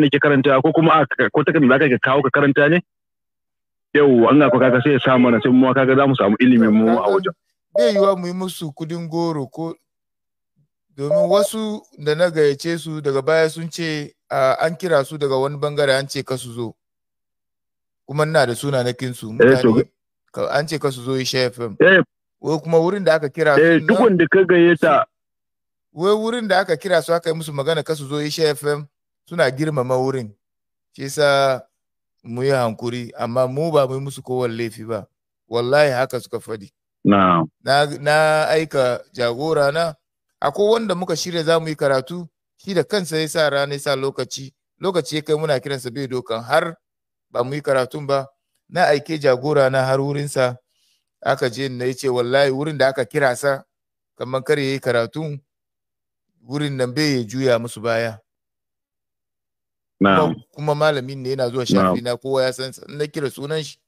ne ke karanta ko kuma ko da aka ka kawo ka karanta ne yau an ga kaga sai ya sa mana sai mu kaga za mu samu ilimin mu a wajen bai yiwa mu yi musu kudin goro ko domin wasu da na gayyace su daga baya sun ce an kira su daga wani bangare an ce ka su zo kuma ina da suna na kinsu an ce ka su zo yi fm eh. wai kuma wurin da aka kira su eh, duk wanda ka gayyata wai wurin da aka kira su aka yi musu magana ka su zo yi fm suna girmama wurin shi yasa mu yi hankuri amma mu ba mu yi musu kowar laifi ba wallahi haka suka fadi na na aika jagora na akwai wanda muka shirya za mu yi karatu shi da kansa ya sa rana ya sa lokaci lokaci ya kai muna kiransa bai dokan har ba mu yi karatun ba na aike jagora na har wurinsa aka je na ya ce wallahi wurin da aka kira sa kamar kar ya yi karatun wurin nan bai ya juya musu baya kuma malamin ne yana zuwa shafi na kowa ya san na kira sunan shi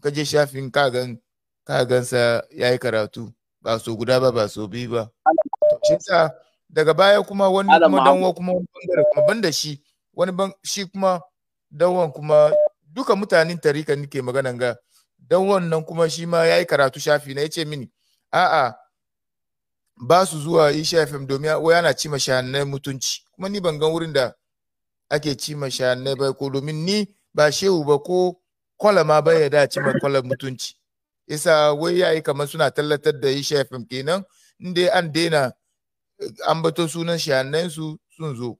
ka je shafin ka gan ka yi yayi karatu ba so guda ba ba so biyu ba shi daga baya kuma wani kuma danwa kuma wani bangare kuma banda shi wani ban shi kuma danwan kuma duka mutanen tarika nike maganan ga danwan nan kuma shi ma yayi karatu shafi na yace mini a'a ba su zuwa isha fm domin wai ana ci mashahannan mutunci kuma ni ban gan wurin da ake ci ma shane bai ko domin ni ba shehu ba ko kwala ma bai yarda ci ma kwala mutunci isa wai yayi kamar suna tallatar da yi shafin kenan in dai an daina eh, an bato sunan shanen su sun zo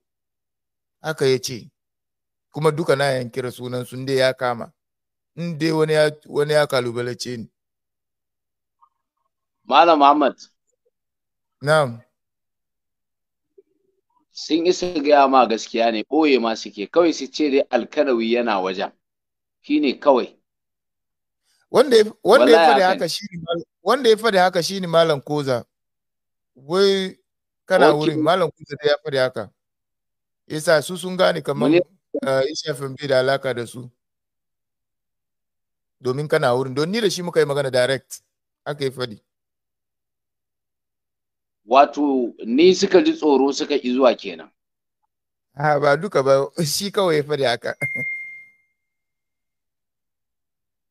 haka ya ce kuma duka na yankira sunan sun dai ya kama in dai wani ya wani ya kalubalace ni malam Ahmad na'am sun isa gaya ma gaskiya ne ɓoye ma suke kawai su ce dai alkanawi yana wajen shi ne kawai wanda ya faɗi haka shi ne malam koza wai kana wurin malam koza da ya faɗi haka yasa su sun gane kamar ishafin eh, bai da alaka da su domin kana wurin don ni da shi muka yi magana direct aka yi faɗi wato ni suka ji tsoro suka ki zuwa kenan a ba duka ba shi kawai fa da haka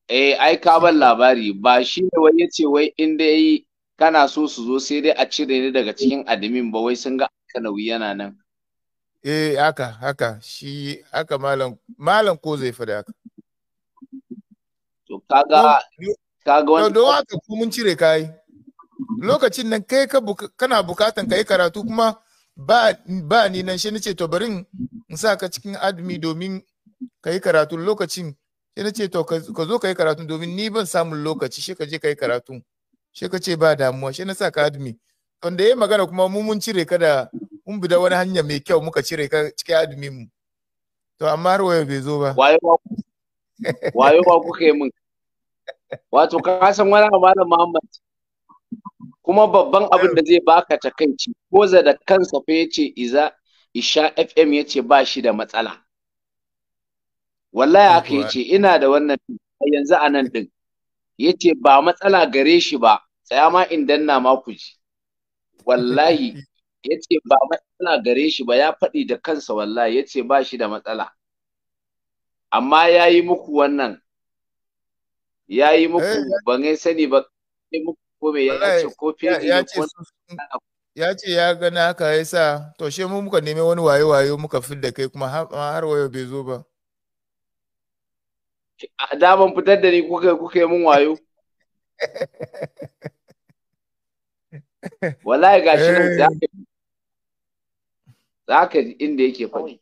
eh ai ka ban labari ba shi ne wai yace wai in dai kana so su zo sai dai a cire ni daga cikin admin ba wai sun ga kanawi yana nan eh haka haka shi haka malam malam ko zai fa haka to kaga kaga wani don haka ku mun cire kai lokacin nan kai ka kana bukatan ka yi karatu kuma ba ba ni nan shi nace to barin in sa ka cikin admi domin ka yi karatu lokacin shi nace to ka zo ka yi karatu domin ni ban samun lokaci shi ka je ka yi karatu shi ka ce ba damuwa shi na sa ka admi wanda ya magana kuma mu mun cire ka da mun bi da wani hanya mai kyau muka cire ka cikin admi mu to amma har waya bai zo ba wayo ba kuka min wato ka san wani malam Muhammad kuma babban abin da zai baka takaici koza da kansa fa yace iza isha fm yace ba shi da matsala wallahi haka yace ina da wannan yanzu a nan din yace ba matsala gare shi ba tsaya ma in danna ma ku ji wallahi yace ba matsala gare shi ba ya faɗi da kansa wallahi yace ba shi da matsala amma ya yi muku wannan ya yi muku eh, ban sani ba muku kome ya ce ko fiye ya ce ya gana haka ya sa to she mu muka nemi wani wayo wayo muka fi da kai kuma har wayo bai zo ba a daman fitar da ni kuka kuka yi mun wayo wallahi gashi nan eh. za ka ji inda yake faɗi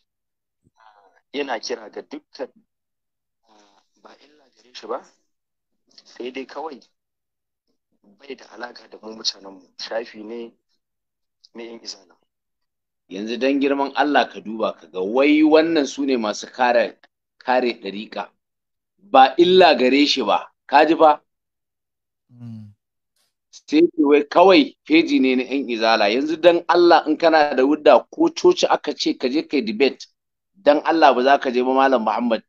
yana kira ga dukkan ah, ba illa gare shi ba sai dai kawai bai da alaka da mu mutanenmu shafi ne na yan izana yanzu don girman Allah ka duba ka ga wai wannan su ne masu kare kare ɗariƙa ba illa gare shi ba ka ji ba hmm. sai wai kawai feji ne na yan izala yanzu don Allah in kana da wudda ko coci aka ce ka je kai debate dan Allah ba za ka je ba malam Muhammad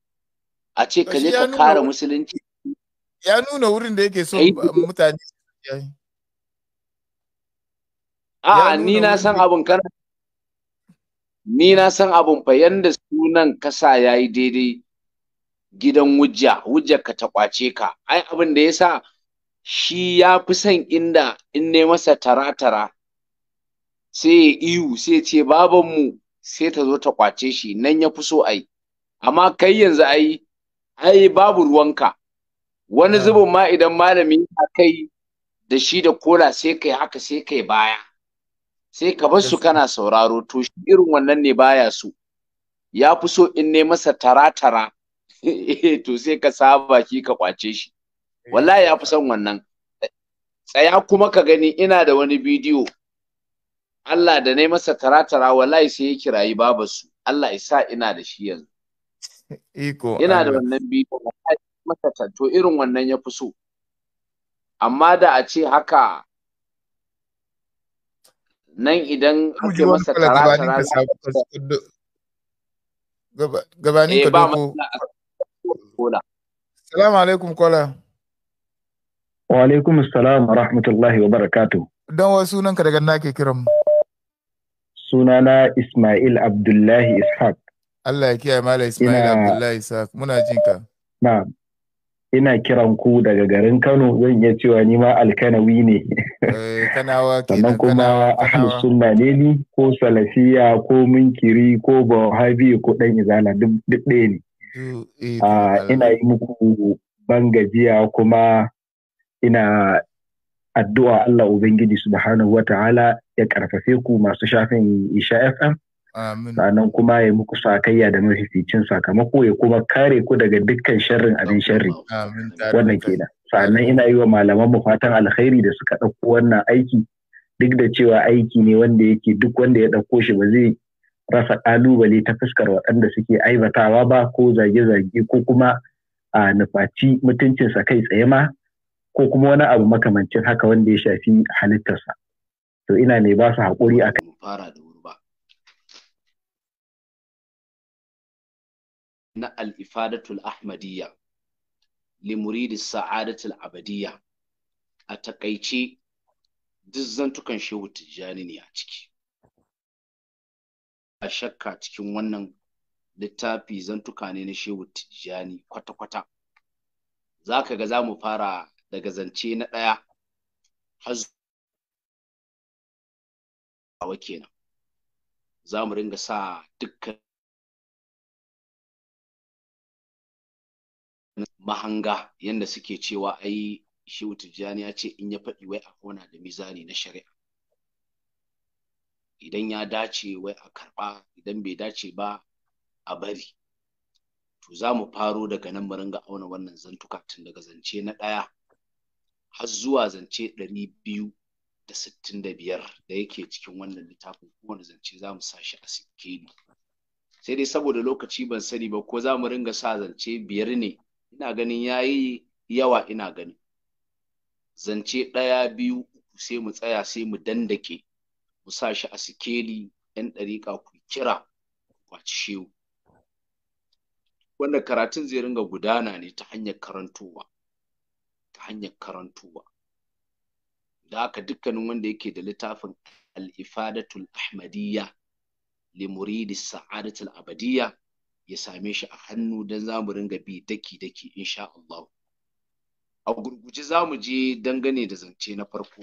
a ce ka je ka kare musulunci ya nuna wurin da yake so mutane a ni na san abin kana ni na san abun fa yanda sunan kasa yayi daidai gidan wujja wujja ka ta kwace ka ai abin da yasa shi ya fi san inda in ne masa tara-tara sai ya iyu sai ce babanmu sai ta zo ta kwace shi nan ya fi so a yi amma kai yanzu ai ai babu ruwanka wani zubin ma idan malami ya kai da shi da kola sai kai haka sai kai baya sai ka bar su kana sauraro to shi irin wannan ne baya so ya fi so in ne masa tara-tara to sai ka saba shi ka kwace shi eh, wallahi ya fi son wannan tsaya kuma ka gani ina da wani bidiyo Allah da ne masa taratara wallahi sai ya kirayi babarsu Allah ya sa ina da shi yanzu iko ina da wannan bidiyo masa tanto irin wannan ya fi so amma da a ce haka nan idan ake masa taratara gabanin ka doko eh, Salamu alaikum kola. Wa alaikum salam wa rahmatullahi wa barakatuh. Don wasu nan ka daga nake kiran mu. sunana Ismail Abdullahi Ishaq. Allah ya kiyaye Mala Ismail Abdullahi Ishaq muna Na ina kiran ku daga garin Kano zan iya cewa ni ma alkanawi ne. Eh, Kanawa Sannan kuma ahlus ne ni ko salafiya ko minkiri ko bawahabi ko dan izala duk ɗaya ne. Eh, ah, ina yi muku ban gajiya kuma ina addu'a Allah Ubangiji subhanahu wa ta'ala ya karfafe ku masu shafin Isha FM. Sannan kuma ya muku sakayya da mafificin sakamako ya kuma kare ku daga dukkan sharrin abin sharri. Wannan kenan. Sannan ina yi wa malaman mu fatan alkhairi da suka ɗauko wannan aiki duk da cewa aiki ne wanda yake duk wanda ya ɗauko shi ba zai rasa ƙalubale ta fuskar waɗanda suke aibatawa ba ko zage-zage ko kuma a nufaci mutuncinsa kai tsaye ma ko kuma wani abu makamancin haka wanda ya shafi halittarsa. to ina mai ba su haƙuri a kan fara da wuri ba na al ahmadiyya li muridi sa'adatul abadiyya a taƙaice duk zantukan shehu tijjani ne a ciki a shakka cikin wannan littafi zantuka ne na shehu tijjani kwata-kwata za ka ga za mu fara daga zance na ɗaya har hawa kenan za mu ringa sa dukkan mahanga yadda suke cewa ai shi ya ce in ya faɗi wai a kona da mizani na shari'a idan ya dace wai a karɓa idan bai dace ba a bari to za mu faro daga nan mu ringa auna wannan zantuka tun daga zance na ɗaya har zuwa zance ɗari biyu da sittin da biyar da yake cikin wannan littafin kowane zance za mu sa shi a sikeli sai dai saboda lokaci ban sani ba ko za mu ringa sa zance biyar ne ina ganin ya yi yawa ina gani zance ɗaya biyu uku sai mu tsaya sai mu dandake mu sa shi a sikeli yan ɗariƙa ku kira kwaci shehu wanda karatun zai ringa gudana ne ta hanyar karantowa ta hanyar karantowa da haka dukkanin wanda yake da littafin al-ifadatul ahmadiyya li sa'adatul abadiyya ya same shi a hannu dan za mu ringa bi daki daki insha Allah a gurguje za mu je dangane da zance na farko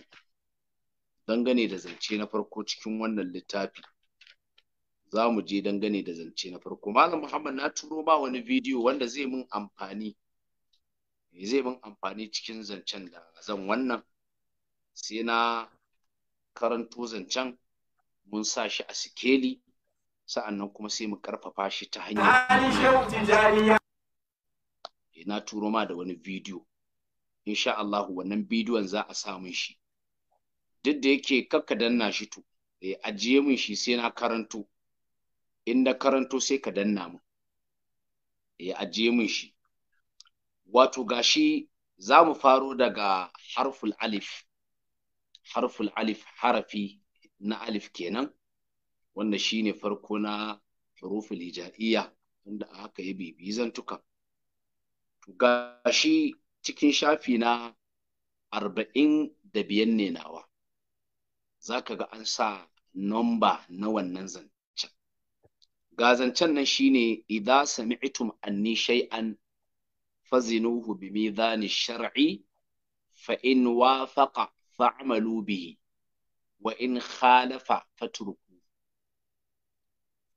dangane da zance na farko cikin wannan littafi za mu je dangane da zance na farko malam muhammad na turo ba wani bidiyo wanda zai min amfani zai min amfani cikin zancen da zan wannan sai na karanto zancen mun sa shi a sikeli sa'annan kuma sai mu karfafa shi ta hanyar eh, na turo ma da wani bidiyo insha Allah wannan bidiyon za a sa mun shi duk da yake kakka danna shi to eh ajiye mun shi sai na karanto in karanto sai ka danna mun eh ajiye mun shi wato gashi za mu faro daga harful alif harful alif harafi na alif kenan wanda shine farko na huruful hija'iyya wanda aka yi bibi zantuka ga shi cikin shafi na arba'in da biyan ne nawa za ka ga an sa nomba na wannan zancen ga zancen nan shine idan sami'tum anni shay'an fazinuhu bi mizani shar'i fa in wafaqa fa'amalu bihi wa in khalafa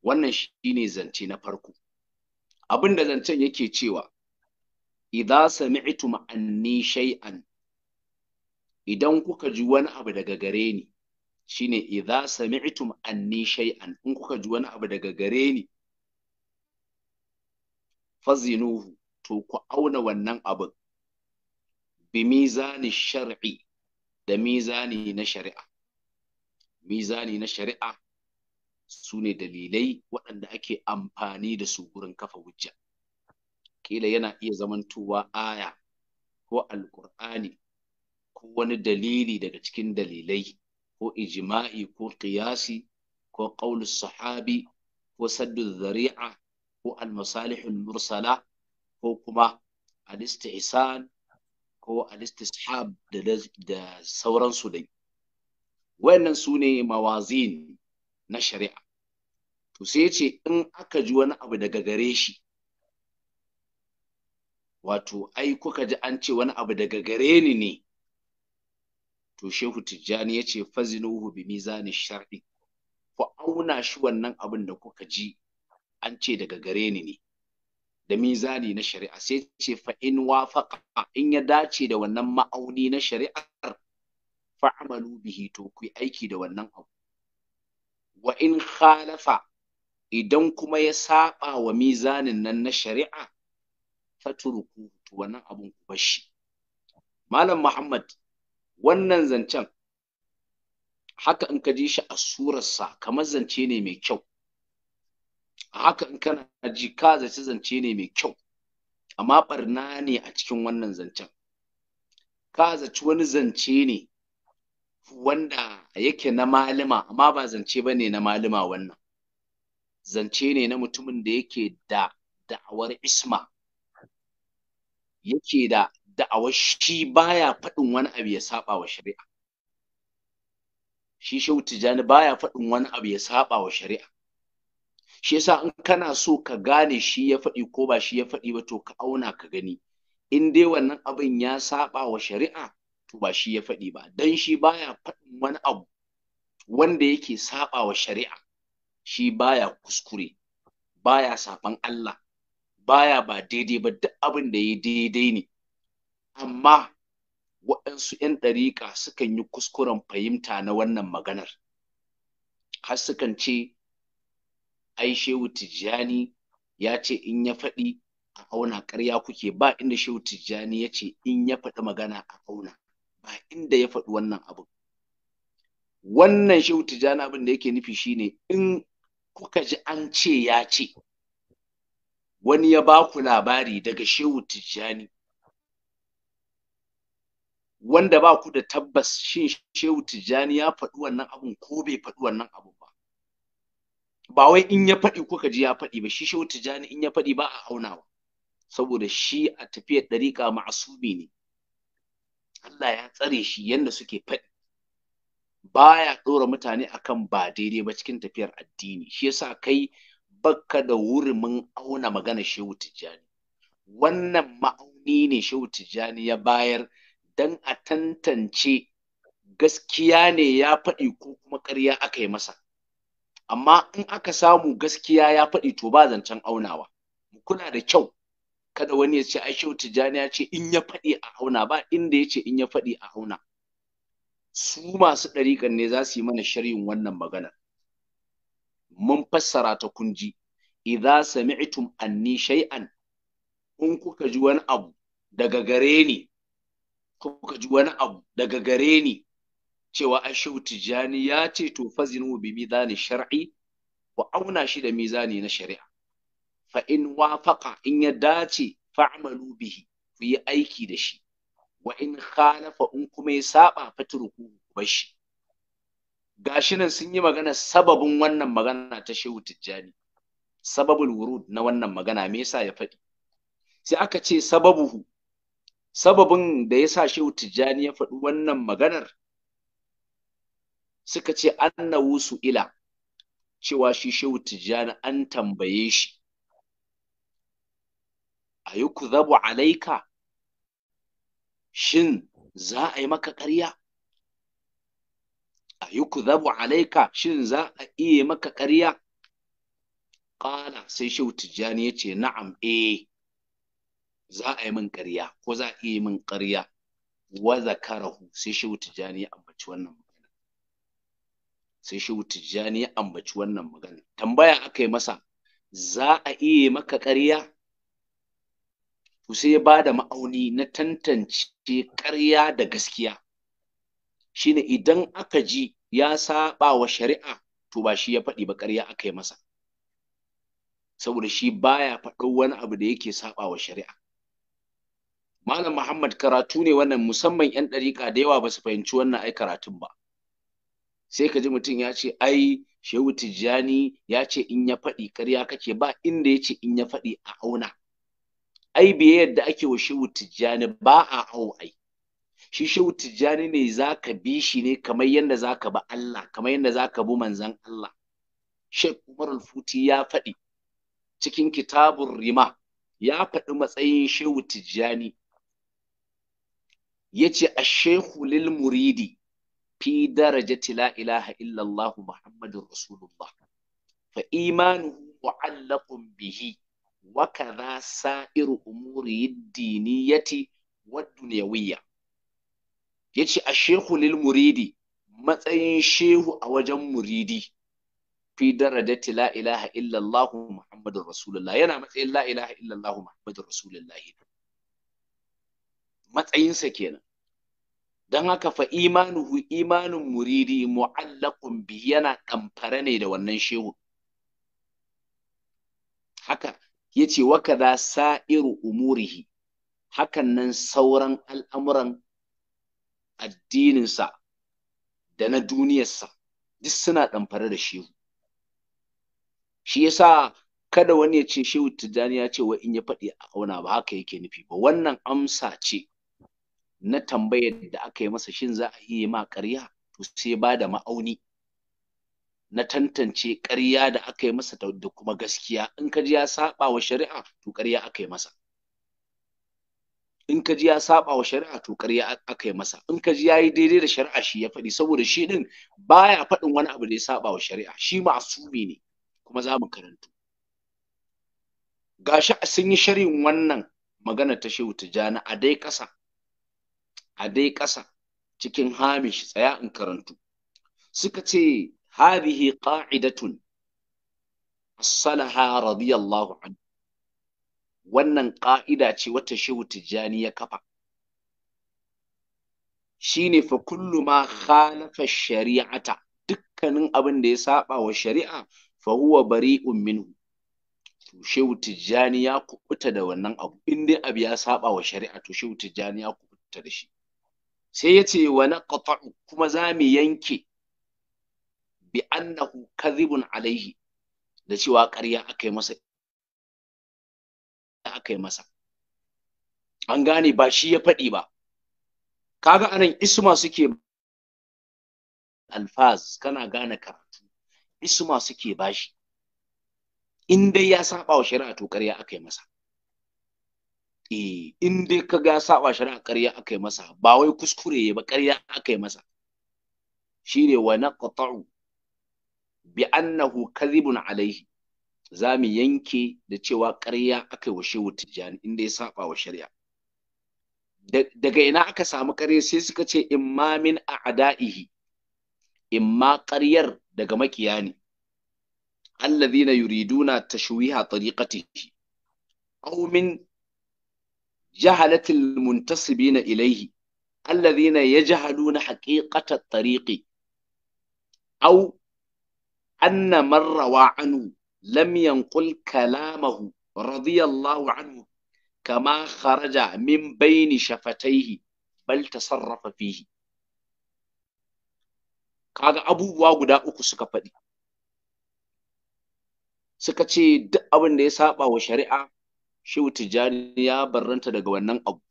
wannan shine zance na farko abinda zancen yake cewa idza sami'tum anni shay'an idan kuka ji wani abu daga gare ni shine idza sami'tum anni shay'an in kuka ji wani abu daga gare ni fazinuhu to ku auna wannan abin bi mizani shar'i da mizani na shari'a mizani na shari'a su ne dalilai waɗanda ake amfani da su wurin kafa hujja Ƙila yana iya zamantowa aya ko alkur'ani ko wani dalili daga cikin dalilai ko ijima'i ko qiyasi ko ƙaunar sahabi ko saddu zari'a ko almasalihul mursala ko kuma al-istihsan ko al-istishab da sauransu dai wayannan su ne mawazin na shari'a to sai yace in aka ji wani abu daga gare shi wato ai kuka ji an ce wani abu daga gare ni ne to shehu tijjani yace fazinuhu bi mizani shar'i ku auna shi wannan abin da kuka ji an ce daga gare ni ne da mizani na shari'a sai ce fa in wafaqa in ya dace da wannan ma'auni na shari'ar amalu, bihi to ku aiki da wannan abu wa in khalafa idan kuma ya saba wa mizanin nan na shari'a faturuku to wannan abun ku bar malam muhammad wannan zancen haka in ka ji shi a surarsa kamar zance ne mai kyau haka in kana ji ka zaci zance ne mai kyau amma barna ne a cikin wannan zancen ka zaci wani zance ne wanda yake na malima amma ba zance ba ne na malima wannan zance ne na mutumin da yake da da'awar isma yake da da'awar shi baya faɗin wani abu ya saba wa shari'a shi shehu tijjani baya faɗin wani abu ya saba wa shari'a shi yasa in kana so ka gane shi ya faɗi ko ba shi ya faɗi ba to ka auna ka gani in dai wannan abin ya saba wa shari'a to ba shi ya faɗi ba dan shi baya faɗin wani abu wanda yake saba wa shari'a shi baya kuskure baya saban Allah baya ba daidai ba duk abin da ya daidai ne amma waɗansu 'yan ɗariƙa sukan yi kuskuren fahimta na wannan maganar har sukan ce ai shehu tijjani ya ce in ya faɗi a auna ƙarya kuke ba inda shehu tijjani ya ce in ya faɗi magana a auna ba inda ya faɗi wannan abu wannan shehu tijjani abin da yake nufi shine in kuka ji an ce ya ce wani ya ba ku labari daga shehu tijjani wanda ba ku da tabbas shin shehu tijjani ya faɗi wannan abun ko bai faɗi wannan abu ba wai in ya faɗi kuka ji ya faɗi ba shi shehu tijani in ya faɗi ba a aunawa saboda shi a tafiyar ɗariƙa ma'asumi ne Allah ya tsare shi yanda suke faɗi baya ɗora mutane akan ba daidai ba cikin tafiyar addini shi yasa kai bakka da wuri mun auna magana shehu tijjani wannan ma'auni ne shehu tijjani ya bayar dan a tantance gaskiya ne ya faɗi ko kuma ƙarya aka yi masa amma in aka samu gaskiya ya faɗi to ba zancen aunawa kuna da kyau kada wani ya ce ai shehu tijjani ya ce in ya faɗi a auna ba inda ya ce in ya faɗi a auna su masu ɗariƙan ne za su yi mana sharhin wannan magana mun fassara ta kunji idza sami'tum anni shay'an in kuka ji wani abu daga gare ni kuka ji wani abu daga gare ni cewa ashehu tijani ya ce to fazinu bi mizani shar'i ku auna shi da mizani na shari'a fa in wafaqa in ya dace fa'malu bihi ku yi aiki da shi wa in khalafa in kuma ya saba fatruku bar shi gashi nan sun yi magana sababin wannan magana ta shehu tijani sababul wurud na wannan magana me yasa ya faɗi sai aka ce sababuhu sababin da yasa shehu tijjani ya faɗi wannan maganar suka ce wusu ila cewa shi shehu tijjani an tambaye shi zabu alaika shin za a yi maka ƙarya zabu alaika shin za a iya maka ƙarya Ƙala sai shehu tijjani ce na'am eh za a yi min ƙarya ko za a iya min ƙarya wa zakarahu sai shehu tijjani ya ambaci wannan sai shehu tijjani ya ambaci wannan magana tambaya aka yi masa za a iya maka ƙarya sai ya ba da ma'auni na tantance ƙarya da gaskiya shine idan aka ji ya saba wa shari'a to ba shi ya faɗi ba ƙarya aka yi masa saboda shi baya faɗo wani abu da yake saba wa shari'a Malam Muhammad karatu ne wannan musamman 'yan ɗariƙa da yawa ba su fahimci wannan ai karatun ba. sai ka ji mutum ya ce ai shehu tijjani ya ce in ya faɗi karya kake ba inda ya ce in ya faɗi a auna ai biye yadda ake wa shehu tijjani ba a au ai shi shehu tijjani ne za ka bi shi ne kamar yadda za ka bi Allah kamar yadda za ka bi manzan Allah Sheikh Umar Al-Futi ya faɗi cikin kitabun rima ya faɗi matsayin shehu tijjani ya ce a shehu lil muridi fi darajati la ilaha illallah muhammadur rasulullah fa imanuhu mu'allaqun bihi wa kadha sa'iru umuri diniyati wad dunyawiyya yace a shehu muridi matsayin shehu a wajen muridi fi darajati la ilaha illallah muhammadur rasulullah yana matsayin la ilaha illallah muhammadur rasulullah matsayinsa kenan don haka fa imanuhu imanin muridi mu'allaqun bi yana ɗamfare ne da wannan shehu haka yace wa kaza sa'iru umurihi hakan nan sauran al'amuran addininsa da na duniyarsa duk suna ɗamfare da shehu shi yasa kada wani ya ce shehu tijjani ya ce wa in ya faɗi a auna ba haka yake nufi ba wannan amsa ce na tambayar da aka yi masa shin za a iya ma ƙarya to sai ba da ma'auni na tantance ƙarya da aka yi masa da kuma gaskiya in ka ji ya saba wa shari'a to ƙarya aka yi masa in ka ji ya saba wa shari'a to ƙarya aka yi masa in ka ji ya yi daidai da shari'a shi ya faɗi saboda shi ɗin baya faɗin wani abu da ya saba wa shari'a shi ma'asumi ne kuma za mu karantu gashi sun yi sharin wannan magana ta shehu tijjani a dai ƙasa a dai ƙasa cikin hamish tsaya in karantu suka ce hadihi qa'idatun salaha radiyallahu an wannan ƙa'ida ce wata shehu tijjani ya kafa shine fa kullu ma khalafa shari'ata dukkanin abin da ya saba wa shari'a fa huwa bari'un minhu to shehu tijjani ya kubuta da wannan abu in dai abu ya saba wa shari'a to shehu tijjani ya kubuta da shi sai yace ce wa naqta'u kuma za mu yanke bi annahu kadhibun alaihi da cewa ƙarya aka yi masa aka masa an gane ba shi ya faɗi ba kaga anan isma suke alfaz kana gane karatu isma suke bashi in dai ya saba wa shari'a to ƙarya aka yi masa eh in dai ka ga saba shari'a ƙarya aka yi masa ba wai kuskure ba ƙarya aka yi masa shine wa naqta'u bi annahu kadhibun alaihi za mu yanke da cewa ƙarya aka yi wa shehu tijjani in dai saba wa shari'a daga ina aka samu ƙarya sai suka ce imma min a'da'ihi imma ƙaryar daga makiya ne alladhina yuriduna tashwiha tariqatihi aw min jahalatil na ilaihi alladhina yajhaluna haqiqata at-tariqi aw anna man rawa anhu Lamyan yanqul kalamahu radiyallahu anhu kama kharaja min bayni shafataihi bal tasarrafa fihi kaga abubuwa guda uku suka faɗi suka ce duk abin ya saɓa wa shari'a shehu tijjani ya barranta daga wannan abu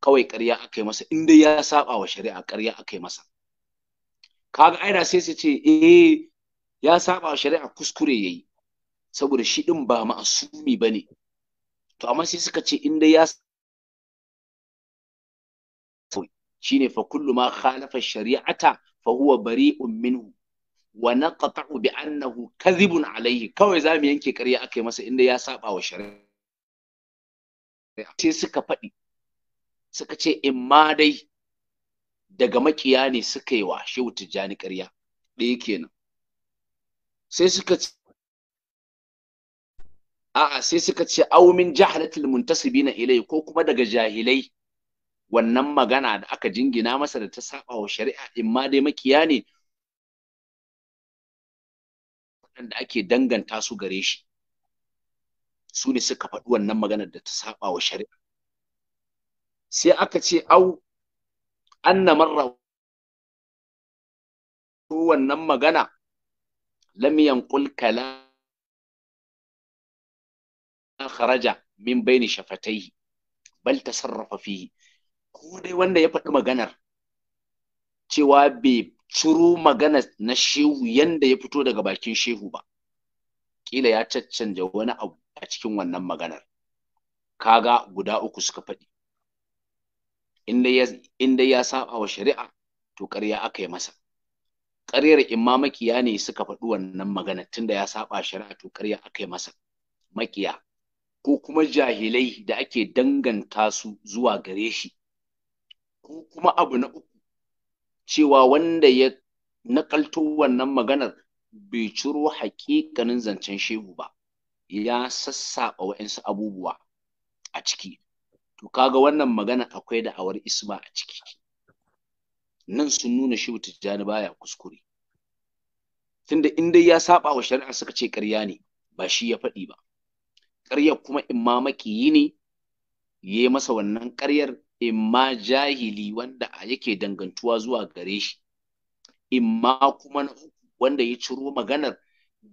kawai ƙarya aka yi masa inda ya saba wa shari'a ƙarya aka yi masa kaga aina sai su ce eh ya saba wa shari'a kuskure yayi saboda shi din ba ma'asumi bane to amma sai suka ce inda ya shi ne fa kullu ma khalafa shari'ata fa huwa bari'un minhu wa naqta'u bi annahu kadhibun alayhi kawai zamu yanke ƙarya aka yi masa inda ya saba wa shari'a sai suka faɗi suka ce in ma dai daga makiya ne suka yi wa shehu tijjani ƙarya ɗaya kenan sai suka ce a'a sai suka ce aumin jahalatul muntasibina ilai ko kuma daga jahilai wannan magana da aka jingina masa da ta saba wa shari'a in ma dai makiya ne waɗanda ake danganta su gare shi su ne suka faɗi wannan maganar da ta saba wa shari'a sai aka ce au anna marra wannan magana lam yanqul kala kharaja min baini shafataihi bal sarrafa fihi ko dai wanda ya faɗi maganar cewa bai ciro magana na shehu yanda ya fito daga bakin shehu ba kila ya caccanja wani abu a cikin wannan maganar kaga guda uku suka faɗi in dai ya saba wa shari'a to ƙarya aka yi masa ƙaryar imma makiya ne suka faɗi wannan magana tunda ya saba shari'a to ƙarya aka yi masa makiya ko kuma jahilai da ake danganta su zuwa gare shi ko kuma abu na uku cewa wanda ya nakalto wannan maganar bai ciro haƙiƙanin zancen shehu ba ya sassaɓa waɗansu abubuwa a ciki to kaga wannan magana akwai da awar isma a ciki nan sun nuna shi tijjani baya kuskure tunda in dai ya saba wa shari'a suka ce ƙarya ne ba shi ya faɗi ba ƙaryar kuma in ma yi ne ya yi masa wannan ƙaryar in ma jahili wanda yake dangantuwa zuwa gare shi in ma kuma wanda ya ciro maganar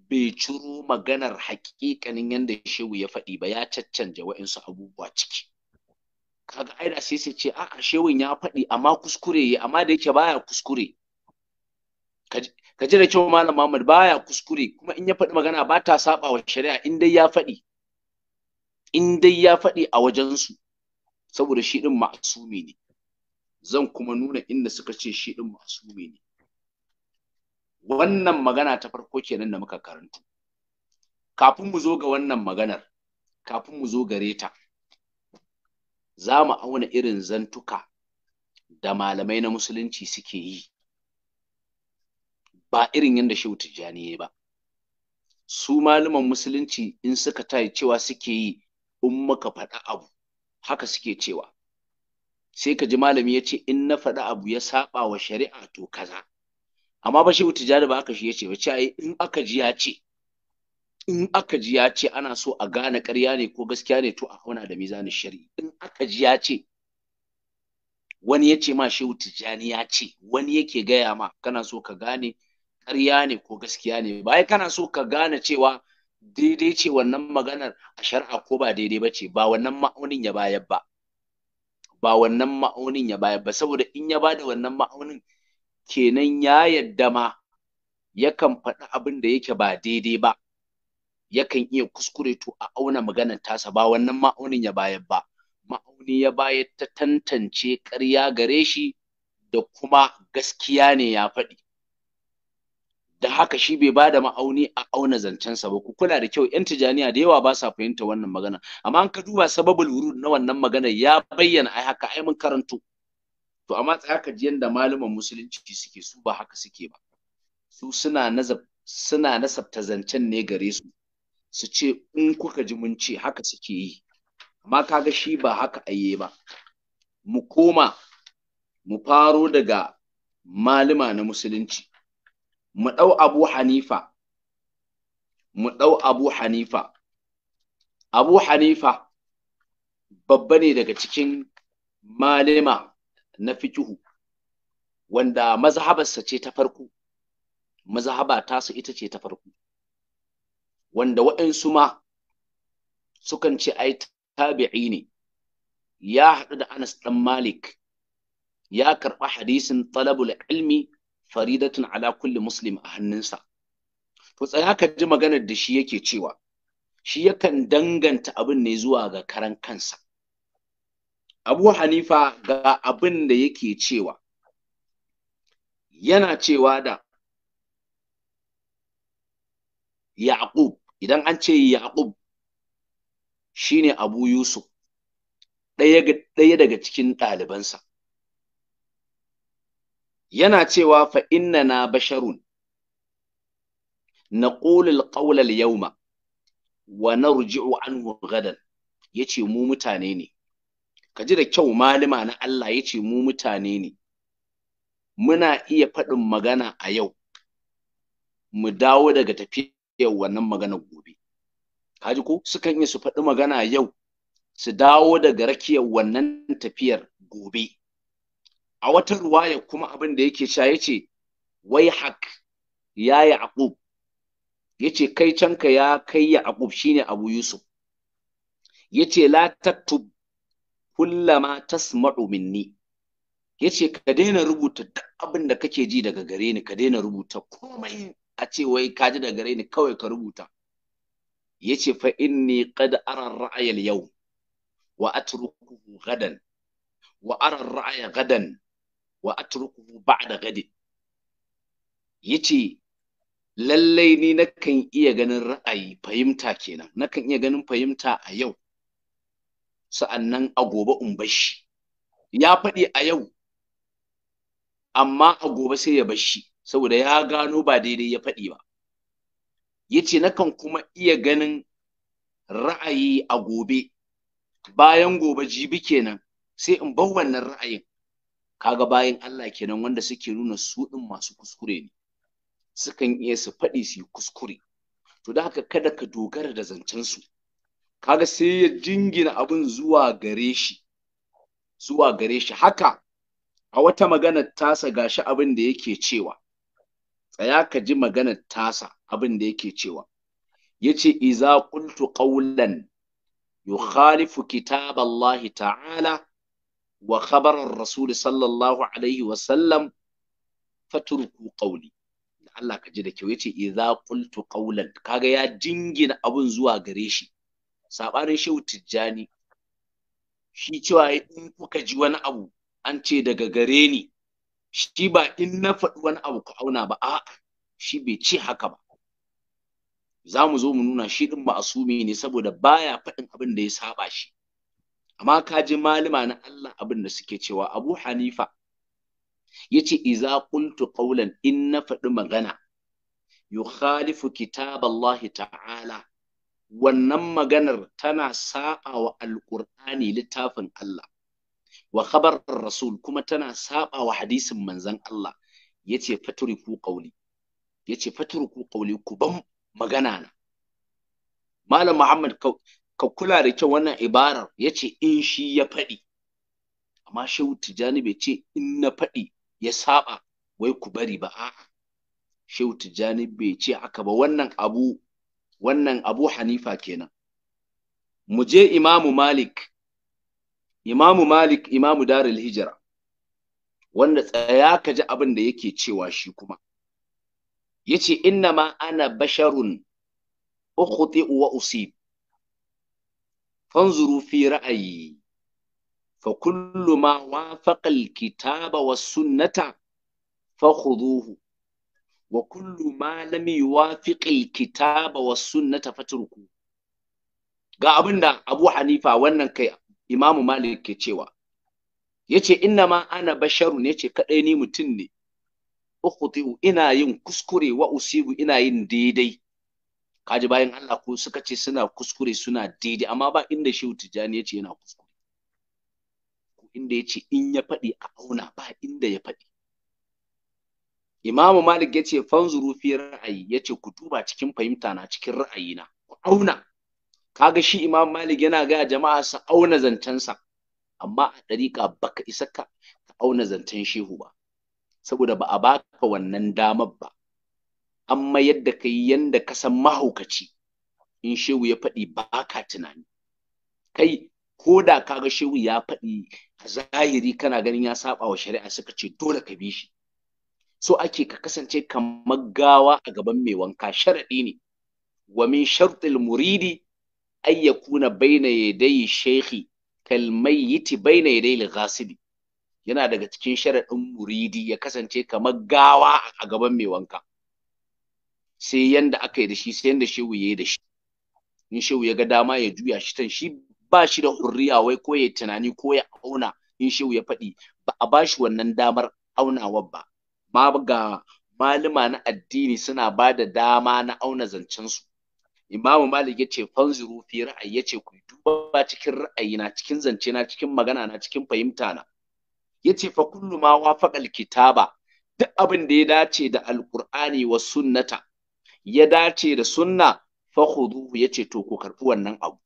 bai ciro maganar hakikanin yadda shehu ya faɗi ba ya caccanja wa'insu abubuwa ciki kaga aida sai sai ce a'a shehu ya faɗi amma kuskure ya amma da yake baya kuskure ka ji da kyau malam Muhammad baya kuskure kuma in ya faɗi magana ba ta saba wa shari'a in dai ya faɗi in dai ya faɗi a wajensu saboda shi ɗin ma'asumi ne zan kuma nuna inda suka ce shi ɗin ma'asumi ne wannan magana ta farko kenan da muka karanta. kafin mu zo ga wannan maganar kafin mu zo gare ta za mu auna irin zantuka da malamai na musulunci suke yi ba irin yadda shehu tijjani ba su malaman musulunci in suka tayi cewa suke yi in muka faɗa abu haka suke cewa sai ka ji malami ya ce in na faɗa abu ya saɓa wa shari'a to kaza amma ba shehu tijjani ba haka shi ya ce ba ce in aka ji ya ce in aka ji ya ce ana so a gane karya ne ko gaskiya ne to a auna da mizanin shari'i in aka ji ya ce wani ya ce ma shehu tijjani ya ce wani yake gaya ma kana so ka gane ƙarya ne ko gaskiya ne ba kana so ka gane cewa daidai ce wannan maganar a shari'a ko ba daidai ba ce ba wannan ma'aunin ya bayar ba ba wannan ma'aunin ya bayar ba saboda in ya bada wannan ma'aunin kenan ya yadda ma yakan faɗi abin da yake ba daidai ba yakan iya kuskure to a auna maganar tasa ba wannan ma'aunin ya bayar ba ma'auni ya bayar ta tantance ƙarya gare shi da kuma gaskiya ne ya faɗi da haka shi bai ba da ma'auni a auna zancensa ba ku kula da kyau yan tijaniya da yawa ba sa fahimta wannan magana amma an ka duba sababul wurud na wannan magana ya bayyana ai haka ai mun karanto to amma tsaya ka ji yanda malaman musulunci suke su ba haka suke ba su suna nazab suna nasabta zancen ne gare su su ce in kuka ji mun ce haka suke yi amma kaga shi ba haka aye ba mu koma mu faro daga malima na musulunci mu ɗau abu hanifa mu ɗau abu hanifa abu hanifa babba ne daga cikin malima na fikihu wanda mazhabarsa ce ta farko mazhaba tasa ita ce ta farko wanda waɗansu ma sukan ce ai tabi'i ne ya haɗu da Anas ɗan Malik ya karɓa hadisin talabul ilmi faridatun ala kulli muslim a hannunsa to tsaya ka ji maganar da shi yake cewa shi yakan danganta abin ne zuwa ga karan kansa Abu Hanifa ga abin da yake cewa yana cewa da Yaqub idan an ce shi shine Abu Yusuf ɗaya daga cikin ɗalibansa yana cewa fa inna na basharun na ƙulil ƙaular yauma wa na ruji'u an gadan ya ce mu mutane ne ka ji da kyau malima na Allah ya ce mu mutane ne muna iya faɗin magana a yau mu dawo daga tafiya yau wannan magana gobe kaji ko sukan iya su faɗi magana yau su dawo daga rakiyar wannan tafiyar gobe a wata ruwaya kuma abin da yake sha yace wai hak ya aqub yace kai canka ya kai aqub shine abu yusuf yace la taktub kullama tasma'u minni yace ka daina rubuta duk abin da kake ji daga gare ni ka daina rubuta komai a ce wai ka ji da gare ni kawai ka rubuta Ya ce fa inni qad ara ar-ra'ya wa atrukuhu gadan wa ara ar gadan wa atrukuhu ba'da yace lallai ni nakan iya ganin ra'ayi fahimta kenan nakan iya ganin fahimta a yau sa'annan a gobe in bashi ya faɗi a yau amma a gobe sai ya bashi saboda ya gano ba daidai ya faɗi ba yace ce nakan kuma iya ganin ra'ayi a gobe bayan gobe jibi kenan sai in bar wannan ra'ayin kaga bayan Allah kenan wanda suke nuna su ɗin masu kuskure ne sukan iya su faɗi su kuskure to da haka kada ka dogara da zancensu kaga sai ya jingina abin zuwa gare shi zuwa gare shi haka a wata magana tasa gashi abin da yake cewa tsaya ka ji maganar tasa abin da yake cewa yace iza qultu qawlan yukhalifu kitab Allah ta'ala wa khabarar rasul sallallahu alaihi wa sallam faturku qawli Allah ka ji da kyau yace iza qultu qawlan kaga ya jingina abun zuwa gare shi Saɓanin shehu tijjani shi cewa in kuka ji wani abu an ce daga gare ni shi ba in na faɗi wani abu ku auna ba a shi bai ce haka ba za mu zo mu nuna shi ɗin ba asumi ne saboda baya faɗin abin da ya saba shi amma ka ji malama na Allah abin da suke cewa Abu Hanifa yace iza qultu qawlan in na faɗi magana yukhalifu kitab Allah ta'ala wannan maganar tana sa'a wa alqur'ani littafin Allah wa khabar rasul kuma tana saba wa hadisin manzon Allah yace faturiku qawli yace ku qawli ku ban magana na malam Muhammad ka kula da kyau wannan ibarar yace in shi ya faɗi amma shehu tijani bai ce in na faɗi ya saba wai ku bari ba a'a shehu tijani bai ce haka ba wannan abu wannan abu hanifa kenan mu je imamu malik imamu malik imamu darul hijira wanda tsaya ka ji abin da yake cewa shi kuma yace inna ma ana basharun ukhti wa usib fanzuru fi ra'ayi fa kullu ma wafaqa al was-sunnata fakhudhuhu wa kullu ma lam yuwafiq al was-sunnata fatruku ga abinda Abu Hanifa wannan kai imamu malik ke cewa yace inna ma ana ne yace kadai ni mutum ne ukhti'u ina yin kuskure wa usibu ina yin daidai kaji bayan Allah ko suka ce suna kuskure suna daidai amma ba inda shehu tijani yace yana kuskure ko inda yace in ya faɗi a auna ba inda ya faɗi Imamu Malik yace fanzuru fi ra'ayi yace ku duba cikin fahimta na cikin ra'ayina ku auna kaga shi imam malik yana gaya jama'a su auna zancensa amma a ɗariƙa baka isa ka auna zancen shehu ba saboda ba a baka wannan damar ba Amma yadda da kai yanda ka san mahaukaci in shehu ya faɗi baka tunani kai ko da kaga shehu ya faɗi a zahiri kana ganin ya saba wa shari'a suka ce dole ka bi shi so ake ka kasance kamar gawa a gaban mai wanka sharaɗi ne wa min shartil muridi ayyakuna yakuna baina yaday shaykhi kal mayyiti baina dai al yana daga cikin sharaɗin muridi ya kasance kamar gawa a gaban mai wanka sai yanda aka yi da shi sai yanda shehu ya yi da shi in shehu ya ga dama ya juya shi tan shi ba shi da hurriya wai ko ya tunani ko ya auna in shehu ya faɗi ba a ba shi wannan damar aunawa ba ma ga malama na addini suna ba da dama na auna zancensu imamu malik ce fanzuru fi ra'ayi ce ku duba cikin ra'ayi na cikin zance na cikin magana na cikin fahimta na ce fa kullu ma wafaqa kitaba duk abin da ya dace da alqur'ani wa sunnata ya dace da sunna fa khuduhu ce to ku karbi wannan abu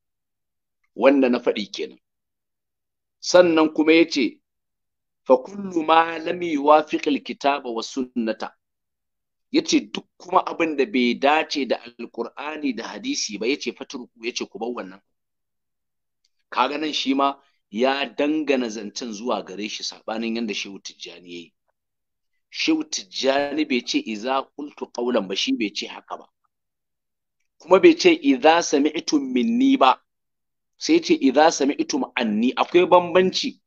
wanda na faɗi kenan sannan kuma ya ce fa kullu ma lam yuwafiq alkitaba wa sunnata yace duk kuma abin da bai dace da alkur'ani da hadisi ba yace faturku yace ku bar wannan kaga nan shi ma ya dangana zancen zuwa gare shi sabanin yanda shehu tijjani yayi shehu tijjani bai ce iza qultu qawlan ba shi bai ce haka ba kuma bai ce idza sami'tu minni ba sai ce idza sami'tu anni akwai bambanci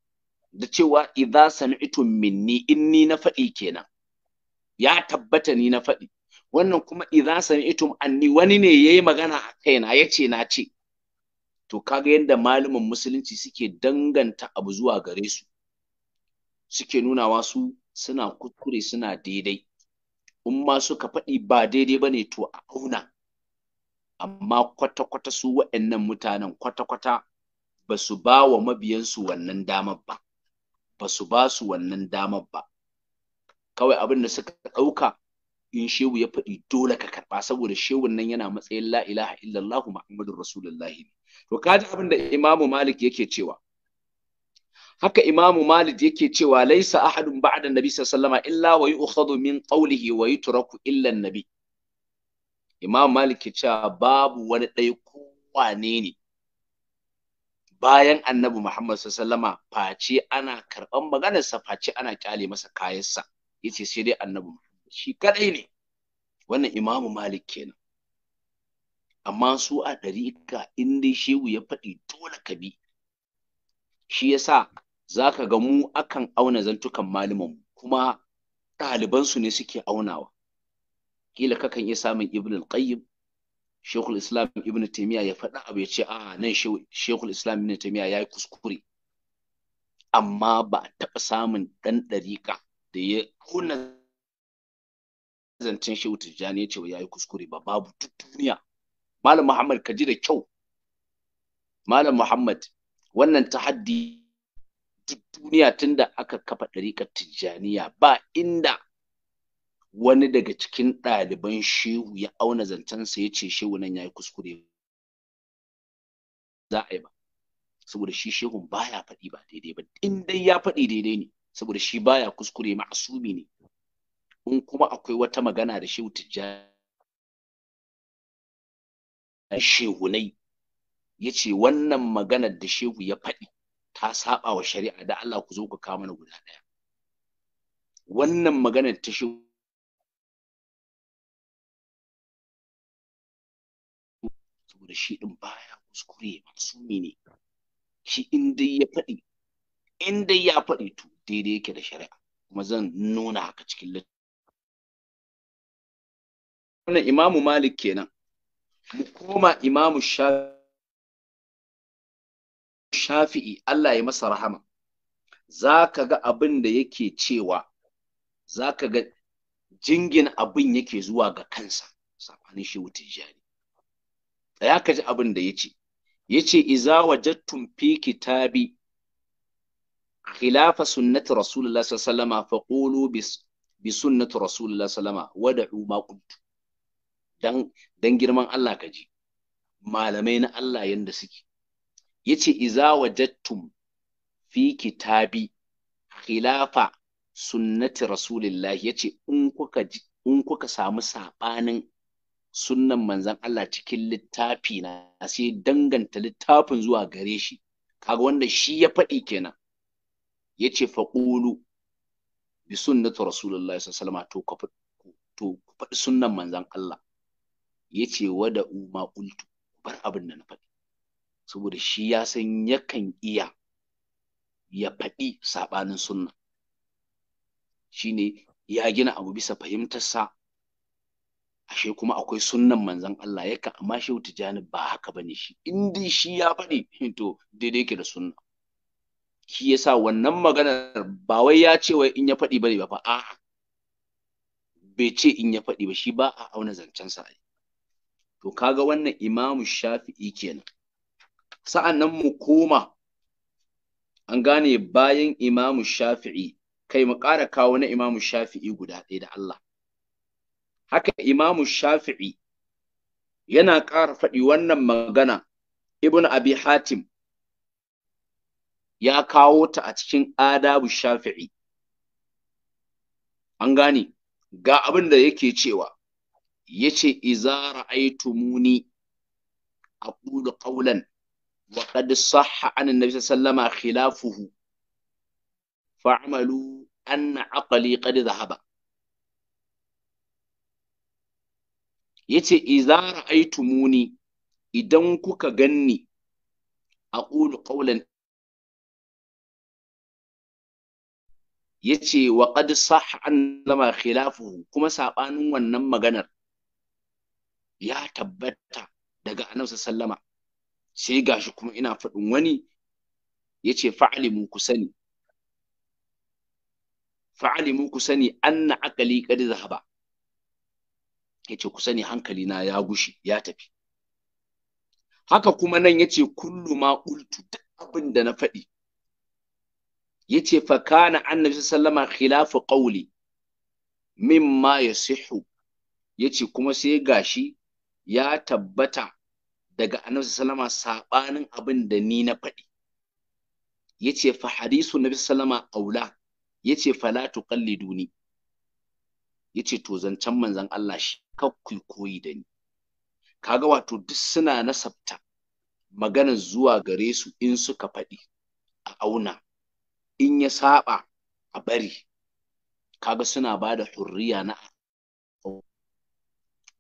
da cewa idza sami'tu minni inni na faɗi kenan ya tabbata ni na faɗi wannan kuma idza sami'tum anni wani ne yayi magana a kaina yace na ce to kaga yadda malaman musulunci suke danganta abu zuwa gare su suke nunawa su suna kuskure suna daidai in ma suka faɗi ba daidai bane to a auna amma kwata-kwata su waɗannan mutanen kwata-kwata ba su ba wa mabiyansu wannan damar ba ba su ba su wannan damar ba kawai abin da suka ɗauka in shehu ya faɗi dole ka karɓa saboda shehun nan yana matsayin la ilaha illallah muhammadur ne to kaji abin da imamu malik yake cewa haka imamu malik yake cewa laisa ahadun ba'da nabi sallallahu alaihi illa wa yu'khadhu min qawlihi wa yutraku illa nabi imamu malik ya cewa babu wani ɗaya kowane ne bayan annabi muhammad sallallahu alaihi face ana karɓan maganarsa face ana kyale masa kayansa yace sai dai annabi shi kadai ne wannan Imam Malik kenan amma su a ɗarika in dai shehu ya faɗi dole ka bi shi yasa zaka ga mu akan auna zantukan malaman kuma ɗalibansu ne suke aunawa kila kakan iya samun ibn al-qayyim shekul islam ibn taimiyya ya faɗa abu ya ce a nan shekul islam ibn taimiyya ya yi kuskure amma ba a taɓa samun ɗan ɗariƙa da ya kuna zancen shehu tijjani ya ce ya yi kuskure ba babu duk duniya malam muhammad ka ji da kyau malam muhammad wannan tahaddi duk duniya tunda aka kafa ɗariƙar tijjaniya ba inda wani daga cikin ɗaliban shehu ya auna zancensa ya ce shehu nan ya yi kuskure za a yi ba saboda shi shehun baya faɗi ba daidai ba in dai ya faɗi daidai ne saboda shi baya kuskure ma'asumi ne in kuma akwai wata magana da shehu tijjani shehunai ya ce wannan maganar da shehu ya faɗi ta saba wa shari'a da Allah ku zo ku kawo mana guda ɗaya wannan maganar ta shehu saboda shi ɗin baya kuskure ma'asumi ne shi in dai ya faɗi in dai ya faɗi to daidai yake da shari'a kuma zan nuna haka cikin littafi wannan imamu malik kenan mu koma imamu shafi'i Allah ya masa rahama za ka ga abin da yake cewa za ka ga jingin abin yake zuwa ga kansa safanin shi wutun jari ya ka ji abin da ya ce ya ce iza wajattum fi kitabi khilafa sunnati rasulullah sallama fa qulu bi sunnati sallama wada'u ma kuntu girman Allah ka ji malamai na Allah yanda suke yace iza wajadtum fi kitabi khilafa sunnati rasulillah yace in kuka ji in kuka samu sabanin sunnan manzan Allah cikin littafi na sai danganta littafin zuwa gare shi kaga wanda shi ya faɗi kenan Ya yace faƙulu bi sunnati rasulullahi sallallahu alaihi wasallam to ku faɗi sunnan manzon Allah Ya ce wada umma qultu bar abin da na faɗi saboda shi ya san yakan iya ya faɗi saɓanin sunna shine ya gina abu bisa fahimtarsa ashe kuma akwai sunnan manzon Allah yakan amma shehu tijani ba haka ba ne shi in shi ya faɗi to daidai yake da sunna shi yasa wannan maganar ba wai ya ce wai in ya faɗi bane ba fa a bai ce in ya faɗi ba shi ba a auna zancen sa to kaga wannan imamu shafi'i kenan sa'annan mu koma an gane bayan imamu shafi'i kai mu ƙara kawo na imamu shafi'i guda ɗaya da Allah haka imamu shafi'i yana ƙara faɗi wannan magana ibn abi hatim ya kawo ta a cikin adabu shafi'i an gane ga abin da yake cewa yace iza ra'aytumuni aqulu qawlan wa qad sahha an Nabi sallama khilafuhu fa'malu anna aqli qad dhahaba yace iza ra'aytumuni idan kuka ganni aqulu qawlan yace wa qad sah an lama khilafuhu kuma sabanin wannan maganar ya tabbata daga annabi sallama sai gashi kuma ina faɗin wani yace fa'alimu ku sani fa'alimu ku sani anna aqli qad zahaba yace ku sani hankali na ya gushi ya tafi haka kuma nan yace kullu ma qultu abin da na faɗi yace fa kana annabi sallama khilafu qawli mimma yasihu yace kuma sai gashi ya tabbata daga annabi sallama sabanin abin da ni na faɗi yace fa hadisu nabi sallama aula yace fa la tuqalliduni yace to zancan manzon Allah shi kakku koyi da ni kaga wato duk suna nasabta maganar zuwa gare su in suka faɗi a auna in ya saba a bari kaga suna ba da hurriya na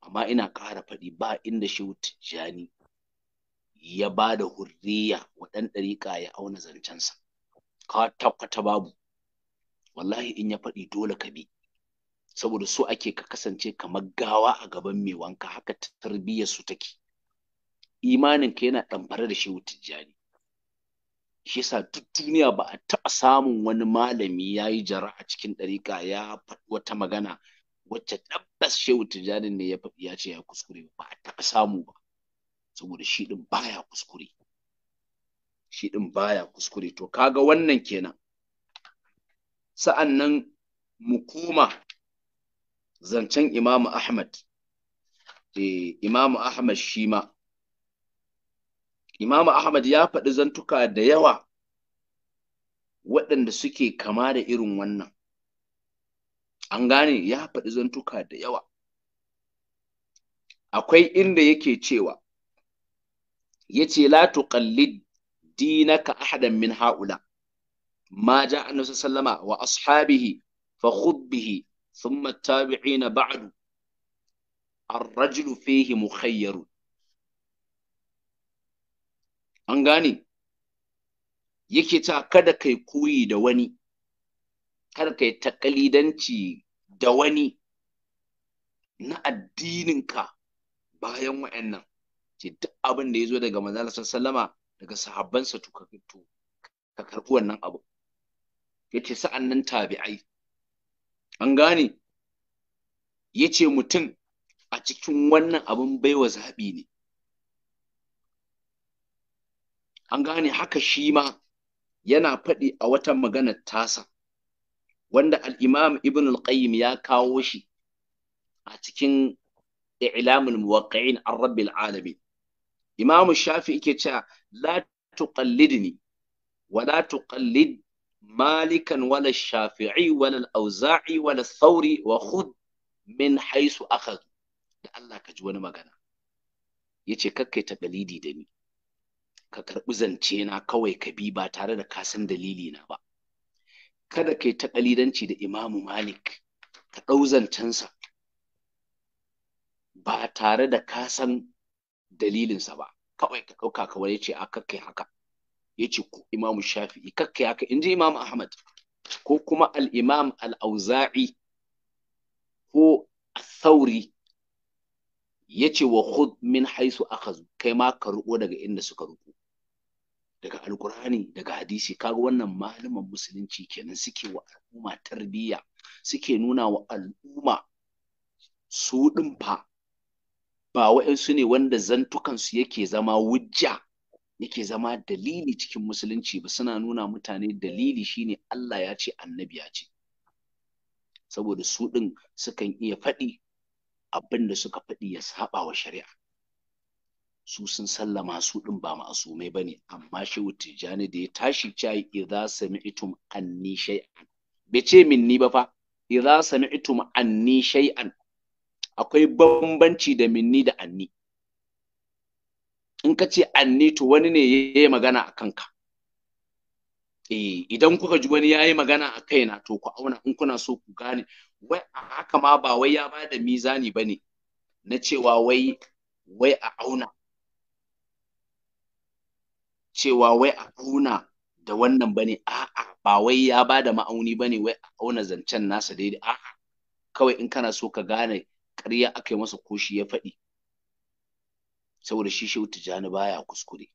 amma ina ƙara faɗi ba inda shi tijjani ya ba da hurriya wa ɗan ɗariƙa ya auna zancensa ka tabbata babu wallahi in ya faɗi dole ka bi saboda so ake ka kasance kamar gawa a gaban mai wanka haka tarbiyyar su take imanin ka yana ɗamfare da shi tijjani shi yasa duk duniya ba a taɓa samun wani malami ya yi jara a cikin ɗariƙa ya faɗi wata magana wacce tabbas shehu tijjanin ne ya faɗi ya ce ya kuskure ba a taɓa samu ba saboda shi ɗin baya kuskure shi ɗin baya kuskure to kaga wannan kenan sa'annan nan mu koma zancen imamu ahmad eh imamu ahmad Shima. Imam Ahmad ya faɗi zantuka da yawa waɗanda suke kama da irin wannan. An gane ya faɗi zantuka da yawa. Akwai inda yake cewa, yace ce, La tuqallid dinaka ahadan min ha'ula, ma ja annabi sallama wa ashabihi fa sun thumma tabi'ina ba'du ar-rajulu fihi mukhayyarun an gane yake ta kada kai koyi da wani kada kai takalidanci da wani na addininka bayan wa'annan ce duk abin da ya zo daga manzala sallama daga sahabbansa to ka karɓi wannan abu ya ce sa'an nan tabi'ai an gane ya ce mutum a cikin wannan abin baiwa zaɓi ne an gane haka shi ma yana faɗi a wata magana tasa wanda Al'imam ibn al-qayyim ya kawo shi a cikin i'lamul muwaqqi'in an rabbil alamin Imamu shafi yake cewa la tuqallidni wa la tuqallid malikan wala shafi'i wala auzai wala thawri wa khudh min haisu aka da Allah ka ji wani magana yace kakkai taqalidi da ni ka karɓi zance na kawai ka bi ba tare da ka san dalili na ba kada kai ta kalidanci da Imam malik ka ɗau zancensa ba tare da ka san dalilinsa ba kawai ka ɗauka kawai ya ce a kakkai haka ya ce Imam imamu shafi'i kakkai haka in ji imamu ahmad ko kuma Al-Imam al al'auza'i ko sauri ya ce wa khud min haisu akhazu kai ma ka ruko daga inda suka ruko daga alkur'ani daga hadisi kaga wannan malaman musulunci kenan suke wa al'umma tarbiyya suke nuna wa al'umma su ɗin fa ba wa'insu ne wanda zantukansu yake zama wujja yake zama dalili cikin musulunci ba suna nuna mutane dalili shine Allah ya ce annabi ya ce saboda su ɗin sukan iya faɗi abinda suka faɗi ya saɓa wa shari'a su sun sallama su ɗin ba ma'asumai ba ne amma shehu tijjani da ya tashi cayi idza sami'tum anni shay'an bai ce minni ba fa idza sami'tum anni shay'an akwai bambanci da minni da anni in ka ce anni to wani ne ya yi magana a kanka eh idan kuka ji wani ya yi magana a kaina to ku auna in kuna so ku gane wai a haka ma ba wai ya bada da mizani ba ne na cewa wai wai a auna cewa wai a auna da wannan bane a'a ba wai ya ba da ma'auni bane wai a auna zancen nasa daidai a'a kawai in kana so ka gane ƙarya aka yi masa koshi ya faɗi saboda shi wuta jani baya kuskure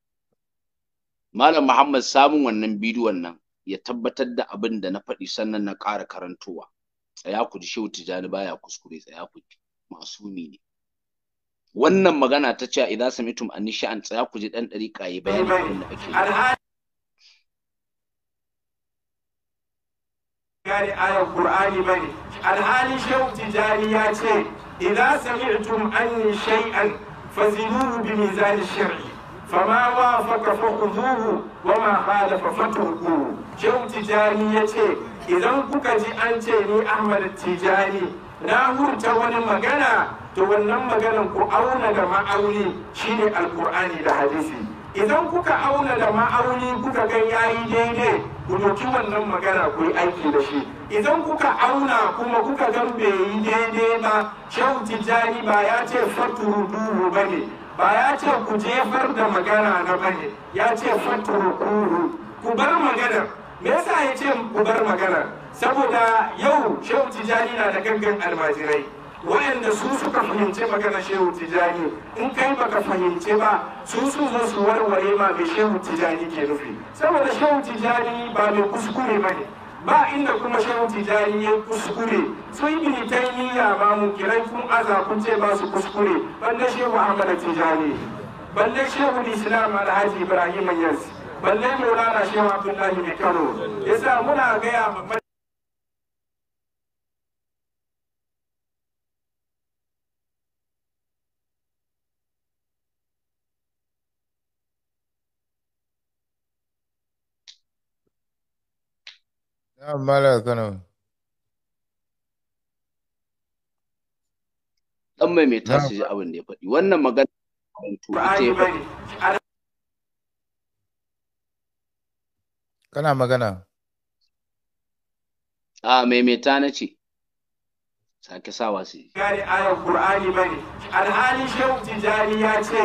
malam muhammad samun wannan bidiyon nan ya tabbatar da abin da na faɗi sannan na ƙara karantowa tsaya ku ji wuta jani baya kuskure tsaya ku ji masumi ne wannan magana ta cewa idan samitum an nisha'an tsaya ku ji dan dariƙa yi bayani abin da ake gari ayar Qur'ani bane alhali shehu tijani ya ce idan sami idza sami'tum anni shay'an fazinuhu bi mizan shar'i fama wafaqa fakhuduhu wama khalafa fatruku shehu tijani ya ce idan kuka ji an ce ni Ahmad Tijani na hurta wani magana to wannan maganan ku auna da ma'auni shine alkur'ani da hadisi idan kuka auna da ma'auni kuka ga yayi daidai ku doki wannan magana ku yi aiki da shi idan kuka auna kuma kuka ga bai yi daidai ba shehu tijjani ba ya ce faturu duhu ba ne ba ya ce ku jefar da magana na ba ne ya ce faturu ku bar magana me yasa ya ce ku bar magana saboda yau shehu tijjani na da gangan almajirai wayanda su suka fahimci magana shehu tijani in kai baka fahimce ba su su zo su warware ma mai shehu tijani ke nufi saboda shehu tijani ba mai kuskure ba ne ba inda kuma shehu tijani ya kuskure su yi ya ba mu kirai kun aza kun ce ba su kuskure banda shehu ahmad tijani banda shehu islam alhaji ibrahim yas balle maulana shehu abdullahi mai kano yasa muna gaya نعم ما لا ثانوي dan mai mai tasi ji abin da ya faɗi wannan magana ita ya faɗi kana magana a mai mai ta na ce sake sawa su yi gani ayar qur'ani bane alhali shehu tijani ya ce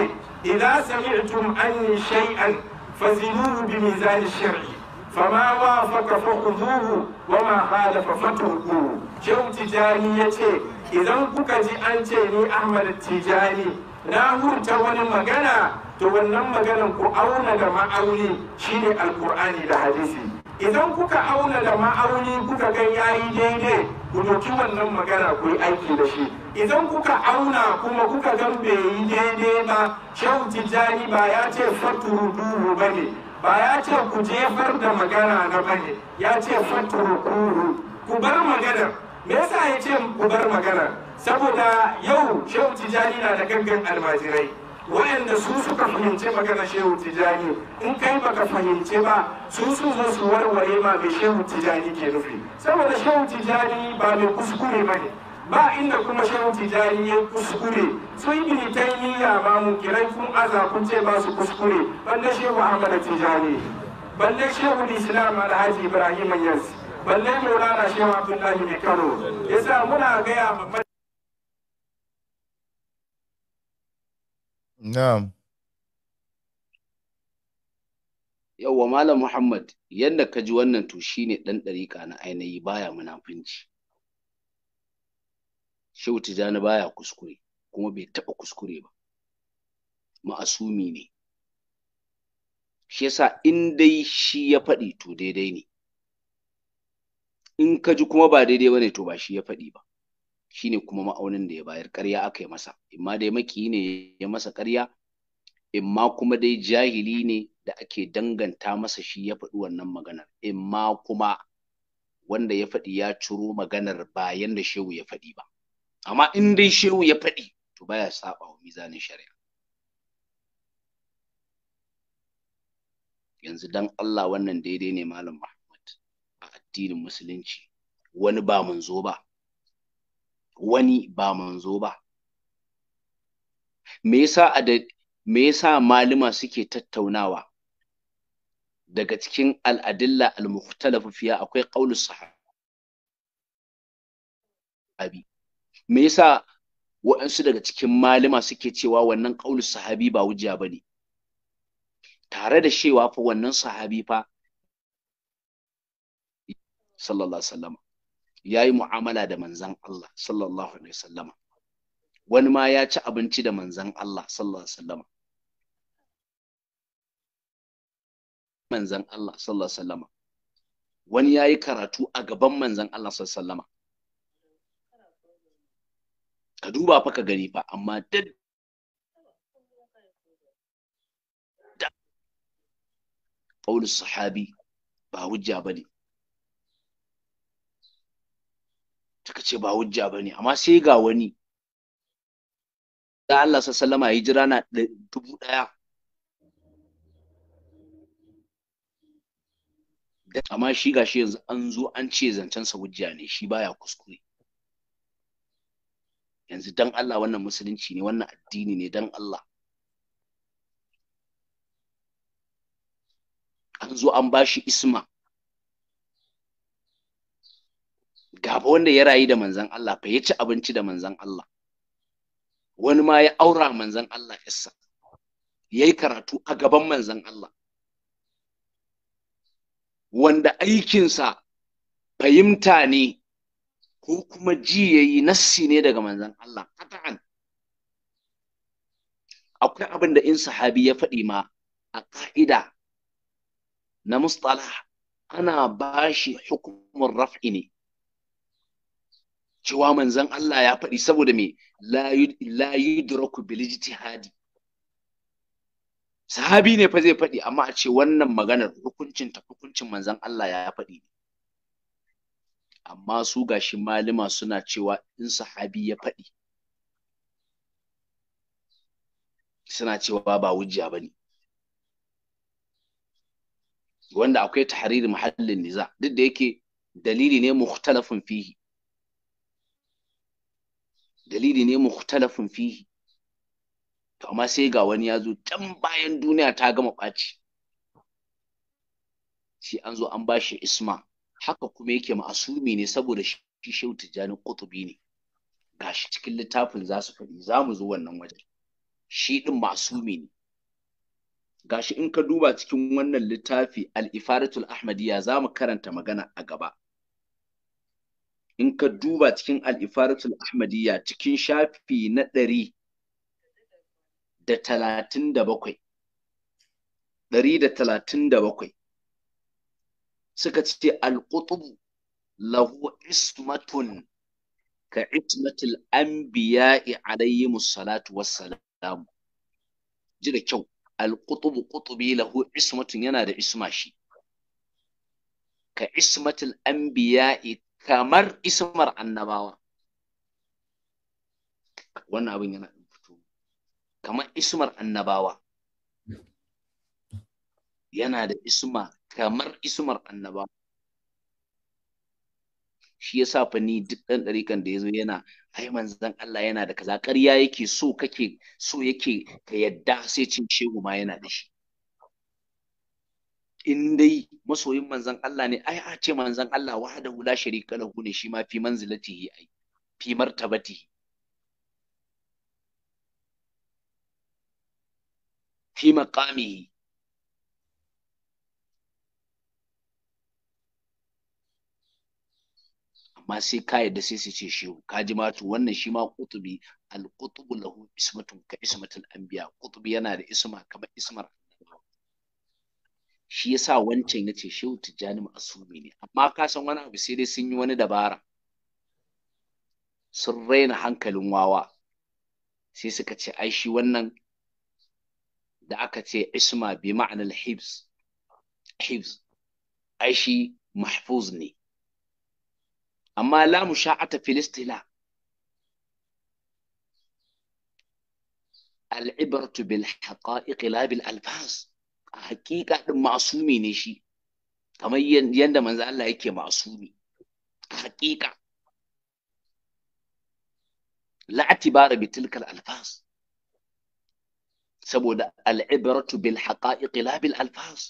idan sami'tum anni shay'an fazinuhu bi mizan shar'i fama wa faka fakuzuhu wa ma halafa fatuhu shehu tijani ya ce idan kuka ji an ce ni ahmad tijani na hurta wani magana to wannan maganan ku auna da ma'auni shine alkur'ani da hadisi idan kuka auna da ma'auni kuka ga yayi daidai ku doki wannan magana ku yi aiki da shi idan kuka auna kuma kuka gan bai yi daidai ba shehu tijjani ba ya ce faturu duhu ba ne ba ya ce ku jefar da magana na bane ya ce kuru ku bar magana me yasa ya ce ku bar magana saboda yau shehu tijani na da gangan almajirai wayanda su suka fahimci magana shehu tijani in kai baka fahimce ba su su zo su warware ma mai shehu tijani ke nufi saboda shehu tijani ba mai kuskure bane ba inda kuma shehu tijani ya kuskure sun yi taimiyya ba mu kirai kun aza kun ce ba su kuskure balle shehu ahmad tijani balle shehu islam alhaji ibrahim yas balle maulana shehu abdullahi ne kano yasa muna gaya ma Na'am. Yawwa Malam Muhammad, yadda ka ji wannan to shine ɗan ɗariƙa na ainihi baya munafunci. shehu tijjani baya kuskure kuma bai taɓa kuskure ba ma'asumi ne shi yasa in dai shi ya faɗi to daidai ne in ka ji kuma ba daidai ba ne to ba shi ya faɗi ba shine kuma ma'aunin da ya bayar ƙarya aka yi masa imma dai maki ne ya masa ƙarya imma kuma dai jahili ne da ake danganta masa shi ya faɗi wannan maganar imma kuma wanda ya faɗi ya ciro maganar bayan da shehu ya faɗi ba amma in dai shehu ya faɗi to baya saba wa mizanin shari'a yanzu dan Allah wannan daidai ne malam Muhammad a addinin musulunci wani ba manzo ba wani ba manzo ba me yasa me yasa maluma suke tattaunawa daga cikin al'adilla al-mukhtalafu fiya akwai qaulu sahabi me yasa waɗansu daga cikin malama suke cewa wannan ƙaulu sahabi ba wujja ba ne tare da shewa fa wannan sahabi fa sallallahu alaihi ya yi mu'amala da manzan Allah sallallahu alaihi wasallam wani ma ya ci abinci da manzan Allah sallallahu alaihi wasallam manzan Allah sallallahu alaihi wasallam wani ya yi karatu a gaban manzan Allah sallallahu alaihi wasallam ka duba fa ka gani fa amma duk قول sahabi ba hujja ba ne suka ce ba hujja ba ne amma sai ga wani da Allah sallama ya jira na dubu ɗaya amma shi gashi yanzu an zo an ce zancensa hujja ne shi baya kuskure yanzu dan Allah wannan musulunci ne wannan addini ne dan Allah an zo an bashi isma gaba wanda ya rayu da manzan Allah fa ya ci abinci da manzan Allah wani ma ya aura manzan Allah yassa ya yi karatu a gaban manzan Allah wanda aikinsa fahimta ne ko kuma ji yayi nassi ne daga manzon Allah qat'an akwai abin da in sahabi ya faɗi ma a ƙa'ida na mustalah ana bashi hukumar raf'i ne cewa manzon Allah ya faɗi saboda me la yudraku bil ijtihadi sahabi ne fa zai faɗi amma a ce wannan maganar hukuncin ta hukuncin manzon Allah ya faɗi amma su gashi malima suna cewa in sahabi ya faɗi suna cewa ba wujja ba ne wanda akwai tahariri muhallin niza duk da yake dalili ne mukhtalafin fihi dalili ne mukhtalafin fihi to amma sai ga wani ya zo can bayan duniya ta gama ɓaci shi an zo an ba shi isma haka kuma yake ma'asumi ne saboda shi shehu tijjani kutubi ne gashi cikin littafin za su faɗi za mu zo wannan waje shi ɗin ma'asumi ne gashi in ka duba cikin wannan littafi al-ifaratul ahmadiyya za mu karanta magana a gaba in ka duba cikin al-ifaratul ahmadiyya cikin shafi na ɗari da talatin da bakwai ɗari da talatin da bakwai suka ce alƙutubu lahu ismatun ka ismatil anbiya'i alayhi musallatu wassalam ji da kyau alƙutubu ƙutubi lahu ismatun yana da isma shi ka ismatil anbiya'i kamar ismar annabawa wannan abin yana fito kamar ismar annabawa yana da isma kamar ismar annaba shi yasa fa ni duk ɗan ɗarikan da ya zo yana ai manzan Allah yana da kaza ƙarya yake so kake so yake ka yadda sai cin shehu ma yana da shi in dai masoyin manzan Allah ne ai a ce manzan Allah wahada hula sharika na ne shi ma fi yi ai fi martabati fi maqami Ma sai ka yadda sai su ce shehu ka ji matu wannan shi ma kutubi al kutubu lahu ismatun ka ismatul anbiya kutubi yana da isma kamar ismar shi yasa wancan ya ce shehu tijjani asumi ne amma ka san wani abu sai dai sun yi wani dabara sun raina hankalin wawa sai suka ce ai shi wannan da aka ce isma bi ma'anar hibs hibs ai shi mahfuz ne أما لا مشاعة فلسطين لا العبرة بالحقائق لا بالألفاظ حقيقة معصومي نشي كما يندى من ذا الله يكي معصومي حقيقة لا اعتبار بتلك الألفاظ سبود العبرة بالحقائق لا بالألفاظ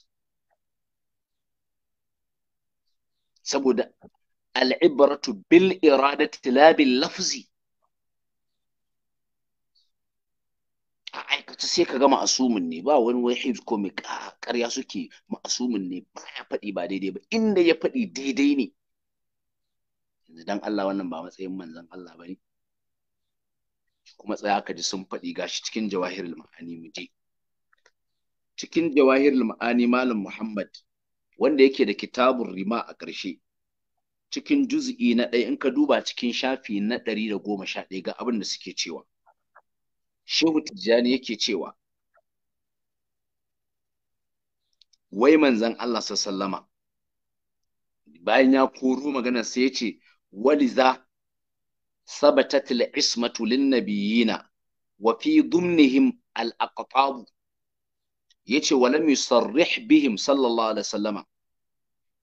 سبود al'ibratu bil iradati la bil lafzi a aikata sai ka ga ma'asumin ne ba wani wai hibs ko mai ƙarya suke ma'asumin ne ba ya faɗi ba daidai ba inda ya faɗi daidai ne yanzu dan Allah wannan ba matsayin manzon Allah ba ne kuma tsaya ka ji sun faɗi gashi cikin jawahirul ma'ani mu je cikin jawahirul ma'ani malam Muhammad wanda yake da kitabun rima a ƙarshe cikin juz'i na ɗaya in ka duba cikin shafi na ɗari da goma sha ɗaya ga abin da suke cewa shehu tijjani yake cewa wai manzan Allah sallama bayan ya koro magana sai ya ce waliza sabatat al-ismatu lin-nabiyina wa fi dhumnihim al-aqtab yace walam yusarrih bihim sallallahu alaihi wasallama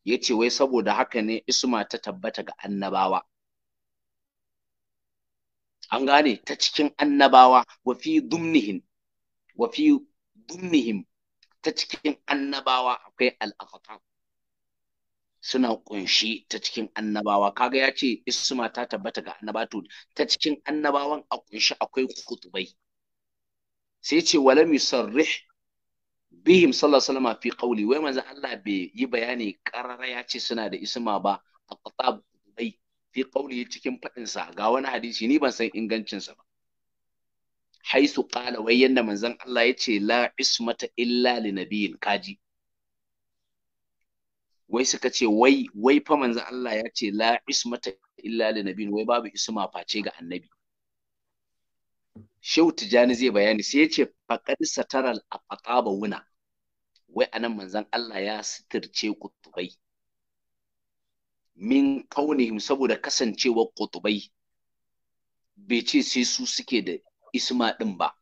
ya ce wai saboda haka ne isma ta tabbata ga annabawa an gane ta cikin annabawa wa fi dumnihim wa fi dumnihim ta cikin annabawa akwai al'afata suna kunshi ta cikin annabawa kaga ya ce isma ta tabbata ga annabatu ta cikin annabawan a kunshi akwai kutubai sai ce walami sarrih bihim sallallahu alaihi wasallam fi qawli wai manzon Allah bai yi bayani karara ya ce suna da isma ba a qatab bai fi qawli cikin fadin sa ga wani hadisi ni ban san ingancin sa ba haisu qala wai yanda manzon Allah ya ce la ismata illa li nabiyin kaji wai suka ce wai wai fa manzon Allah ya ce la ismata illa li nabiyin wai babu isma face ga annabi Shehu Tijjani zai bayani sai ya ce faƙar satarar a faƙaba wuna wai anan manzan Allah ya sitirce kutubai min kaunihim saboda kasancewar kutubai bai ce sai su suke da isma ɗin ba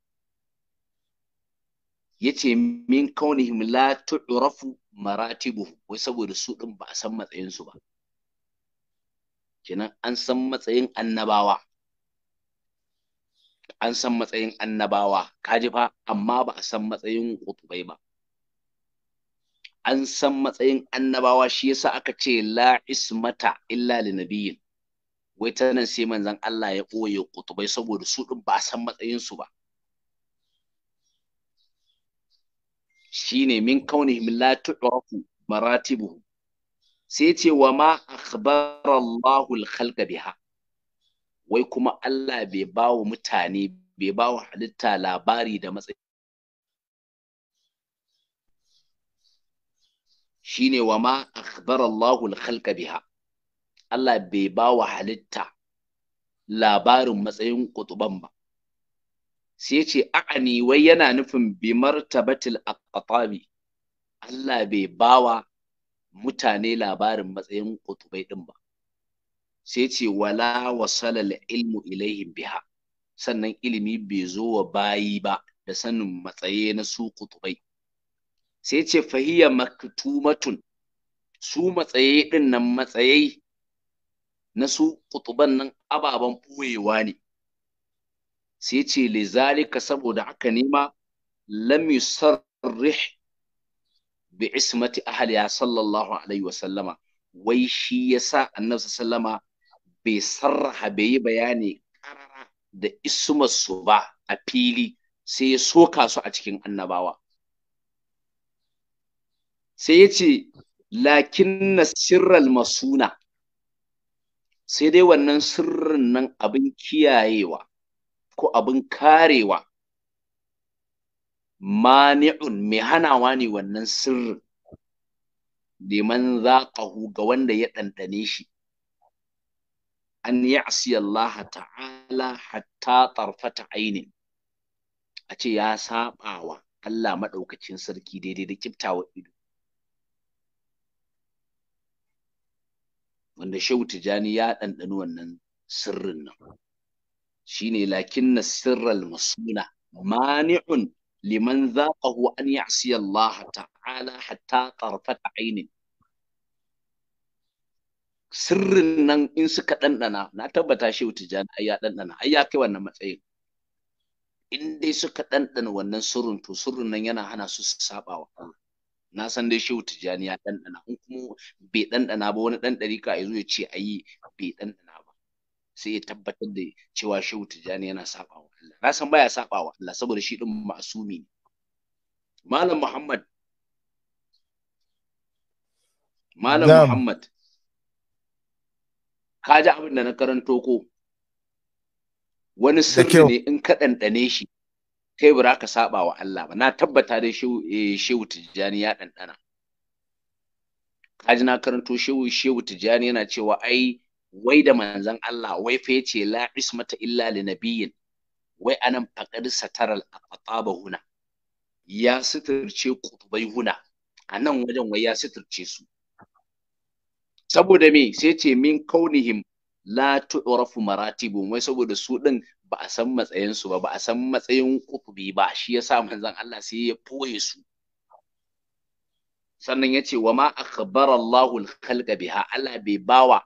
Yace ce min kaunihim la tu'rafu maratibu wai saboda su ɗin ba a san matsayinsu ba kenan an san matsayin annabawa an san matsayin annabawa kaji fa amma ba a san matsayin kutubai ba an san matsayin annabawa shi yasa aka ce la ismata illa li nabiyin wai ta nan sai manzon Allah ya koye kutubai saboda su din ba san matsayin su ba shine min kaunihim la tu'rafu maratibu. sai ce wa ma akhbara Allahu al-khalqa biha wai kuma Allah bai ba wa mutane bai ba wa halitta labari da matsayi shine wa ma akhbara al-khalqa biha Allah bai ba wa halitta labarin matsayin kutuban ba sai ce a'ani wai yana nufin bi martabatil aqtabi Allah bai ba wa mutane labarin matsayin kutubai din ba sai ce wala wasala ilmu ilaihim biha sannan ilimi bai zo wa bayi ba da sanin matsaye na su kutubai sai ce fahiya maktumatun su matsaye din nan matsayai na su kutuban nan ababen ɓoyewa ne sai ce lizalika saboda haka nema lam yusarrih bi ismati ahliya sallallahu alaihi wasallama wai shi yasa annabi sallama bai sarraha bai yi bayani karara da isumarsu ba a fili sai ya soka su a cikin annabawa sai ya ce lakin na sirral masuna sai dai wannan sirrin nan abin kiyayewa ko abin karewa mani'un mai hanawa ne wannan sirrin liman zaƙahu ga wanda ya ɗanɗane shi an yi Allah ta'ala hatta tarfata aini a ce ya saɓawa Allah maɗaukacin sarki daidai da kiftawa ido wanda Shehu Tijani ya ɗanɗani wannan sirrin nan shine na sirral masuna mani'un liman zaqahu an yi Allah ta'ala hatta tarfata ainin sirrin nan in suka ɗanɗana na tabbata shi tijjani ai ya ɗanɗana ai ya kai wannan matsayin in dai suka ɗanɗana wannan sirrin to sirrin nan yana hana su saba wa na san dai shehu tijjani ya ɗanɗana in kuma bai ɗanɗana ba wani ɗan ka ya zo ya ce ayi bai ɗanɗana ba sai ya tabbatar da cewa shehu tijjani yana saba wa Allah na san baya saba wa Allah saboda shi ɗin masumi ne malam muhammad malam muhammad ka ji abin da na karanto ko wani sirri ne in ka ɗanɗane shi kai ba ka saba wa Allah ba na tabbata dai shehu eh, tijjani ya ɗanɗana kaji na karanto shehu shehu tijjani yana cewa ai wai da manzon Allah wai fa yace la ismata illa li nabiyyin wai anan faqad sataral aqtaba huna ya suturce kutubai huna anan wajen wai ya suturce su saboda me sai ce min kaunihim la tu'rafu maratibu wai saboda su din ba a san matsayin su ba ba a san matsayin kutubi ba shi yasa manzon Allah sai ya foye su sannan yace wa ma akhbara Allahu al-khalqa biha Allah bai bawa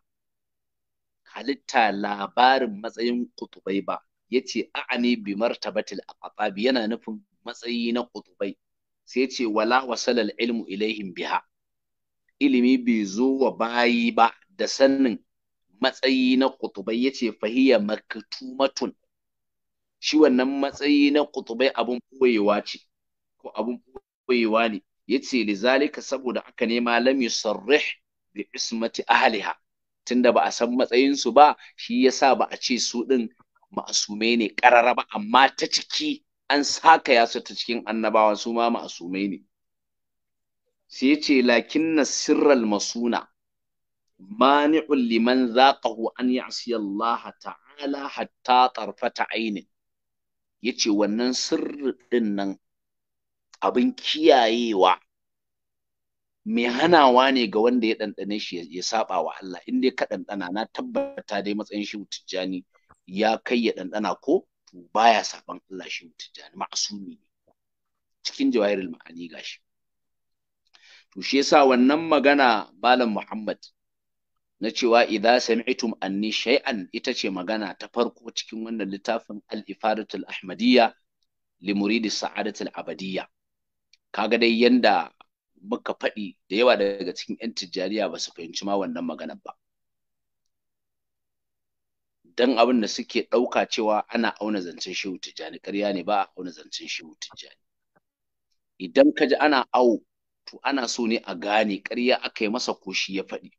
halitta labarin matsayin kutubai ba yace a'ani bi martabatil aqtabi yana nufin matsayi na kutubai sai yace wala wasala al-ilmu ilaihim biha ilimi bai zo wa bayi ba da sanin matsayi na kutubai ya ce fahiya makatumatun shi wannan matsayi na kutubai abun boyewa ce ko abun boyewa ne ya ce lizalika saboda aka nema lam yusarrih bi ismati ahliha tunda ba a san matsayinsu ba shi yasa ba a ce su din ma'asumai ne ƙarara ba amma ta ciki an saka ya ta cikin annabawa su ma ma'asumai ne sai ce lakin na sirral masuna mani'un liman zaqahu an ya'si Allah ta'ala hatta tarfata ainin yace wannan sirri din nan abin kiyayewa mai hanawa ne ga wanda ya ɗanɗane shi ya saba wa Allah in dai ka ɗanɗana na tabbata dai matsayin shi tijjani ya kai ya ɗanɗana ko ba baya saban Allah shi tijjani ma'asumi ne cikin jawahirul ma'ani gashi to shi yasa wannan magana malam Muhammad na cewa idza sami'tum anni shay'an ita ce magana ta farko cikin wannan littafin al-ifadatul ahmadiyya li muridi sa'adatul abadiyya kaga dai yanda muka faɗi da yawa daga cikin 'yan tijjariya ba su fahimci ma wannan magana ba dan abin da suke ɗauka cewa ana auna zancen shehu tijjani ƙarya ne ba a auna zancen shehu tijjani idan ka ji ana awo to ana so ne a gane ƙarya aka yi masa ko shi ya faɗi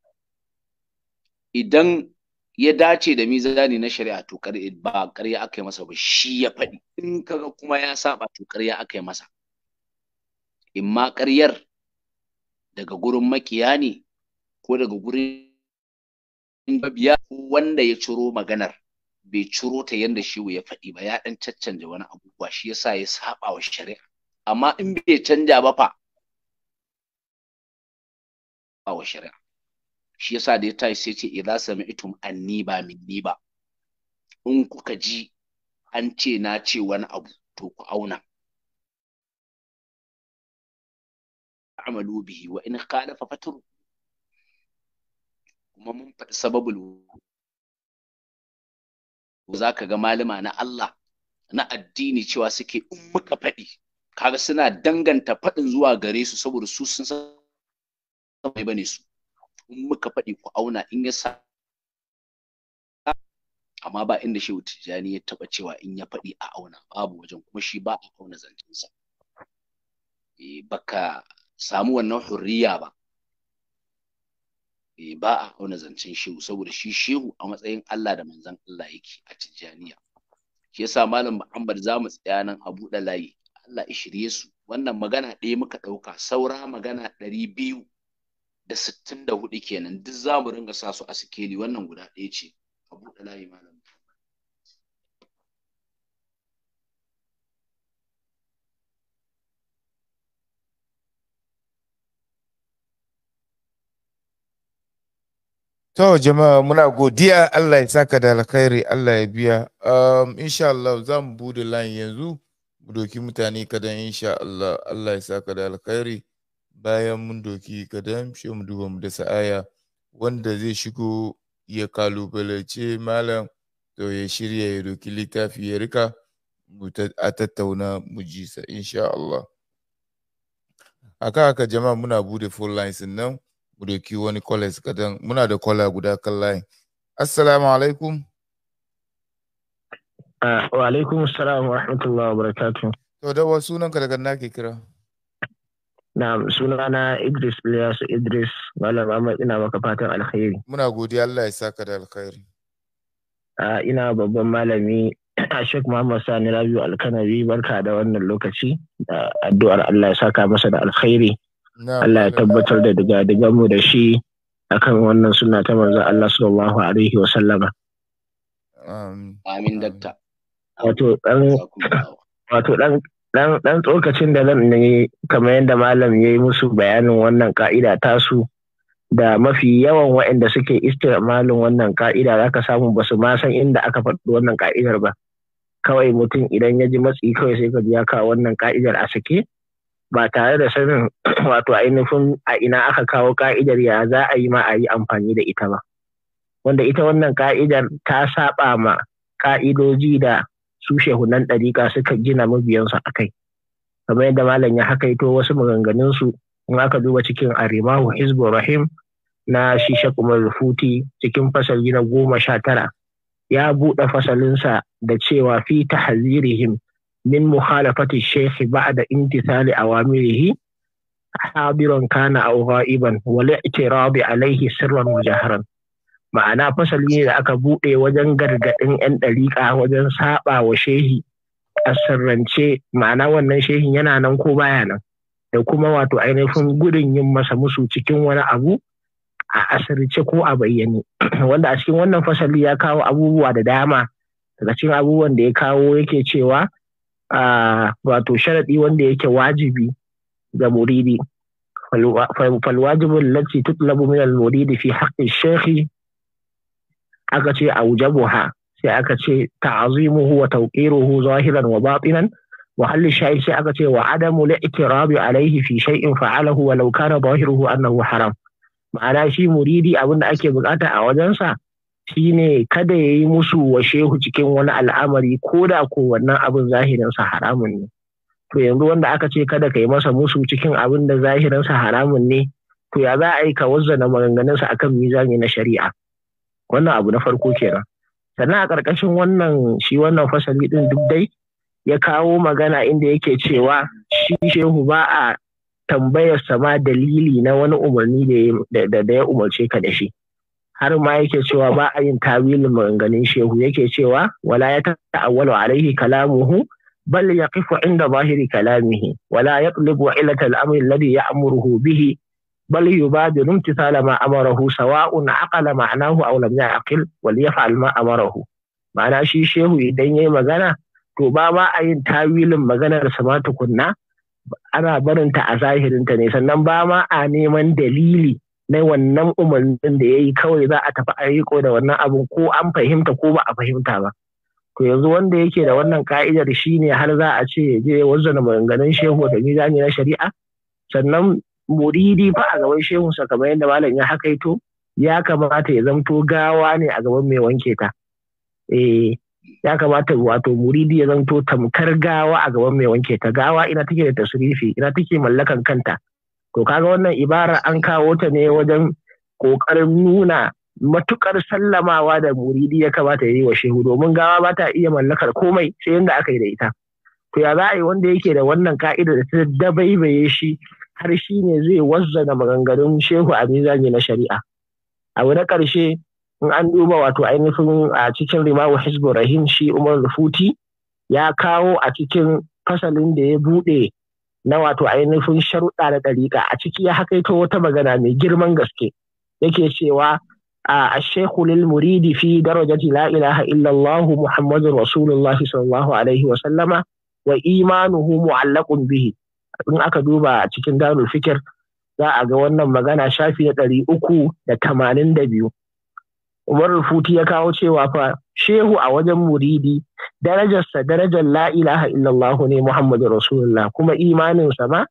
idan ya dace da mizani na shari'a to ba ƙarya aka yi masa ba shi ya faɗi in kaga kuma ya saba to ƙarya aka yi masa in ma ƙaryar daga gurin makiya ne ko daga gurin babiya ko wanda ya ciro maganar bai ciro ta yanda shi ya faɗi ba ya ɗan caccanja wani abubuwa shi yasa ya saba wa shari'a amma in bai canja ba fa A wa shari'a shi yasa da ya tashi sai ce idza sami'tum anni ba minni ba in kuka ji an ce na ce wani abu to ku auna amalu bihi wa in fa fatru kuma mun faɗi sababul za ka ga malama na Allah na addini cewa suke in muka faɗi kaga suna danganta faɗin zuwa gare su saboda su sun san mai bane su in muka faɗi ku auna in ya sa amma ba inda shehu tijjani ya taɓa cewa in ya faɗi a auna babu wajen kuma shi ba a auna zancensa eh, baka samu wannan hurriya ba eh, ba a auna zancen shehu saboda shi shehu a matsayin Allah da manzan Allah yake a tijjaniya shi yasa malam Muhammad za mu tsaya nan a buɗe layi Allah ya shirye su wannan magana ɗaya muka ɗauka saura magana ɗari biyu da sittin da hudu kenan duk za mu ringa sa su a sikeli wannan guda ɗaya ce a buɗe layi malam To jama'a muna godiya Allah ya saka da alkhairi Allah ya biya. Um, insha Allah za mu buɗe layin yanzu mu doki mutane kadan insha Allah Allah ya saka da alkhairi. bayan mun doki kadan shi mu duba mu da sa'aya wanda zai shigo ya kalubalace malam to ya shirya ya doki littafi ya rika a tattauna mu sa insha Allah haka haka jama'a muna bude phone lines nan mu doki wani college kadan muna da caller guda kan line assalamu alaikum ah, wa alaikum assalam wa rahmatullahi wa barakatuh to da wasu nan ka daga ke kira na sunana Idris Ilyasu Idris Malam Ahmad ina maka fatan alkhairi. Muna godiya Allah ya saka da alkhairi. Uh, ina babban malami Sheikh Muhammad Sani Rabiu Alkanabi barka da wannan lokaci da addu'ar Allah ya saka masa da alkhairi. Allah ya tabbatar da diga mu da shi akan wannan suna ta manzon Allah sallallahu alaihi wa sallama. Amin dakta. Wato dan wato dan dan tsokacin da zan yi kamar yadda malam ya yi musu bayanin wannan ka'ida tasu da mafi yawan waɗanda suke istimalin wannan ka'ida za ka samu ba su ma san inda aka faɗi wannan ka'idar ba kawai mutum idan ya ji matsi kawai sai ka ya kawo wannan ka'idar a sake ba tare da sanin wato ainihin a ina aka kawo ka'idar ya za a yi ma a yi amfani da ita ba wanda ita wannan ka'idar ta saba ma ka'idoji da su shehunan ɗariƙa suka gina mabiyansu a kai kamar yadda malam ya hakaito wasu maganganunsu in aka duba cikin arimahu hizbu rahim na shisha kumar rufuti cikin fasali na goma sha tara ya buɗe fasalinsa da cewa fi tahzirihim min muhalafati shekhi ba'da intisali awamirihi hadiran kana aw ghaiban wal i'tirabi alayhi sirran ma'ana fasali ne da aka buɗe wajen gargaɗin 'yan ɗariƙa wajen saɓa wa shehi a sirrance ma'ana wannan shehin yana nan ko baya nan da kuma wato ainihin gudun yin masa musu cikin wani abu a asirce ko a bayyane wanda a cikin wannan fasali ya kawo abubuwa da dama daga cikin abubuwan da ya kawo yake cewa wato sharaɗi wanda yake wajibi ga muridi falwajibul lati tutlabu min al-muridi fi haqqi shaykhi aka ce aujabuha sai aka ce ta'zimuhu wa tawqiruhu zahiran wa batinan wa halli shay'i sai aka ce wa adamu li'tirabi alayhi fi shay'in fa'alahu wa law kana zahiruhu annahu haram ma'ana shi muridi abinda ake bukata a wajensa shine kada ya yi musu wa shehu cikin wani al'amari ko da ko wannan abin zahirinsa haramun ne to yanzu wanda aka ce kada ka yi masa musu cikin abin da zahirinsa haramun ne to ya za a yi ka wazzana maganganunsa akan mizani na shari'a wannan abu na farko kenan sannan a ƙarƙashin wannan shi wannan fasali ɗin duk dai ya kawo magana inda yake cewa shi shehu ba a tambayar sama dalili na wani umarni da ya umarce ka da shi har ma yake cewa ba a yin tawilin maganganun shehu yake cewa wala ya ta'awwalu alaihi kalamuhu bal yaqifu inda zahiri kalamihi wala yaqlibu ilata al-amri alladhi ya'muruhu bihi بل يبادر امتثال ما امره سواء عقل معناه او لم يعقل وليفعل ما امره ma'ana shi shehu idan yayi magana to ba ba a yin tawilin maganar sa انا tukunna ana barinta a zahirinta ne sannan ba ma a neman dalili na wannan umarnin da ya yi kawai za a tafi a da wannan abun ko an fahimta ko ba a fahimta ba to yanzu wanda yake da wannan ka'idar shi ne har za a ce ya je wanzu maganganun shehu da mizani na shari'a sannan muridi fa a gaban shehunsa kamar yadda malam ya hakaito ya kamata ya zamto gawa ne a gaban mai wanke ta eh ya kamata wato muridi ya zamto tamkar gawa a gaban mai wanke ta gawa ina take da tasrifi ina take mallakan kanta to kaga wannan ibara an kawo ta ne wajen kokarin nuna matukar sallamawa da muridi ya kamata ya yi wa shehu domin gawa ba ta iya mallakar komai sai yadda aka yi da ita to ya za a yi wanda yake da wannan ka'ida da ta dabaibaye shi har shi ne zai wazzana maganganun shehu a mizani na shari'a abu na ƙarshe in an duba wato ainihin a cikin rimawu hizbun rahim shi umar rufuti ya kawo a cikin fasalin da ya buɗe na wato ainihin sharuɗa da ɗariƙa a ciki ya hakaito wata magana mai girman gaske yake cewa a shekhu lil muridi fi darajati la ilaha illallah muhammadun rasulullahi sallallahu alaihi wa sallama wa imanuhu mu'allaqun bihi in aka duba a cikin darul fikir za a ga wannan magana shafi na ɗari uku da tamanin da biyu. Umar Rufuti ya kawo cewa fa shehu a wajen muridi darajarsa darajar la ilaha illallahu ne Muhammadu Rasulullah kuma imaninsa ma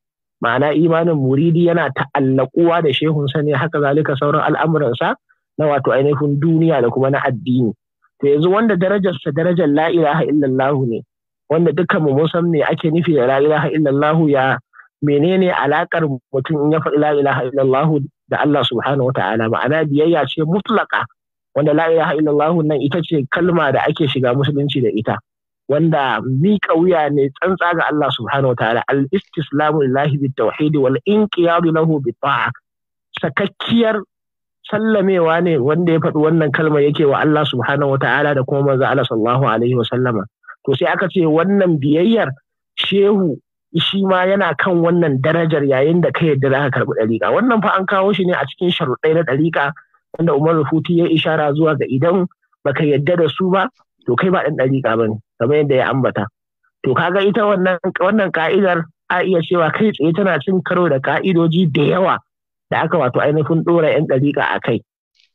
ma'ana imanin muridi yana ta'allakuwa da shehunsa ne haka zalika sauran al'amuransa na wato ainihin duniya da kuma na addini. To yanzu wanda darajarsa darajar la ilaha illallahu ne wanda dukkan mu san me ake nufi da la ilaha illallah ya menene alakar mutum in ya faɗi la ilaha illallah da Allah subhanahu wataala ma'ana biyayya ce mutlaka wanda la ilaha illallah nan ita ce kalma da ake shiga musulunci da ita wanda miƙa wuya ne tsantsa ga Allah subhanahu wataala al istislamu lillahi bit tauhid wal inqiyadu lahu bit ta'a sakakkiyar sallamewa ne wanda ya faɗi wannan kalmar yake wa Allah subhanahu wataala da kuma manzo Allah sallallahu alaihi wa sallama to sai aka ce wannan biyayyar shehu shi ma yana kan wannan darajar yayin da ka yadda za ka karɓi ɗariƙa wannan fa an kawo shi ne a cikin sharuɗai na ɗariƙa wanda Umar Rufuti ya ishara zuwa ga idan baka yadda da su ba to kai ba ɗan ɗariƙa ba ne kamar yadda ya ambata to kaga ita wannan wannan ka'idar a iya cewa kai tsaye tana cin karo da ka'idoji da yawa da aka wato ainihin ɗora 'yan ɗariƙa a kai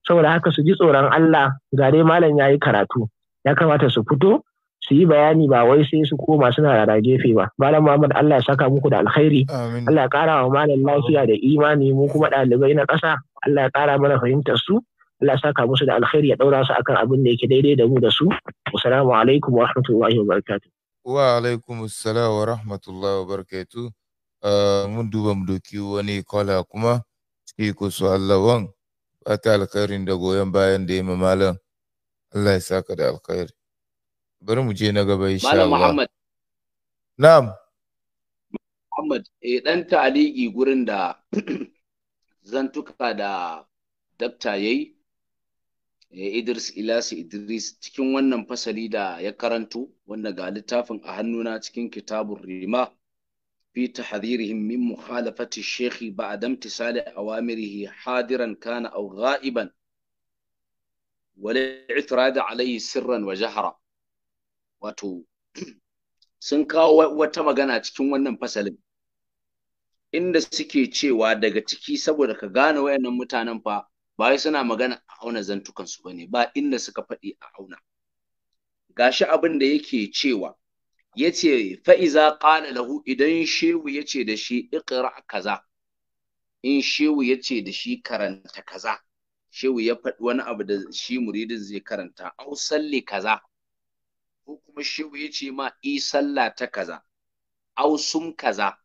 saboda haka su ji tsoron Allah gare malam ya yi karatu ya kamata su fito su yi bayani ba wai sai su koma suna rara gefe ba malam Muhammad Allah ya saka muku da alkhairi Allah ya kara wa malam lafiya da imani mu kuma ɗalibai na ƙasa Allah ya kara mana fahimtar su Allah ya saka musu da alkhairi ya ɗaura su akan abin da yake daidai da mu da su assalamu alaikum wa rahmatullahi wa barakatuh wa alaikum assalam wa rahmatullahi wa barakatuh ah, mun duba mu doki wani kola kuma shi ku su Allah ba ta alkhairin da goyon bayan da ya malam Allah ya saka da alkhairi bari mu je na gaba insha Allah malam Muhammad na'am Muhammad eh dan taligi gurin da zantuka da dakta yayi eh, Idris Ilasi Idris cikin wannan fasali da ya karanto wanda ga littafin a hannuna cikin kitabun rima fi tahdhirihim min mukhalafati shekhi ba'da imtisali awamirihi hadiran kana aw ghaiban wal i'tirad alayhi sirran wa wato sun kawo wata magana cikin wannan fasalin inda suke cewa daga ciki saboda ka gane wayannan mutanen fa ba wai suna magana a auna zantukan su bane ba inda suka faɗi a auna gashi abin da yake cewa yace fa iza qala lahu idan shehu yace da shi iqra kaza in shehu yace da shi karanta kaza shehu ya faɗi wani abu da shi muridin zai karanta au salli kaza ko kuma shehu ya ce ma i sallah ta kaza au kaza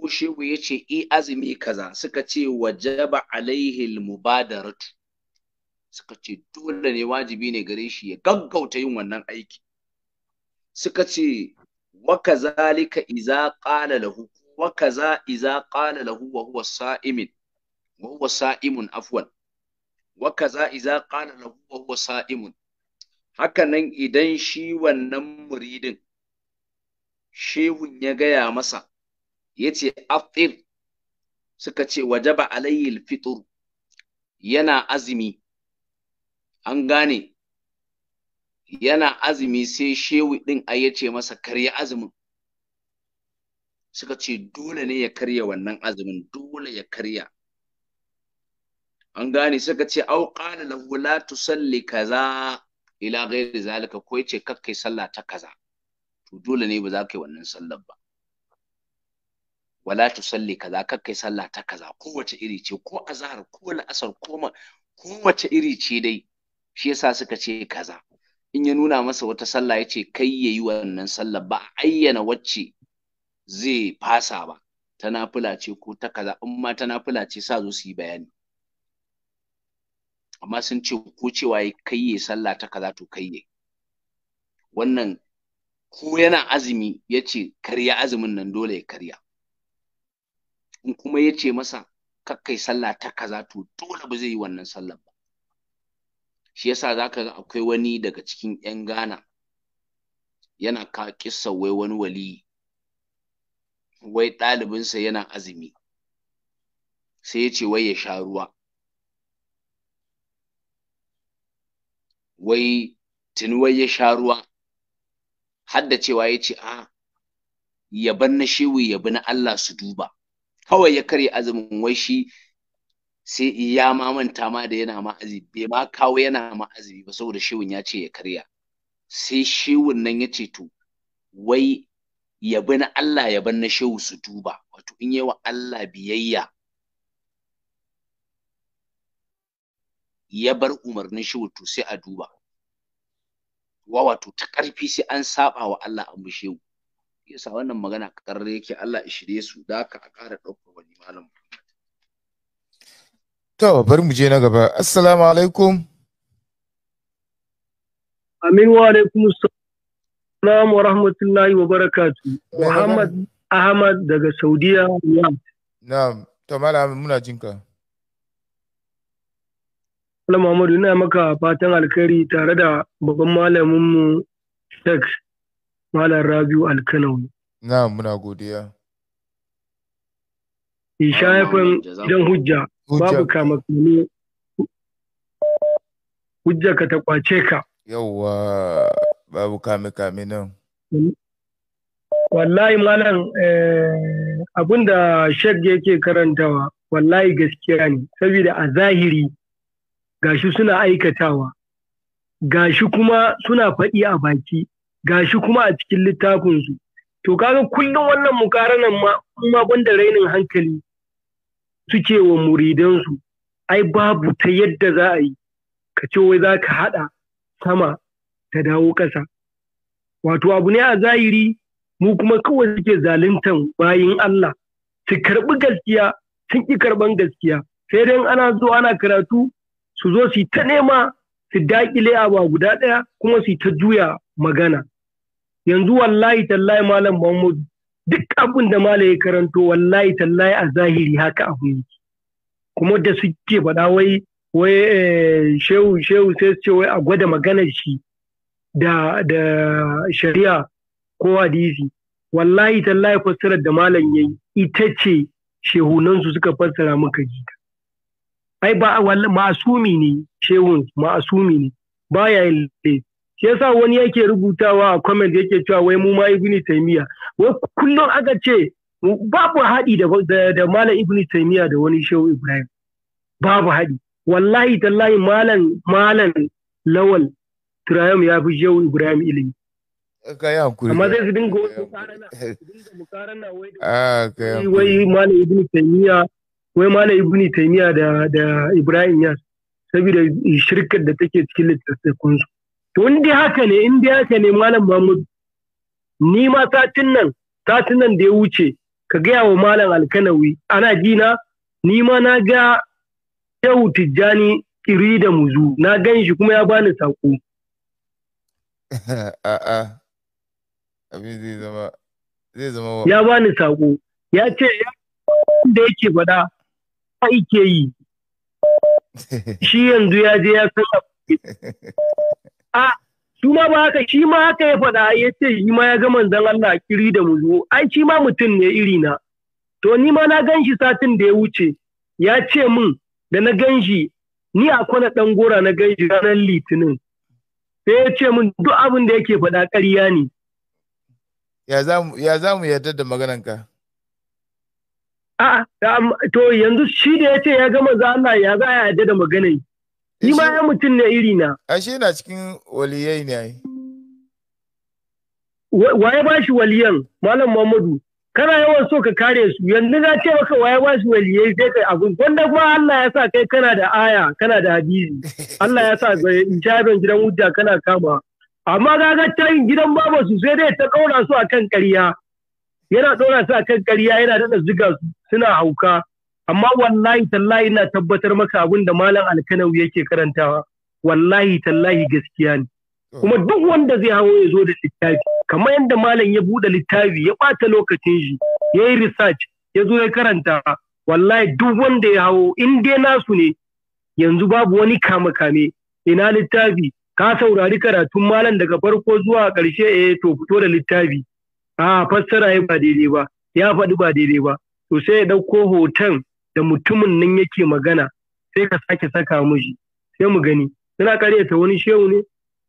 ko shehu ya ce i azumi kaza suka ce wajaba alaihi mubadaratu suka ce dole ne wajibi ne gare shi ya gaggauta yin wannan aiki suka ce wa kazalika iza qala lahu wa kaza iza qala lahu wa huwa sa'imin wa huwa sa'imun afwan wa kaza iza qala lahu wa huwa sa'imun hakanan idan shi wannan muridin shehun ya gaya masa ya ce afir suka ce wajaba alayyil fitur yana azumi an gane yana azumi sai shehu din a ya ce masa karya azumin suka ce dole ne ya karya wannan azumin dole ya karya an gane suka ce au lahu la tusalli kaza ila ghairi zalika ko yace kai sallah ta kaza to dole ne ba za ka yi wannan sallar ba wala salli kaza kai sallah ta kaza kowace iri ce ko azhar ko asar, ko ma wace iri ce dai shi yasa suka ce kaza in ya nuna masa wata sallah yace kai yayi wannan sallar ba ayyana wacce zai fasa ba ta nafila ce ko ta kaza in ma ta nafila ce sa zo su yi bayani amma sun ce ko cewa ya kai sallah ta kaza to kai ne wannan ko yana azumi ya ce karya azumin nan dole ya karya in kuma ya ce masa kakkai sallah ta kaza to dole ba zai yi wannan sallah ba shi yasa zaka ga akwai wani daga cikin yan gana? yana ka kissa wai wani wali wai ɗalibinsa yana azumi sai ya ce wai ya sha ruwa wai wai ya sha ruwa har da cewa ya ce a ah, yaban na shewu yabi na Allah su duba kawai ya karya azumin wai shi sai ya ma manta ma da yana ma bai ma kawo yana ma ba saboda shewun ya ce ya karya sai shewun nan ya ce to wai yabi na Allah yaban na shewu su duba wato in yi wa Allah biyayya ya bar umarnin shi wato sai a duba wa wato ta ƙarfi sai an saba wa Allah an bishe mu yasa wannan magana karre yake Allah ya shirye su da ka a ƙara ɗaukar wani malam to bari mu je na gaba assalamu alaikum amin wa alaikum assalam wa rahmatullahi wa barakatuh muhammad ahmad daga saudiya na'am to malam muna jinka Allah Muhammadu ina maka fatan alkhairi tare da babban malamin mu, Sheikh Malam Rabiu Alkanawi. Na muna godiya. Isha yafin gidan hujja babu kamakani hujja ka ta kwace ka. Yawwa babu kame nan. Wallahi malam eh, abin da Sheikh yake karantawa wallahi gaskiya ne saboda a zahiri gashi suna aikatawa gashi kuma suna faɗi a baki gashi kuma a cikin littafinsu to kaga kullum wannan mukaranan ma ma banda rainin hankali suke wa muridansu ai babu ta yadda za a yi ka ce wai za ka haɗa sama ta dawo ƙasa wato abu ne a zahiri mu kuma kawai suke zaluntan bayin Allah su karɓi gaskiya sun ƙi karɓan gaskiya sai dai ana zuwa ana karatu su zo su ta nema su daƙile abu guda ɗaya kuma su ta juya magana yanzu wallahi tallahi malam Muhammadu duk abin da malam ya karanto wallahi tallahi a zahiri haka abu yake kuma da suke faɗa wai eh, shehu shehu sai su ce wai a gwada maganar shi da da shari'a ko hadisi wallahi tallahi fassarar da malam yayi ita ce shehunansu suka fassara muka jita. ai ba wallahi masumi ne shewun masumi ne baya yin laifi shi yasa wani yake rubutawa a comment yake cewa wai mu ma ibni taymiya wai kullum aka ce babu haɗi da da malam ibni taymiya da wani shehu ibrahim babu haɗi wallahi tallahi malam malam lawal Ibrahim ya fi shehu ibrahim ilimi eh, ka yi hakuri amma zai dinga mukarana wai ah, malam ibni taymiya wai malam ibni taimiya da da ibrahim yas saboda shirkar da take cikin littattafan su to in dai haka ne in haka ne malam mahmud ni ma satin nan satin nan da ya wuce ka gaya wa malam alkanawi ana gina ni ma na ga yau tijjani kiri da muzu na gan shi kuma ya bani saƙo. A'a, abin zai zama, zai zama Ya bani saƙo, ya ce ya da yake faɗa ike yi shi yanzu ya je ya san a su ma ba haka shi ma haka ya faɗa ya ce shi ma ya ga manzon Allah kiri da mu zo. ai shi ma mutum ne iri na to ni ma na gan shi satin da ya wuce ya ce min da na gan shi ni a kwana dan gora na gan shi ranar litinin sai ya ce min duk abin da yake faɗa ƙarya ne ya za mu yarda da magananka? A'a, to yanzu shi da ya ce ya ga za Allah ya za ya yarda da maganar. Eh, Ni ma ya mutum ne iri na. shi yana cikin waliyai ne ai. Waye ba shi waliyan, Malam Muhammadu. Kana yawan so ka kare su, yanzu na ce maka waye ba shi waliyai sai kai abin. Wanda kuma Allah ya sa kai kana da aya, kana da hadisi. Allah ya sa ga jabin gidan wuta kana kama. Amma ga ga tayin gidan su sai dai ta kaura su akan ƙarya. yana ɗora su kan ƙarya yana daɗa ziga suna hauka amma wallahi tallahi ina tabbatar maka abin da malam alkanau yake karantawa wallahi tallahi gaskiya ne kuma duk wanda zai hawo ya zo da littafi kamar yadda malam ya buɗe littafi ya ɓata lokacin shi ya yi research ya zo ya karanta wallahi duk wanda ya hawo in dai nasu ne yanzu babu wani kame kame ina littafi ka saurari karatun malam daga farko zuwa ƙarshe eh to fito da littafi a fassara ya ba daidai ba ya faɗi ba daidai ba to sai ya ɗauko hoton da mutumin nan yake magana sai ka sake saka mushi sai mu gani suna karyata wani shehu ne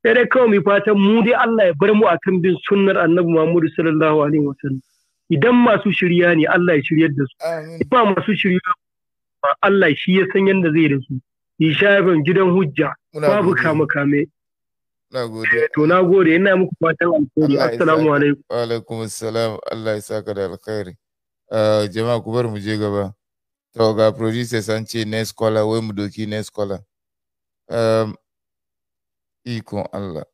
sai dai kawai mai fatan mu dai Allah ya bar mu akan bin sunnar Annabi Muhammadu sallallahu alaihi wasallam idan masu shirya ne Allah ya shiryar da su ba masu shirya Allah shi ya san yadda zai rasu su shafin gidan hujja babu kame kame Na gode. To na gode, ina muku fatan alheri. Assalamu alaikum. Wa alaikum assalam. Allah ya saka da alkhairi. Ah, jama'a ku bar mu je gaba. To ga producer san ce next caller wai mu doki next caller. Um, ikon Allah.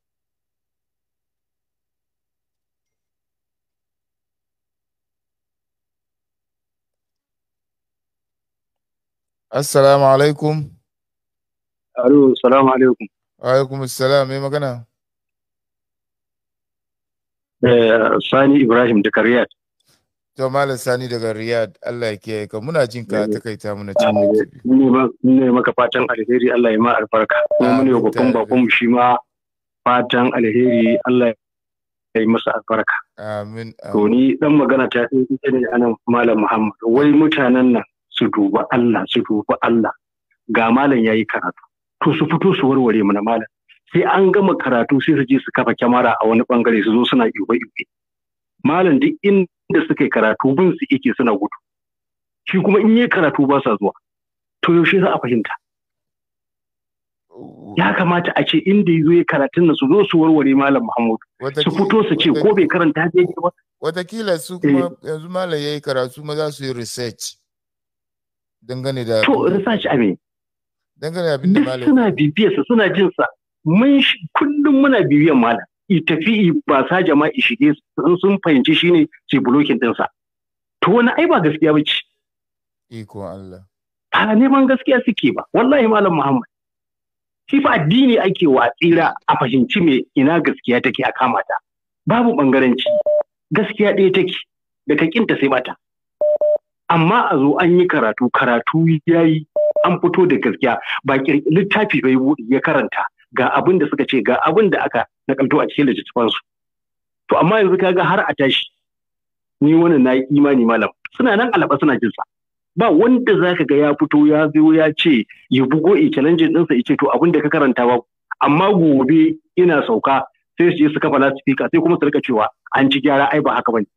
Assalamu alaikum. Alo, salamu alaikum. alaikum salam mai magana sani ibrahim daga riyad to malam sani daga riyad allah ya kiyaye ka muna jin ka ta kai ta muna cin ne maka fatan alheri allah ya ma albarka kuma mune babban bakon mu shi ma fatan alheri allah ya yi masa albarka amin to ni dan magana ta yi ita ne anan malam muhammad wai mutanen nan su duba allah su duba allah ga malam yayi karatu to su fito su warware mana malam sai an gama karatu sai su je su kafa kyamara a wani bangare su zo suna iwe iwe malam duk inda suka yi karatu bin su yake suna gudu shi kuma in yi karatu ba sa zuwa to yaushe za a fahimta ya kamata a ce inda yi zuwa karatun na su zo su warware malam muhammadu su fito su ce ko bai karanta da yake ba watakila su kuma eh. yanzu malam ya yi karatu ma za su yi research dangane da to research a me dangane abin da suna bibiyarsa suna jin sa mun kullum muna bibiyan malam i tafi ba sa jama'i shige sun sun fahimci shine ne blocking din sa to wani ai ba gaskiya bace iko Allah ba neman gaskiya suke ba wallahi malam Muhammad shi fa addini ake wa tsira a fahimci me ina gaskiya take a kamata babu bangaranci gaskiya ɗaya take da ka kinta sai bata amma a zo an yi karatu karatu ya yi an fito da gaskiya ba littafi bai buɗe ya karanta ga abin da suka ce ga abin da aka nakalto a cikin littattafansu to amma yanzu kaga har a tashi ni wannan na imani malam suna nan alaba suna jinsa ba wanda zaka ga ya fito ya zo ya ce ya bugo e challenge ɗinsa ya ce to abin da ka karanta ba amma gobe ina sauka sai su je su kafa lasifika sai kuma su rika cewa an ci gyara ai ba haka bane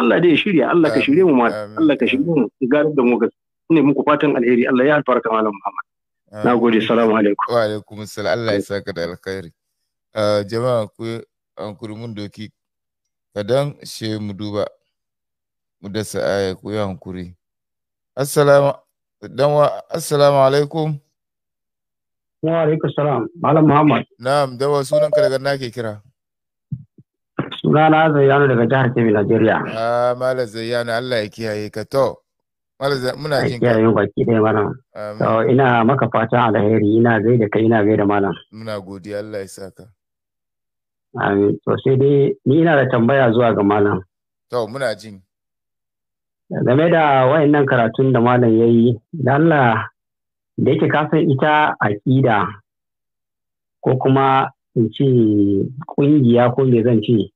Allah dai ya shirya Allah ka shirye mu ma Allah ka shirye mu ga da mu ga ne muku fatan alheri Allah ya alfarka malam Muhammad na gode alaikum wa alaikum assalam Allah ya saka da alkhairi uh, jama'a ku an mun doki kadan she mu duba mu da sa'aya ku yi hankuri assalamu dan wa assalamu alaikum wa alaikum salam malam Muhammad na'am dawa sunan ka daga nake kira Sunana Zayyano daga jihar Kebbi, Najeriya. Ah, Malam Zayyano, Allah ya kiyaye ka to. muna jin ka. Yayin baki ɗaya mana. To ina maka fatan alheri, ina gaida kai, ina gaida malam. Muna godiya Allah ya saka. Amin. To sai dai ni ina da tambaya zuwa ga malam. To muna jin. Game da wayannan karatun da malam ya yi, da Allah da yake kasan ita aƙida ko kuma in ce ƙungiya ko me zan ce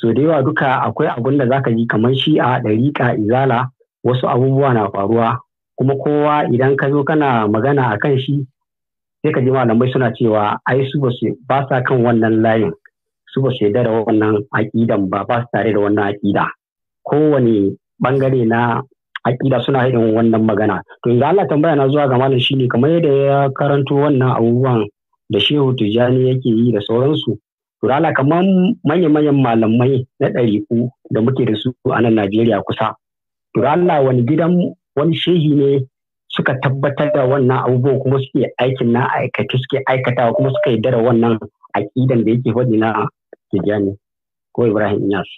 so da yawa duka akwai abun da zaka ji kamar shi'a ɗariƙa izala wasu abubuwa na faruwa kuma kowa idan ka zo kana magana a kan shi sai ka ji malamai suna cewa ai su ba sa kan wannan layin su ba su yarda da wannan aƙidan ba ba su tare da wannan aƙida kowane bangare na aƙida suna irin wannan magana to idan Allah tambaya na zuwa ga malam shine kamar yadda ya karanto wannan abubuwan da shehu tijani yake yi da sauransu Turala kamar manya-manyan malamai na ɗari ku da muke da su a nan Najeriya kusa. Turala wani gidan wani shehi ne suka tabbatar da wannan abubuwa kuma suke aikin na aikace suke aikatawa kuma suka yi dara wannan aƙidan da yake faɗi na Tijjani ko Ibrahim Inyas.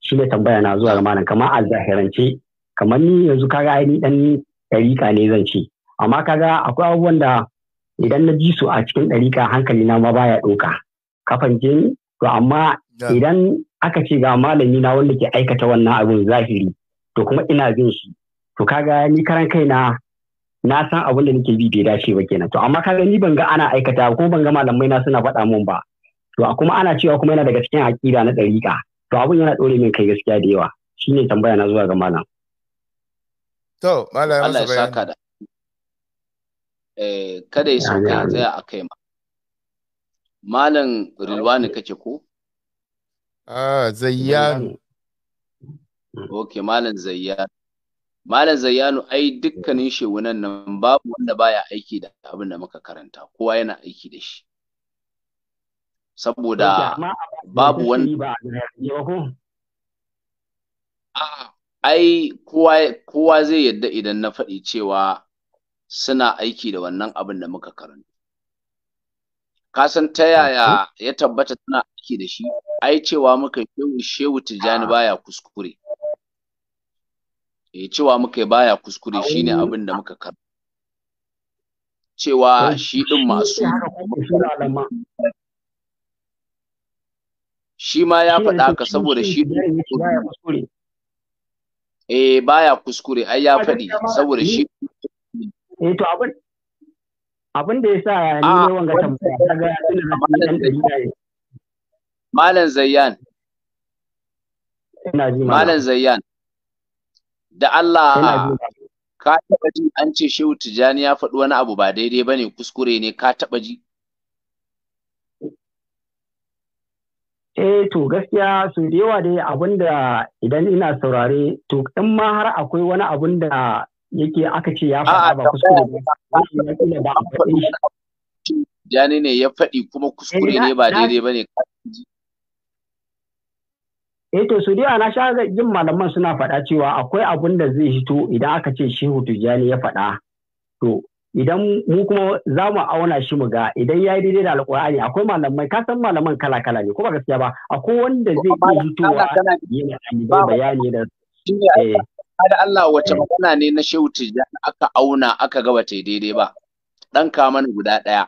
Shi ne tambaya na zuwa ga malam kamar a zahirance kamar ni yanzu kaga ainihin ɗan ɗarika ne zan ce amma kaga akwai abubuwan da idan na ji su a cikin ɗarika hankali na ma baya ɗauka kafan ni to amma idan aka ce ga malami na wanda ke aikata wannan abin zahiri to kuma ina jin shi to kaga ni karan kaina na san abin da nake bi bai dace ba kenan to amma kaga ni ban ga ana aikata ko ban ga malamai na suna faɗa mun ba to kuma ana cewa kuma yana daga cikin aƙida na ɗariƙa to abin yana ɗore min kai gaskiya da yawa shine tambaya na zuwa ga malam to malam Allah ya saka da eh kada ya sauka ka tsaya akai ma Malam Rilwani kake ko? Ah, Zayyanu. Ok, Malam Zayyanu. Malam Zayyanu ai dukkanin shewunan nan babu wanda baya aiki da abin da muka karanta, kowa yana aiki da shi. Saboda babu wanda ah, ai kowa zai yadda idan na faɗi cewa suna aiki da wannan abin da muka karanta. ka san ta yaya ya tabbata tana aiki da shi ai cewa muka shehu shehu tijani ah. baya kuskure eh cewa muka baya kuskure shine abin da muka karba cewa shi din masu shi ma ya faɗa ka saboda shi eh baya kuskure ai ya faɗi saboda shi eh to abin abin da ya sa ni ah, ne wanga tambaya kaga da dan Malam Zayyan ina ji Malam Zayyan da Allah ka taba ji an ce Shehu Tijani ya faɗi wani abu ba daidai bane kuskure ne ka taba ji Eh to gaskiya su da yawa dai abinda idan ina saurare to in ma har akwai wani abun da yake aka ce ya faɗa ba kuskure ne ba a faɗi shi jani ne ya faɗi kuma kuskure eh, ne ba daidai ba ne eh to su na sha jin malaman suna faɗa cewa akwai abun da zai hito idan aka ce shehu tijjani ya faɗa to idan mu kuma za mu auna shi mu ga idan ya yi daidai da alƙur'ani akwai malamai ka san malaman kala kala ne ko ba gaskiya ba akwai wanda zai iya hitowa da bayani da eh. da Allah wace magana ne na Shehu Tijjani aka auna aka ga bata daidai ba dan ka mana guda daya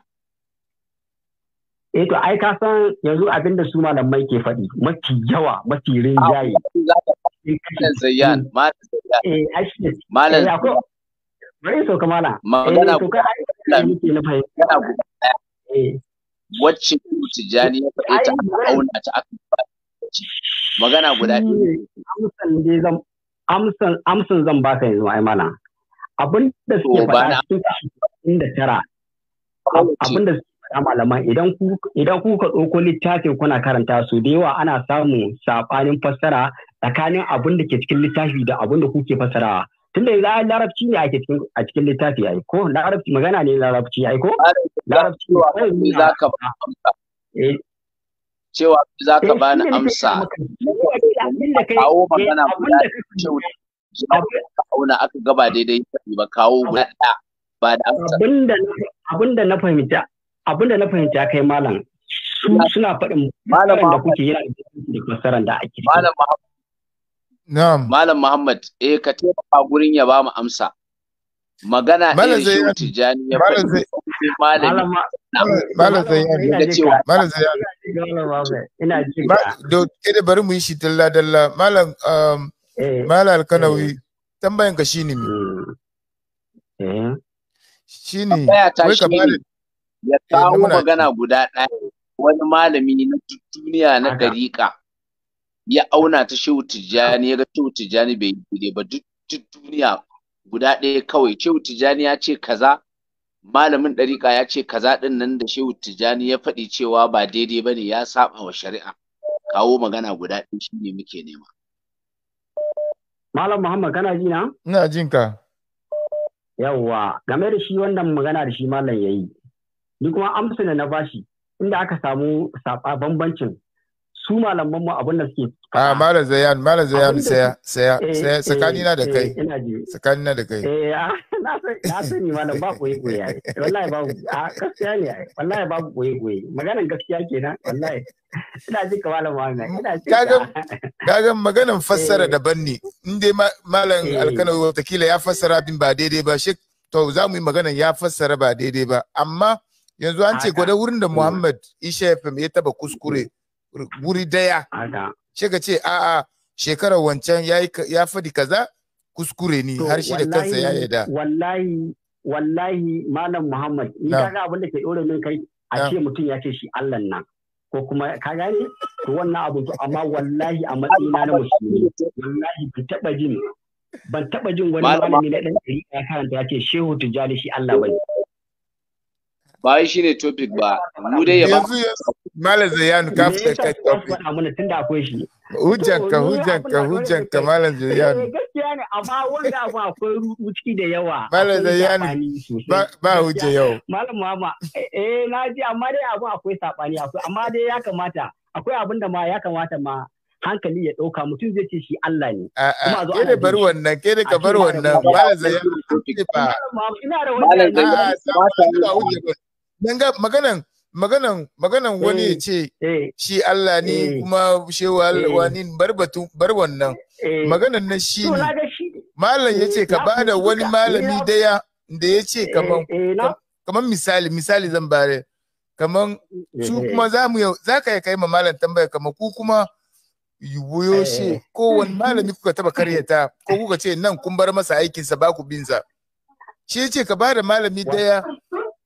eh to ai ka san yanzu abin da su malamai ke faɗi mafi yawa mafi rinjaye ah, malam zayyan malam zayyan eh, malam eh, bari so kamala magana ko eh, kai muke na fahimta wacce Tijjani ya faɗi ta auna ta aka magana guda ne. amsan zan zan baka yanzu ai oh, abin da suke faɗa cikin da tara abin da suke faɗa malaman idan ku idan ku ka ɗauko littafin kuna karanta su da yawa ana samun saɓanin fassara tsakanin abin da ke cikin littafi da abin da kuke fassarawa tunda yanzu ai larabci ne ake cikin a cikin littafi ai ko larabci magana ne larabci ai ko larabci ne za ka ba cewa za ka eh, bani amsa eh, kawo magana guda ka auna aka gaba daidai ba kawo guda ba da amsa abinda na fahimta abinda na fahimta kai malam suna faɗin malam da kuke yana da fasaran da ake malam malam Muhammad eh ka taimaka gurin ya ba mu amsa magana irin shi tijani ya faɗi malami malam zai malam malam ya kawo magana guda ɗaya wani malami na duniya na dariƙa ya auna ta shehu tijjani ya ga shehu tijjani bai yi ba duk duniya guda ɗaya kawai shehu tijjani ya ce kaza malamin ɗariƙa ya ce kaza ɗin nan da shehu tijjani ya faɗi cewa ba daidai ba ne ya saba wa shari'a kawo magana guda ɗaya shi ne muke nema. Malam Muhammad kana ji na? Ina jin ka. Yawwa game da shi wannan magana da shi malam yayi, yi. Ni kuma amsa da na bashi inda aka samu bambancin su malaman mu abin da suke ah, a malam zayan malam zayan saya saya eh, saya eh, sakani na da eh, kai sakani na da kai eh ah, na sani malam ba koyi koyi ai wallahi ba a ah, gaskiya ne wallahi ba koyi koyi maganan gaskiya kenan wallahi ina ji ka malam ba ina ji kaga ga maganan fassara daban ne in dai malam alkanawi watakila ya fassara bin ba daidai ba shi to za mu yi magana ya fassara ba daidai ba amma yanzu an ce gwada wurin da mm. Muhammad Isha ya taba kuskure mm. wuri daya sai ka ce a'a shekarar wancan ya faɗi kaza kuskure ni har shi da kansa ya yada. wallahi wallahi malam muhammad ni ga abin da ke dore min kai a ce mutum ya ce shi Allah na. ko kuma ka gane to wannan abu amma wallahi a matsayina na musulmi wallahi ban taba jin ban taba jin wani malami na dan ɗari ya karanta ya ce shehu tujali shi Allah bai. ba shi ne topic ba mu dai ya ba malam zayanu ka fita kai topic faɗa mana tunda akwai shi ka malam zayanu eh, gaskiya ne amma wanda ba akwai rubuci da yawa malam zayanu ba hujja yau malam mama eh, eh na ji amma dai abu akwai sabani akwai amma dai ya kamata akwai abin da ma ya kamata ma hankali ya ɗauka mutum zai ce shi Allah ne. Ke da bar wannan, ke da ka bar wannan, ba da zai ba. Ina da wannan. Ba da ba. dan ga maganan maganan maganan wani eh, ya ce eh. shi Allah ne eh. kuma shi wani barbatu bar wannan maganan na shi ne malam ya ce ka bada wani malami daya da ya ce kaman kaman misali misali zan bare kaman su kuma za mu yau za ka yi kai ma malam tambaya kaman ku kuma yubuyo shi ko wani malami kuka taba karyata ko kuka ce nan kun bar masa aikinsa ba ku binsa shi ya ce ka bada malami daya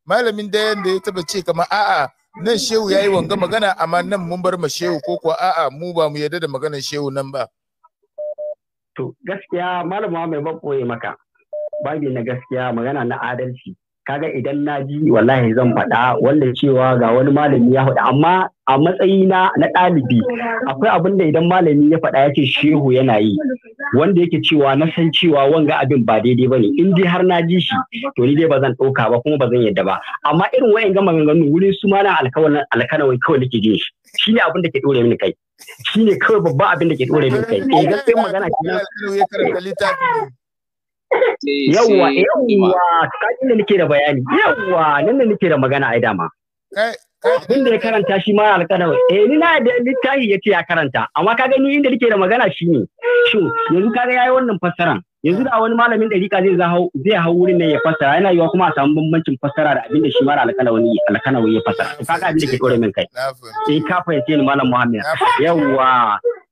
malamin da yanda ya taba ce kamar a'a nan shehu yayi wanga magana amma nan mun bar ma shehu ko kuwa a'a mu ba mu yarda da maganar shehu nan ba to gaskiya malam mai mai maka babi na gaskiya magana na adalci kaga idan na ji wallahi zan faɗa wanda cewa ga wani malami ya faɗa amma a matsayi na na ɗalibi akwai abin da idan malami ya faɗa yake shehu yana yi wanda yake cewa na san cewa wanga abin ba daidai ba ne in dai har na ji shi to ni dai ba zan ɗauka ba kuma ba zan yadda ba amma irin wayan gama maganganu wurin su ma na alkawarin alkanawai kawai nake jin shi shi ne abin da ke ɗore mini kai shi ne kawai babban abin da ke ɗore mini kai eh gaskiyar magana kenan Yawwa, yawwa, kaji da nake da bayani. Yawwa, nan da nake da magana ai dama. Abin da ya karanta shi ma alƙalau. Eh ni na da littafi ya ce ya karanta, amma ka gani inda nake da magana shi ne. Shin yanzu kaga yayi wannan fassaran. Yanzu da wani malamin ɗariƙa zai zahau zai hau wurin nan ya fassara yana yiwa kuma a samu bambancin fassara da abin da shi mara alƙalawi alƙalawi ya fassara. Kaga abin da ke ɗora min kai. Eh ka fahimce ni malam Muhammad. Yawwa.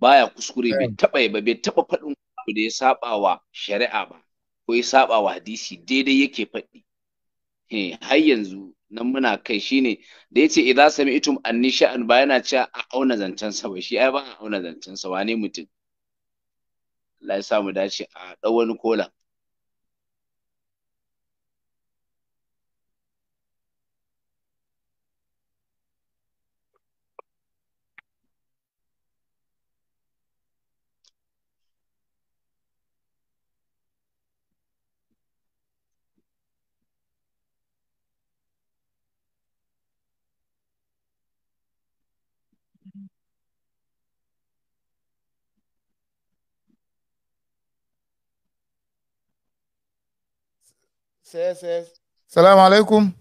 baya kuskure bai eh. taba ba bai taba faɗin abu da ya saba wa shari'a ba ko ya saba wa hadisi daidai yake faɗi eh har yanzu nan muna kai shine da yace idza sami'tum annisha'an ba yana cewa a auna zancen sa ba shi ai ba a auna zancen sa wane mutum Allah ya samu dace a ɗau wani kolan Yes, Salamu alaikum.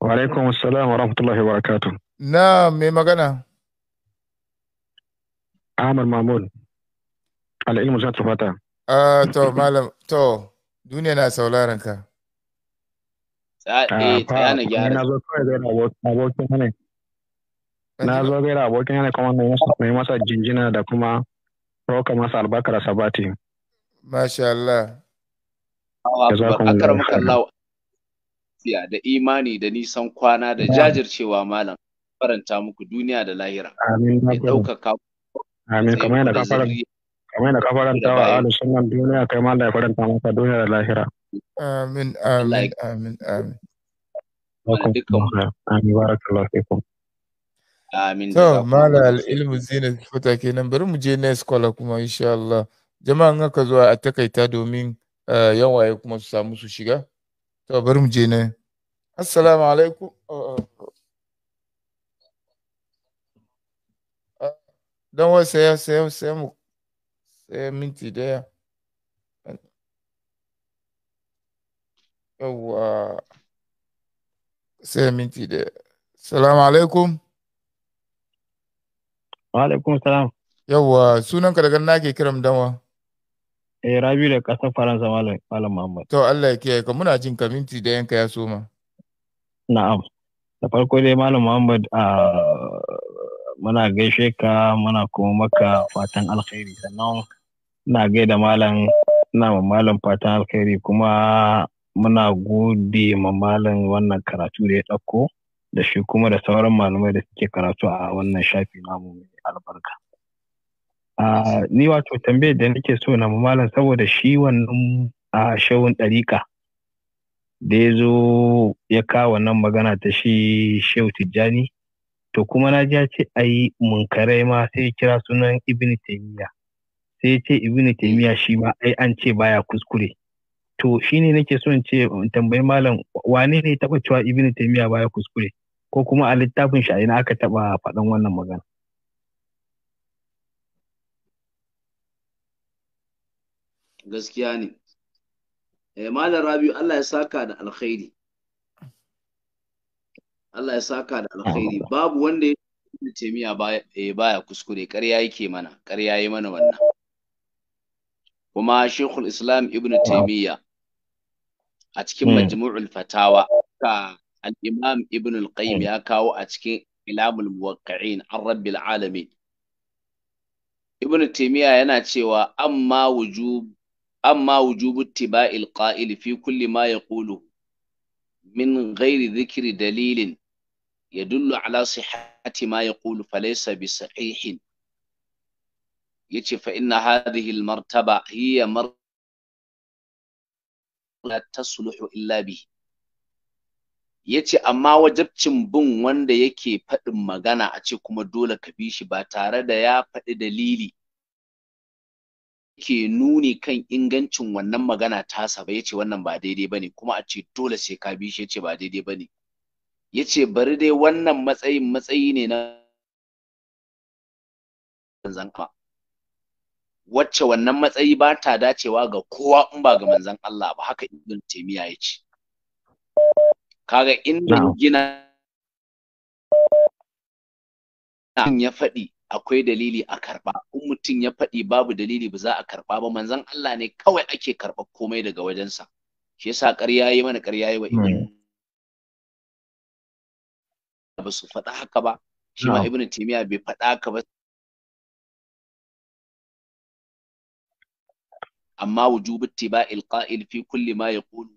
Wa alaikum assalam wa rahmatullahi wa barakatuh. Na mai magana. Ahmad Mahmud. Al'ilmu ilmu zai tufata. A ah, to, malam, to, duniya na sauraron ka. Eh, ah, na zo kawai zai abokin ne. Na zo ne kuma mai masa jinjina da kuma roka masa albakar sabati. Masha Allah. akaramaka Allah lafiya da imani da nisan kwana da jajircewa malam faranta muku duniya da lahira amin ya daukaka amin kamar yadda ka kamar yadda ka faranta wa ahlus sunan duniya kai Malam ya faranta maka duniya da lahira amin amin amin amin amin barakallahu fikum amin to mala al-ilmu zinat fata kenan bari mu je next caller kuma insha Allah jama'an haka zuwa a takaita domin Eh, yan waye kuma su samu su shiga to bari mu je ne assalamu alaikum oh, oh. Ah, dan wa sai sai sai mu sai minti daya yawwa sai minti daya assalamu alaikum wa alaikum salam yawwa sunanka daga nake kiran danwa eh rabi da kasar faransa malam muhammad to allah ya kiyaye ka muna jin ka minti da yanka ya soma na'am da farko dai malam muhammad a muna gaishe ka muna kuma maka fatan alkhairi sannan na gaida malam na malam fatan alkhairi kuma muna gode ma malam wannan karatu da ya dauko da shi kuma da sauran malamai da suke karatu a wannan shafi namu mai albarka ni wato tambayar da nake so na malam saboda shi wannan a shawun ɗariƙa da ya zo ya kawo wannan magana ta shi shehu tijjani to kuma na ja ce a yi munkarai ma sai ya kira sunan ibn Taymiya sai ya ce ibn Taymiya shi ma ai an ce baya kuskure to shine nake so in ce tambayi malam wane ne taɓa cewa ibn taimiyya baya kuskure ko kuma a littafin shi a aka taɓa faɗan wannan magana gaskiya ne eh malam rabiu Allah ya saka da alkhairi Allah ya saka da alkhairi babu wanda ya ce miya baya eh, kuskure ƙarya yake mana ƙarya yi mana wannan kuma shekul islam ibn taimiyya a cikin hmm. majmu'ul fatawa ka al-imam ibn al-qayyim hmm. ya kawo a cikin ilamul muwaqqi'in an rabbil alamin ibn taimiyya yana cewa amma wujub amma wujubu tiba'il qa'il fi kulli ma yaqulu min ghairi dhikri dalilin yadullu ala sihhati ma yaqulu falaysa bi sahihin yace fa inna hadhihi al martaba hiya mar la tasluhu illa bi ya ce amma wajabcin bin wanda yake faɗin magana a ce kuma dole ka bi shi ba tare da ya faɗi dalili ke nuni kan ingancin wannan magana tasa ba yace wannan ba daidai bane kuma a ce dole sai ka bi shi yace ba daidai bane yace bari dai wannan matsayin matsayi ne na manzan ka wacce wannan matsayi ba ta dacewa ga kowa in ba ga manzan Allah ba haka ibn taymiya yace kaga inda gina ya faɗi akwai dalili a karɓa in mutum ya faɗi babu dalili ba za a karɓa ba manzon Allah ne kawai ake karɓa komai daga wajensa shi yasa ƙarya yi mana ƙarya yi wa hmm. ibn ba su faɗa haka ba shi ma ibn taymiya bai faɗa haka ba amma wujubu ittiba'il qa'il fi kulli ma yaqulu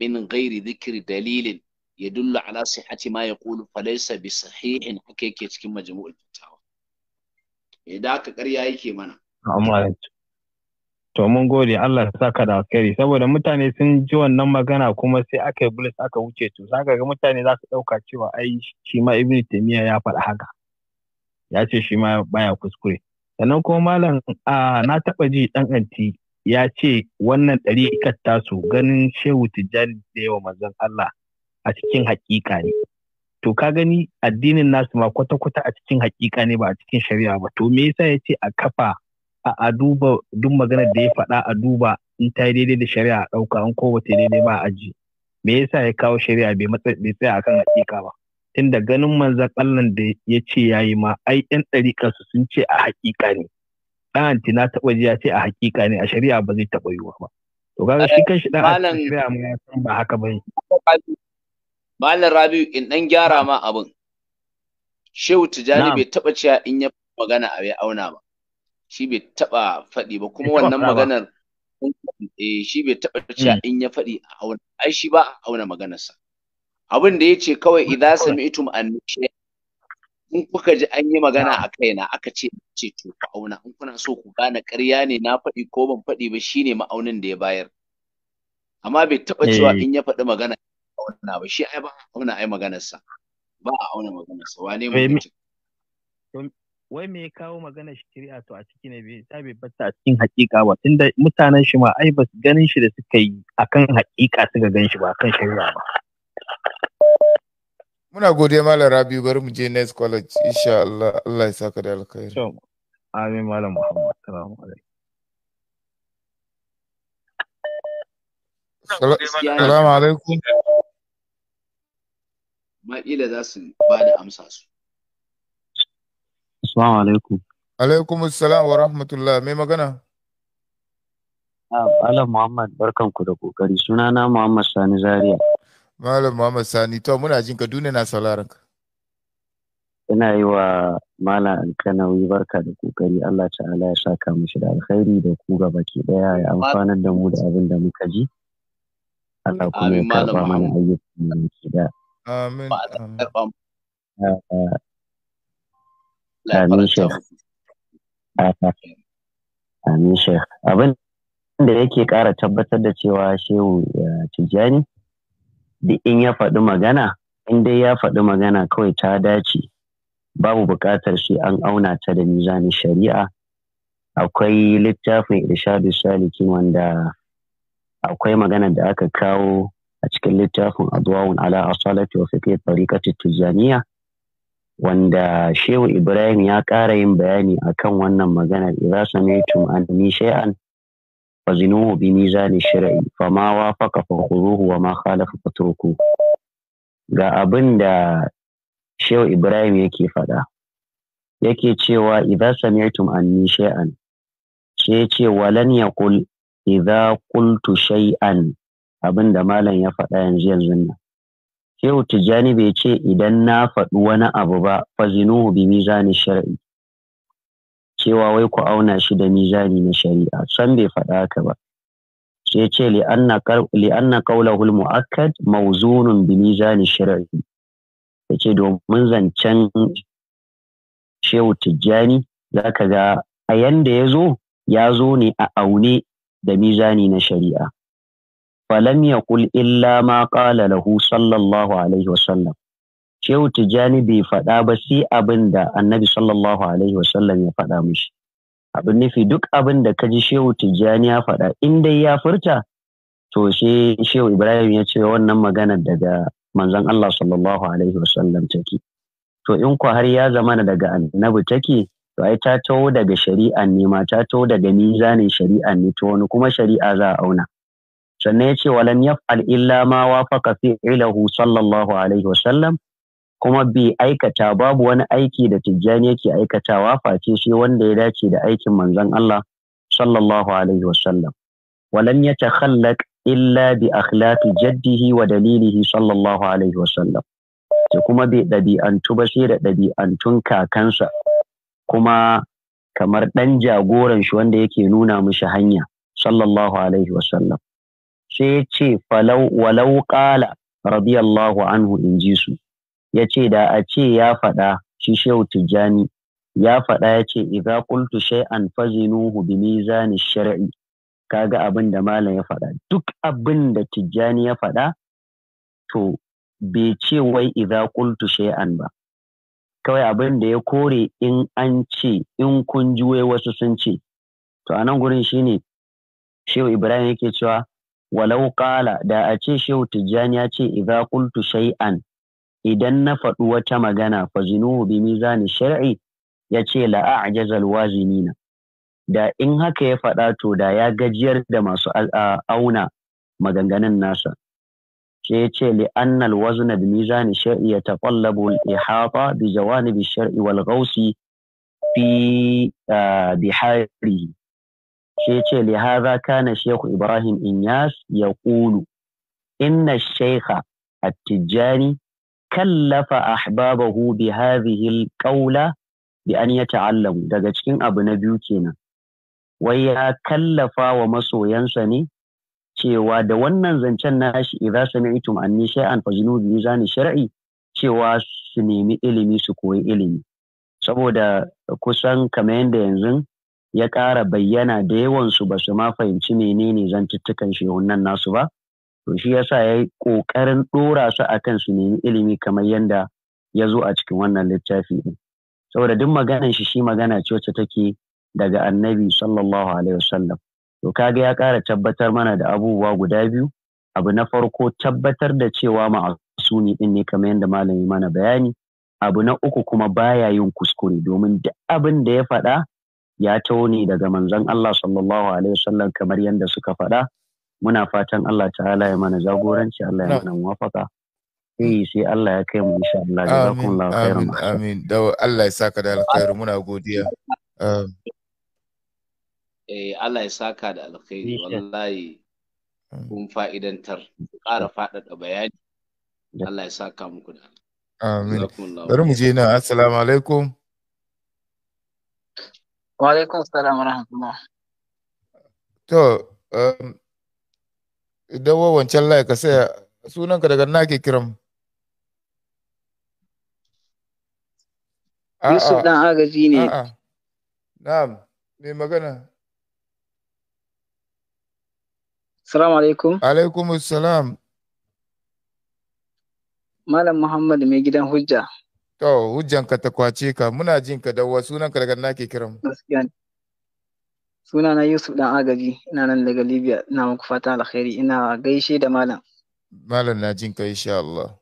min ghairi dhikri dalilin yadullu ala sihhati ma yaqulu falaysa bi sahihin haka yake cikin majmu'ul fatawa idan aka ƙarya yake mana to mun gode Allah ya saka da alkhairi saboda mutane sun ji wannan magana kuma sai aka yi bulis aka wuce to saka ga mutane za su ɗauka cewa ai shi ma ibn taymiya ya faɗa haka ya ce shi ma baya kuskure sannan kuma malam na taɓa ji dan anti ya ce wannan dari ikat tasu ganin shehu tijjani da yawa manzon Allah a cikin haƙiƙa ne to ka gani addinin nasu ma kwata-kwata a cikin hakika ne ba a cikin shari'a ba to me yasa ya ce a kafa a duba duk maganar da ya faɗa a duba in ta yi daidai da shari'a a ɗauka in ko daidai ba a aji me yasa ya kawo shari'a bai tsaya akan hakika ba tunda ganin manzan Allah da ya ce ya yi ma ai yan ɗariƙarsu sun ce a hakika ne ɗan na taɓa ji ya ce a hakika ne a shari'a ba zai taɓa yiwuwa ba to kaga shi eh, kan shi ɗan a shari'a ma ya san ba haka ba ne Malam Rabi'u in dan gyara ma abin. Shehu Tijjani bai taba cewa in ya magana a ya auna ba. Shi bai taba faɗi ba kuma wannan maganar eh shi bai taba cewa mm. in ya faɗi a auna ai shi ba a auna maganarsa. Abin da yace kawai idza sami'tum an in kuka ji an yi magana a kaina aka ce ce to ku auna in kuna so ku gane ƙarya ne na faɗi ko ban faɗi ba shine ma'aunin da ya bayar. Amma bai taba cewa eh. in ya faɗi magana auna ba shi ai ba auna ai maganar sa ba a auna maganar sa wane mutum wai me ya kawo maganar shari'a to a ciki ne bai ta bai bata a cikin hakika ba tunda mutanen shi ma ai ba su ganin shi da suka yi akan hakika suka gan shi ba akan shari'a ba muna godiya malam rabi bari mu je next college insha Allah Allah ya saka da alkhairi amin malam Muhammad assalamu alaikum Assalamu alaikum. Ma'ila za su ba da amsa su. Assalamu alaikum. Alaikum assalam wa rahmatullah mai magana. Malam Muhammad barkanku da kokari sunana Muhammad Sani Zaria. Malam Muhammad Sani to muna jin ka duniya na sauraron ka. Ina yi wa Malam Alkanawi barka da kokari Allah ta'ala ya saka mishi da alkhairi da ku gaba ke daya ya amfanar da mu da abin da muka ji. Allah kuma ya karba mana ayyukan da muke da. Amin. Amin Sheikh. Amin Sheikh. Abin da yake ƙara tabbatar da cewa Shehu eh, Tijjani duk in ya faɗi magana, in dai ya faɗi magana kawai ta dace babu buƙatar shi an auna ta da mizanin shari'a. Akwai littafin Irshadu salikin wanda akwai magana da aka kawo a cikin littafin adwawun ala asalati wa fiqh tariqati tijaniya wanda shehu ibrahim ya ƙara yin bayani akan wannan maganar idza sami'tum anni shay'an fazinuhu bi mizani shar'i fama wafaqa fakhuzuhu wa ma khalafa fatruku ga abin da shehu ibrahim yake faɗa yake cewa idza sami'tum anni shay'an sai ce walan yaqul idza qultu shay'an abin da malam ya faɗa yanzu yanzu nan shehu tijjani bai ce idan na faɗi wani abu ba fazinuhu bi mizani shar'i cewa wai ku auna shi da mizani na shari'a san bai faɗa haka ba sai ce li'anna qawlahul mu'akkad mawzunun bi mizani shar'i yace domin zancen shehu tijjani zaka ga a yanda ya zo ya zo ne a aune da mizani na shari'a falam yaqul illa ma qala lahu sallallahu alaihi wasallam shehu tijani bai faɗa ba sai abin da annabi sallallahu alaihi wasallam ya faɗa mishi abin nufi duk abin da ka ji shehu tijjani ya faɗa in dai ya furta to sai shehu ibrahim ya ce wannan magana daga manzon allah sallallahu alaihi wasallam take to in ko har ya zama daga annabi take to ai ta taho daga shari'a ne ma ta taho daga mizanin shari'a ne to wani kuma shari'a za a auna sannan ya ce walam yaf'al illa ma wafaqa fi'lahu sallallahu alaihi wasallam kuma bai aikata babu wani aiki da tijjani yake aikatawa face shi wanda ya dace da aikin manzon Allah sallallahu alaihi wasallam walam yatakhallaq illa bi akhlaqi jaddihi wa dalilihi sallallahu alaihi wasallam da kuma bai ɗabi'antu ba sai da ɗabi'antun kakansa kuma kamar ɗan jagoran shi wanda yake nuna mishi hanya sallallahu alaihi wasallam sai ya ce walau ƙala radiyallahu anhu in ji su ya ce da a ce ya faɗa shi shehu tijjani ya faɗa ya ce idza qultu shay'an fazinuhu bi mizani shar'i kaga abin da malam ya faɗa duk abin da tijjani ya faɗa to bai ce wai idza qultu shay'an ba kawai abin da ya kore in an ce in kun juwe wasu sun ce to a nan gurin shine shehu ibrahim yake cewa walau qala da a ce shehu tijjani ya ce idza qultu shay'an idan na faɗi wata magana fa zinuhu bi mizani shar'i ya ce la a'jazal wazinina da in haka ya faɗa to da ya gajiyar da masu auna maganganun nasa sai ya ce li annal bi mizani shar'i ya taqallabu al ihata bi jawanibi shar'i wal ghawsi fi shi ya ce lihaza kana shehu ibrahim inyas ya ƙulu inna sheikha attijani kallafa ahbabahu bi hadhihi alqawla bi an yata'allamu daga cikin abu na biyu kenan wai ya kallafa wa masoyansa ne cewa da wannan zancen nashi idza sami'tum anni shay'an fazinu bi mizani shar'i cewa su nemi ilimi su koyi ilimi saboda kusan kamar yanda yanzu ya ƙara bayyana da yawansu ba su ma fahimci menene zantuttukan shehunan nasu ba to shi yasa ya yi ƙoƙarin ɗora su a kan su nemi ilimi kamar yadda ya zo a cikin wannan littafi ɗin saboda duk maganan shi shi magana ce wacce take daga annabi sallallahu alaihi wasallam to kaga ya ƙara tabbatar mana da abubuwa guda biyu abu na farko tabbatar da cewa suni ɗin ne kamar yadda malami mana bayani abu na uku kuma baya yin kuskure domin duk abin da ya faɗa ya taune daga manzon Allah sallallahu alaihi wasallam kamar yadda suka faɗa muna fatan Allah ta'ala ya mana jagoranci Allah ya mana muwafaka sai eh, sai Allah ya kai mu insha Allah jazakumullahu khairan amin amin da Allah ya saka da alkhairi muna godiya eh Allah ya saka da alkhairi wallahi kun fa'idantar ƙara faɗaɗa bayani Allah ya saka muku da amin bari mu je na assalamu alaikum Wa'alaikun salam wa rahmatullah. To, um, idan wancan Lai ka saya sunanka daga na ke kiran. Yusuf dan agaji ne. Na'am, mai magana. Salamu alaikum. Alaikum salam. Malam Muhammad mai gidan hujja. To, hujjanka ta kwace ka, muna jin ka dawa sunan ka daga na ke kiran. Gaskiya ne. Suna na Yusuf dan agaji, ina nan daga Libya, ina muku fata alkhairi, ina gaishe da malam. Malam na jin ka insha Allah.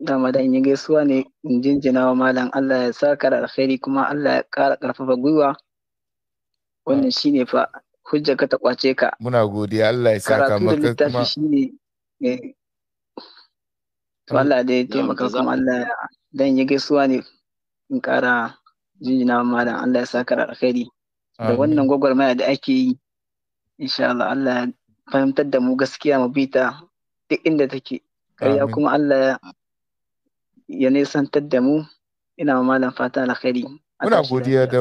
Dama da in yi gaisuwa ne in jinjina wa malam Allah ya sa da alkhairi kuma Allah ya kara karfafa gwiwa. Wannan shine fa hujja ka ta kwace ka. Muna godiya Allah ya saka maka kuma. Karatu da littafi shine eh, to Allah da ya taimaka kuma Allah dan ya gaisuwa ne in kara jinjina malam Allah ya saka da alkhairi da wannan gwagwarmaya da ake yi insha Allah Allah ya fahimtar da mu gaskiya mu bi ta duk inda take kariya kuma Allah ya nisantar da mu ina ma malam fata alkhairi muna godiya da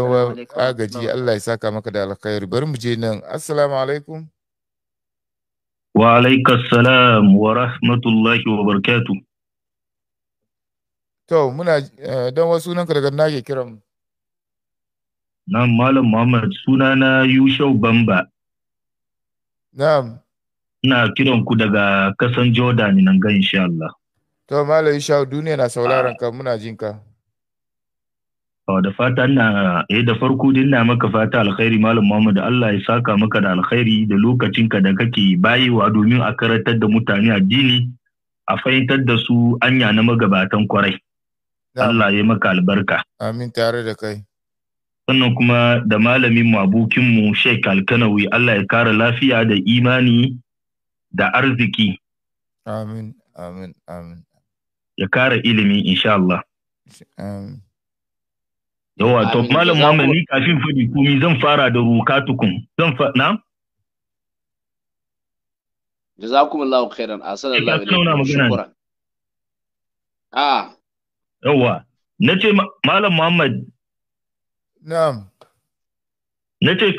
agaji Allah ya saka maka da alkhairi bari mu je nan assalamu alaikum wa alaikassalam wa rahmatullahi wa barakatuh To muna eh, don wasu nan ka daga na ke kiran mu. Na'am Malam Muhammad suna na Yushau Bamba. Na'am. Ina kiran ku daga kasan Jordan nan ga insha Allah. To Malam Yushau duniya na sauraron ka muna jin ka. da fata ina eh da farko dai ina maka fata alkhairi Malam Muhammad Allah ya saka maka da alkhairi da lokacinka da kake bayewa domin a karatar da mutane addini a fahimtar da su anya na magabatan kwarai. Allah ya maka albarka. Amin tare da kai. Sannan kuma da malamin mu abokinmu Sheikh Alkanawi Allah ya kara lafiya da imani da arziki. Amin, amin, amin. Ya kara ilimi insha Allah. Amin. Yawa, to Malam Muhammad ni kafin faɗi kumi zan fara da roka tukun. Zan fa na? Jazakumullahu khairan. Assalamu alaikum. magana Ah, Yawwa, na ce Malam Muhammad. Na'am. Na ce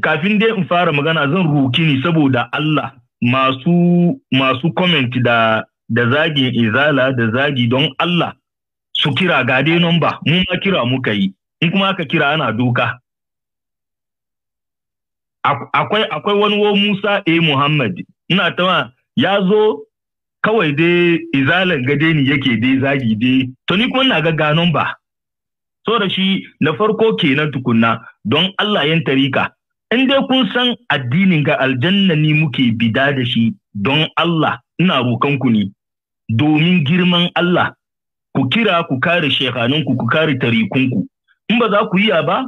kafin dai in fara magana zan roki ni saboda Allah masu masu comment da da zagin izala da zagi don Allah su kira ga dai number mu ma kira muka yi in kuma aka kira ana doka. Akwai akwai wani wo Musa A Muhammad ina tawa ya zo kawai dai izalar gade ni yake dai zagi dai to ni kuma na ga ganon ba so da shi na farko kenan tukunna don Allah yan tarika in dai kun san addinin ga aljanna ni muke bida da shi don Allah ina rokan ku ne domin girman Allah ku kira ku kare shekanun ku kare tarikunku in ba za ku yi ba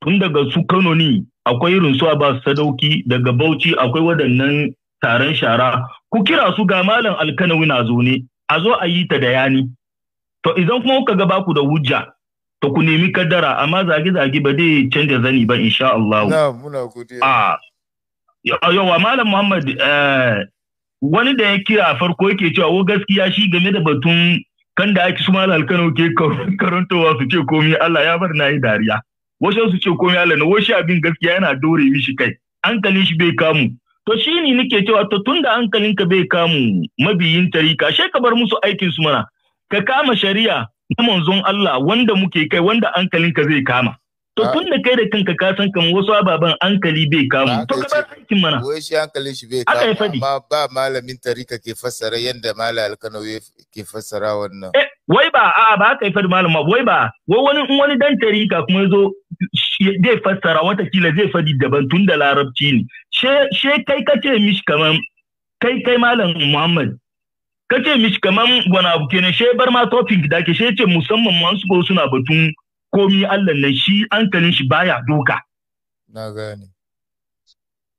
tun daga su Kano ne akwai irin su ba sadauki daga Bauchi akwai waɗannan taron shara ku kira su ga malam alkanawi na zo ne a zo a yi ta da yani to idan kuma kuka ga baku da hujja to ku nemi kaddara amma zage-zage ba dai canja zani ba insha Allah na yawa malam Muhammad eh, wani da ya kira farko yake cewa wo gaskiya shi game da batun kan da ake su malam alkanawi ke karantowa su ce komai Allah ya bar na yi dariya wasu su ce komai Allah na wasu abin gaskiya yana dore mishi kai hankalin shi bai kamu To shi ne nake cewa to tun da hankalinka bai kamu mabiyin tarika she ka bar musu aikin su mana ka kama shari'a na manzon Allah wanda muke kai wanda hankalinka zai kama. To ah. tun da kai da kanka ka san kamar wasu ababen hankali bai kamu ah, to ka bar aikin mana. Wai shi hankalin shi bai kamu amma ba malamin tarika ke fassara yadda malam Alkano ke fassara wannan. Eh wai ba a'a ba haka yi fadi malama wai ba wai wani wani dan tarika kuma ya zo zai fassara watakila zai fadi daban tun da larabci ne she kai kace mishi kaman kai kai malam muhammad kace mishi kaman wani abu kenan she bar ma topic da ke she ce musamman masu ko suna batun komi allah nan shi hankalin shi baya doka na gane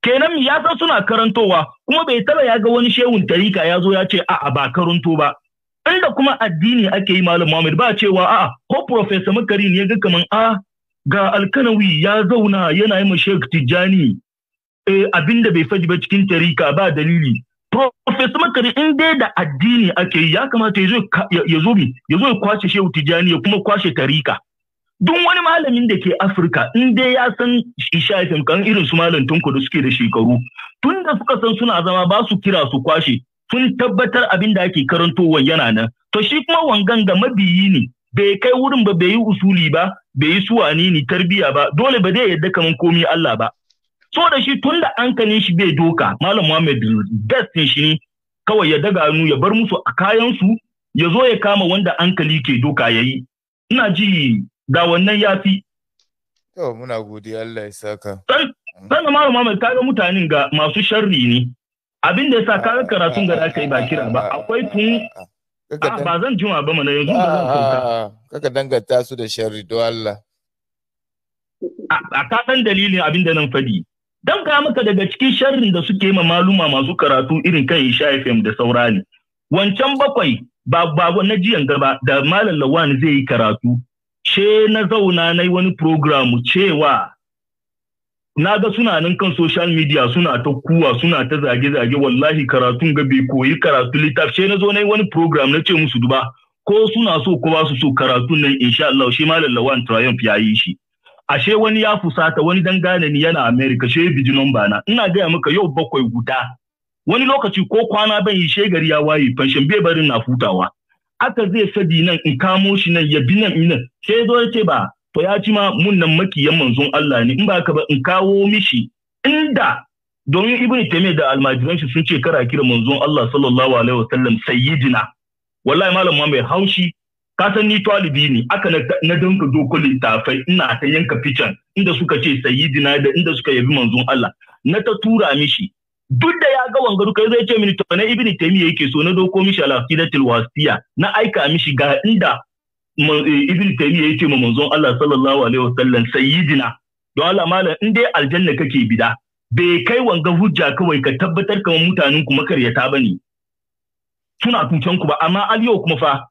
kenan ya san suna karantowa kuma bai taba ya ga wani shehun tarika ya zo ya ce a'a ba karanto ba inda kuma addini ake yi malam Muhammad ba cewa a'a ko professor Makarin ya ga kaman a ah, ga alkanawi ya zauna yana yi mashek tijjani eh, abinda bai faji ba cikin tarika ba dalili Profesor Makari in dai da addini ake yi ya kamata ya zo ya zo ya kwashe shehu tijjani ya kuma kwashe tarika duk wani malamin da ke Afirka in dai ya san isha kan irin su malam tunku da suke da shekaru tun da suka san suna zama ba su kira su kwashe sun tabbatar abin da ake karantowa yana nan to shi kuma wangan ga mabiyi ne bai kai wurin ba bai yi usuli ba bai yi suwa ni ni tarbiya ba dole ba zai yadda kaman komi Allah ba so da shi tun da hankalin shi bai doka malam Muhammad gastin shi ne kawai ya daga hannu ya bar musu a kayan su ya zo ya kama wanda ankali ke doka yayi ina ji da wannan yafi to muna gode Allah ya saka sannan malam Muhammad kaga mutanen ga masu sharri ne abin da yasa ka karatun ga da kai ba kira ba akwai tun ba zan jima ba mana yanzu ba zan Kaka danganta su da shari, don Allah. A kaɗan dalilin abin da nan fadi Dan ka maka daga cikin sharrin da suke ma maluma masu karatu irin kan Isha FM da saurani. Wancan bakwai ba ba na jiyan gaba da Malam Lawan zai yi karatu. She na zauna na yi wani program cewa na ga suna nan kan social media suna ta kuwa suna ta zage-zage wallahi karatun ga bai koyi karatu littafi sai na zo na yi wani program na ce musu duba ko suna so ko ba su so karatun nan in sha Allah shi lallawa Lawan Triumph ya yi shi ashe wani ya fusata wani dan dangane ni yana America shi biji number na ina gaya maka yau bakwai guda wani lokaci ko kwana ban yi shegari ya waye fanshin bai barin na futawa aka zai sadi nan in kamo shi nan ya bi nan nan sai zo ya ce ba to ya ci ma mun nan makiyan manzon Allah ne in ba ka ba in kawo mishi inda domin ibn taymiya da almajiran shi sun ce kara kira manzon Allah sallallahu alaihi wasallam sayyidina wallahi malam mai haushi ka san ni talibi ne aka na danka doko littafai ina ta yanka fican inda suka ce sayyidina da inda suka yabi manzon Allah na ta tura mishi duk da ya ga wangaru kai zai ce mini to na ibn taymiya yake so na doko mishi al Tilwasiya wasiya na aika mishi ga inda Eh, ibn ya ce ma manzon Allah sallallahu alaihi wasallam sayyidina don Allah malam in dai aljanna kake bida bai kai wanga hujja kawai ka tabbatar kamar mutanen ku makaryata bane suna tuncen ku ba amma aliyo kuma fa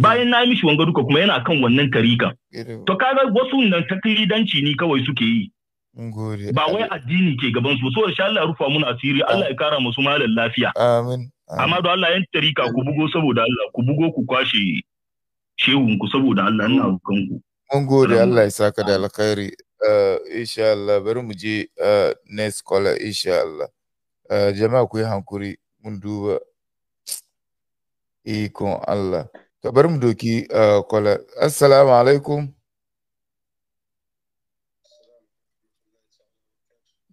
bayan na mishi wanga duka kuma yana kan wannan tarika to kaga wasu nan taklidanci ni kawai suke yi ba wai addini ke gaban su so insha Allah rufa mun asiri ah. Allah ya kara musu malam lafiya amin amma don Allah yan tarika ku bugo saboda Allah ku bugo ku kwashe shehunku saboda Allah ina ku. Mun gode Allah ya saka da alkhairi. Eh, insha Allah bari mu je eh, next caller insha Allah. Eh, jama'a ku yi hankuri mun duba ikon Allah. To bari mu doki caller. Assalamu alaikum.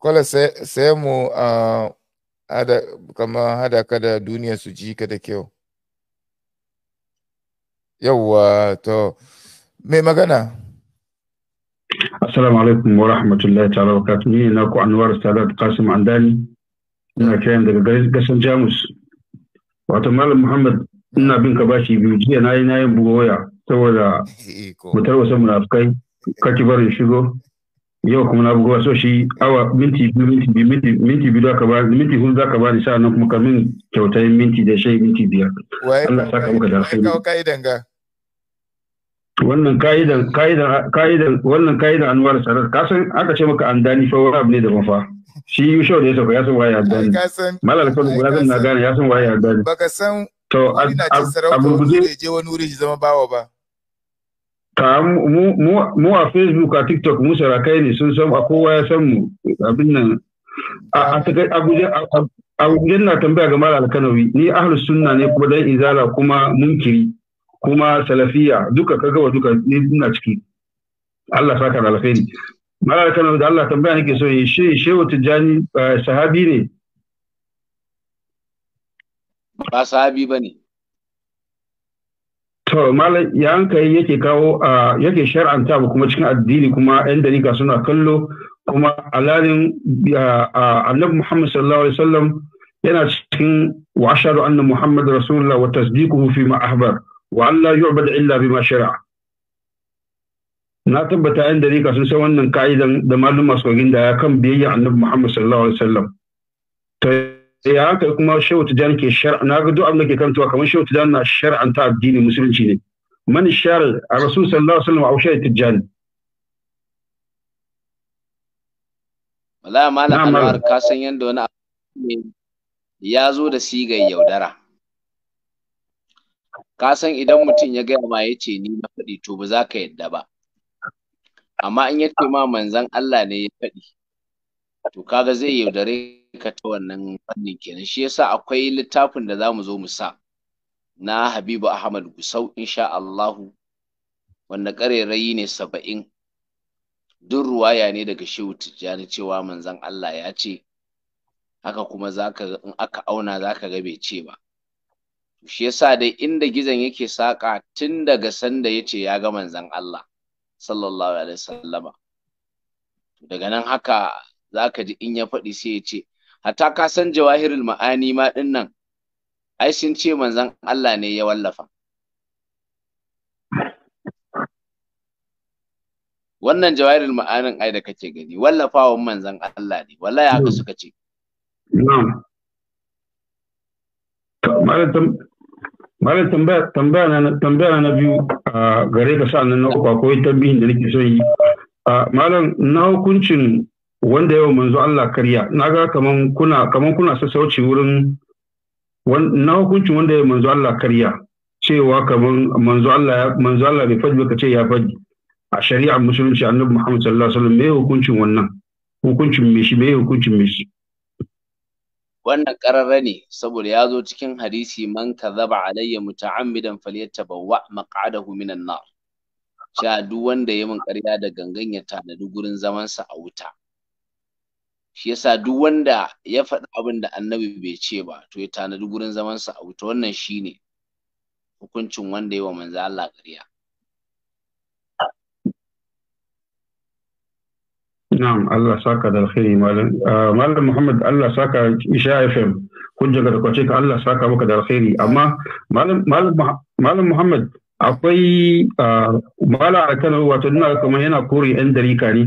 kola sai mu hada kama hada kada duniya su ji ka da kyau. yawwa to mai magana assalamu alaikum wa rahmatullahi ta'ala wa ni na ku anwar sadat kasim andani ina kayan daga garin jamus wato malam muhammad ina bin ka bashi biyu jiya na yi na yin buga waya saboda mutar tarwasa munafukai kaki barin shigo yau kuma na bugu wasu shi awa minti biyu minti biyu minti minti biyu zaka ba minti hudu zaka ba sha nan kuma kamin kyautai minti da shai minti biyar Allah saka muka da alkhairi kawo ka'idan ga wannan ka'idan ka'idan ka'idan wannan ka'idan anwar sarar ka san aka ce maka andani fa wani abu ne da mafa shi yusho da ya sauka ya san waye andani malal kan guda zan na gane ya san waye andani baka san to a gurguje je wani wuri zama bawa ba mu a facebook a tiktok mu sarakai ne sun san a kowa ya san mu abin nan a guje na tambaya ga mara alkanawi ni ahlus sunna ne kuma dan izala kuma munkiri kuma salafiya duka kaga wa duka ni ina ciki Allah saka da alkhairi mara alkanawi da Allah tambaya nake so yi shi shehu jani eh, sahabi ne ba sahabi bane To malam ya hankali yake kawo a yake shar'anta ba kuma cikin addini kuma yan dalika suna kallo kuma alalin annabi Muhammad sallallahu alaihi wasallam yana cikin wa ashhadu anna Muhammad rasulullah wa tasdiquhu fi ma ahbar wa an la yu'bad illa bima shari'a. Na tabbata yan dalika sun san wannan ka'idan da malum masu kogin da ya kan biyayya annabi Muhammad sallallahu alaihi wasallam. sai haka kuma shehu tijani ke shar'a na ga duk abin da ke karantawa kamar shehu tijani na shar'anta addini musulunci ne man shar a rasul sallallahu alaihi wasallam a shehu tijani wallahi malam anwar ka san yanda wani ya zo da sigar yaudara ka san idan mutum ya gaya ma ya ce ni na faɗi to ba za ka yadda ba amma in ya ce ma manzon Allah ne ya faɗi to kaga zai yaudare ka ta wannan fannin kenan shi yasa akwai littafin da za mu zo mu sa na Habibu Ahmad Gusau insha Allahu wanda ƙarerayi ne saba'in duk ruwaya ne daga Shehu Tijjani cewa manzon Allah ya ce haka kuma zaka in aka auna zaka ga bai ce ba shi yasa dai inda gizon yake saƙa tun daga sanda ya ce ya ga manzon Allah sallallahu alaihi wasallama daga nan haka zaka ji in ya faɗi sai ya ce hatta ka san jawahirul ma'ani ma din nan ai sun ce manzon Allah ne ya wallafa wannan jawahirul ma'anin ai da kake gani wallafawan manzon Allah ne wallahi haka hmm. suka ce Malam tambaya na biyu a gare ka sa'an nan na uku akwai tambihin da nake son yi. Malam na hukuncin wanda yawa manzo Allah karya na ga kaman kuna kaman kuna sassauci wurin na hukuncin wanda yawa manzo Allah karya cewa kaman manzo Allah manzo Allah bai faɗi ka ce ya faɗi a shari'ar musulunci annabi Muhammad sallallahu alaihi wasallam me hukuncin wannan hukuncin me shi me hukuncin me shi wannan kararra ne saboda ya zo cikin hadisi man kadhaba alayya muta'ammidan falyatabawwa maq'adahu minan nar cewa duk wanda ya min ƙarya da gangan ya tanadi gurin zamansa a wuta shi yasa duk wanda ya faɗi abin da annabi bai ce ba to ya tanadi gurin zamansa a wuta wannan shine hukuncin wanda ya wa manzo Allah ƙarya Na'am Allah saka da alkhairi malam ah, malam Muhammad Allah saka Isha FM hujja ga kwace ka Allah saka maka da alkhairi amma malam malam Muhammad akwai ah, mala a kan wato ina kamar yana kore yan dariƙa ne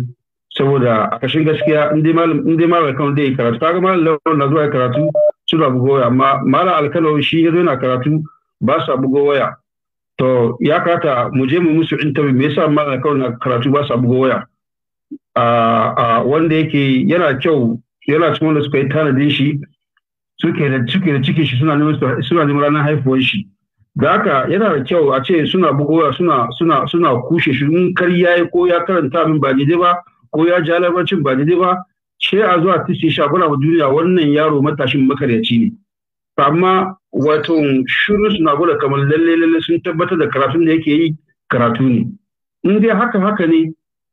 saboda a kashin gaskiya in dai malar in dai malam kan dai karatu kaga malam na zuwa karatu su da bugo waya amma malam alkano shi ya zo na karatu ba sa bugo waya to ya kata mu je mu musu intabi me yasa malam alkano na karatu ba sa bugo waya a wanda yake yana kyau yana cikin wanda suka yi tanadin shi suke da suke da cikin shi suna neman suna neman ranar haifuwar shi da haka yana da kyau a ce suna bugowa suna suna suna kushe shi in kar yayi ko ya karanta min ba dai ba ko ya ja labarcin ba daidai ba sai a zuwa tisi shafura wa duniya wannan yaro matashin makaryaci ne amma wato shirin suna gwada kamar lalle lalle sun tabbatar da karatun da yake yi karatu ne in dai haka haka ne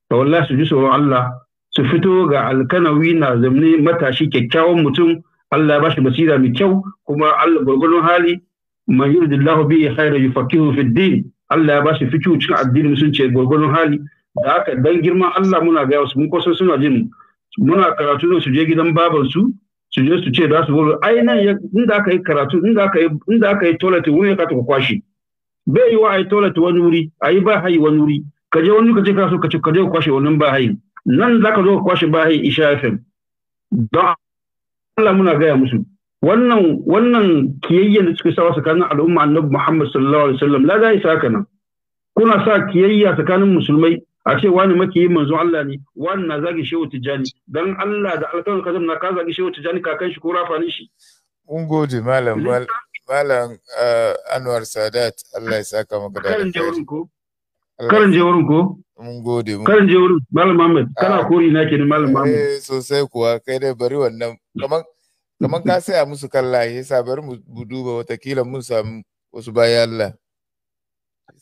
ta wallahi su ji tsoron Allah su fito ga alkanawi na zamne matashi kyakkyawan mutum Allah ya bashi basira mai kyau kuma Allah gwargwadon hali man yuridillahu bihi khairan yufaqihu fid din Allah ya bashi fikihu cikin addini ce gwargwadon hali da haka dan girman Allah muna gaya wasu mun kusa suna jin muna karatu su je gidan babansu su je su ce za su wuri ai nan inda aka yi karatu inda aka yi inda aka yi toilet wuri ya kata kwashi bai yi wa ai toilet wani wuri ai ba hayi wani wuri ka je wani kace ka so ka ce ka je ka kwashe wannan ba hayi nan zaka zo ka kwashe ba hayi isha fm don Allah muna gaya musu wannan wannan kiyayyen da suke sawa tsakanin al'umma annabi Muhammad sallallahu alaihi wasallam la da isa saka nan kuna sa kiyayya tsakanin musulmai a ce wani yi manzo Allah ne wani na zagi shehu tijani don Allah da alƙawarin kazam na ka zagi shehu tijani kakan shi ko rafanin shi mun gode malam malam uh, Anwar Sadat Allah ya saka maka da karin ko karin jawurin ko mun gode karin jawurin malam Muhammad ah. kana kori na ni malam eh, Muhammad eh sosai kuwa kai dai bari wannan kamar kaman ka saya musu kallaye yasa bari mu duba watakila mun samu wasu bayan Allah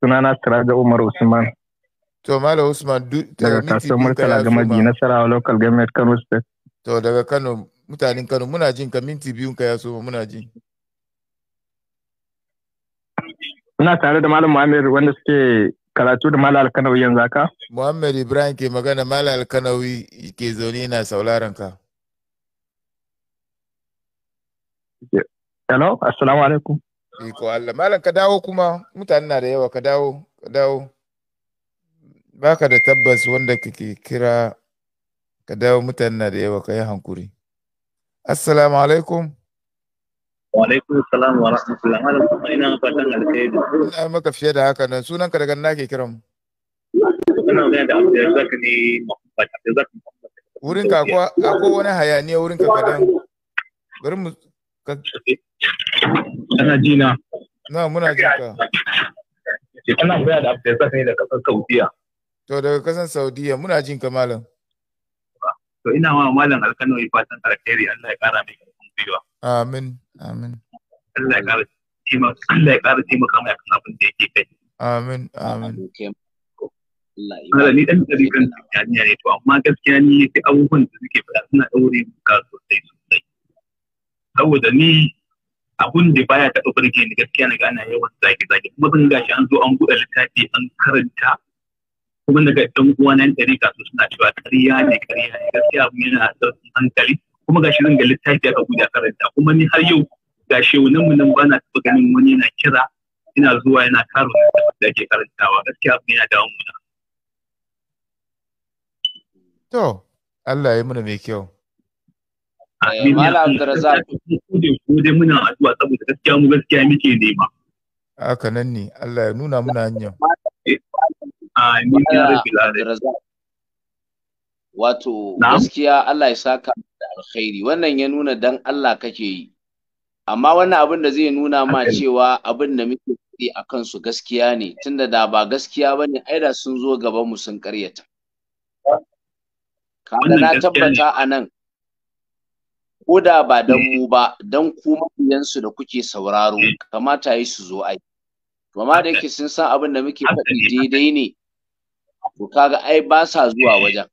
sunana Siraja Umar Usman. To Malam Usman eh, daga kasuwar Murtala Gamaji Nasarawa Local Government Kano State. To daga Kano mutanen Kano muna jin ka minti biyun ka ya so muna jin. Muna tare da Malam Muhammad wanda suke karatu da Malam Alkanawi yanzu haka. Muhammad Ibrahim ke magana Malam Alkanawi ke zaune na sauraron ka. Hello, assalamu alaikum. Iko Allah. Malam ka dawo kuma mutane na da yawa ka dawo ka dawo. Baka da tabbas wanda kake kira ka dawo mutane na da yawa ka yi hankuri. Assalamu alaikum. Wa alaikum salam wa rahmatulah. Malam kuma ina fatan alkhairi. Ina maka fiye da haka nan sunan ka daga nake kiran mu. Ina magana da Abdulrazak ne Abdulrazak Wurin ka ko wani hayaniya wurin ka kadan. Bari mu Ana ji na. Na muna ji ka. Ana baya da da ne daga kasar Saudiya. To daga kasar Saudiya muna jin ka malam. To ina wa malam alkano fatan alkhairi Allah ya kara mai karfin gwiwa. Amin. Amin. Allah ya kara taimaka Allah ya kara taimaka mai akan abin da yake kai. Amin. Amin. Allah ni dan dari kan tijaniya ne to amma gaskiya ni sai abubuwan da suke faɗa suna daure mu ka sosai sosai. Saboda ni abun da baya taɓa burge ni gaskiya na ana yawan zage zage kuma zan gashi an zo an buɗe littafi an karanta kuma daga ɗan uwa nan ɗari kasu suna cewa ƙarya ne ƙarya ne gaskiya abun yana sauƙin hankali kuma gashi zan ga littafi aka buɗe karanta kuma ni har yau gashi nan mu nan ba na taɓa ganin wani yana kira ina zuwa yana karo da ake karantawa gaskiya abun yana dawo mu To, Allah ya yi mana mai kyau. Mala Ko dai muna addu'a saboda gaskiya mu gaskiya muke nema. Haka nan ne Allah ya nuna muna hanya. Wato gaskiya Allah ya saka da alkhairi wannan ya nuna dan Allah kake yi. Amma wannan abin da zai nuna ma cewa abin da muke faɗi a kansu gaskiya ne tunda da ba gaskiya ba ne ai da sun zo gaban mu sun karyata. Kaga na tabbata a nan ko da ba dan eh. mu ba dan ku mabiyansu da kuke sauraro eh. kamata yi su zo ai amma da yake sun san abin da muke faɗi daidai ne to kaga ai ba sa zuwa eh. wajen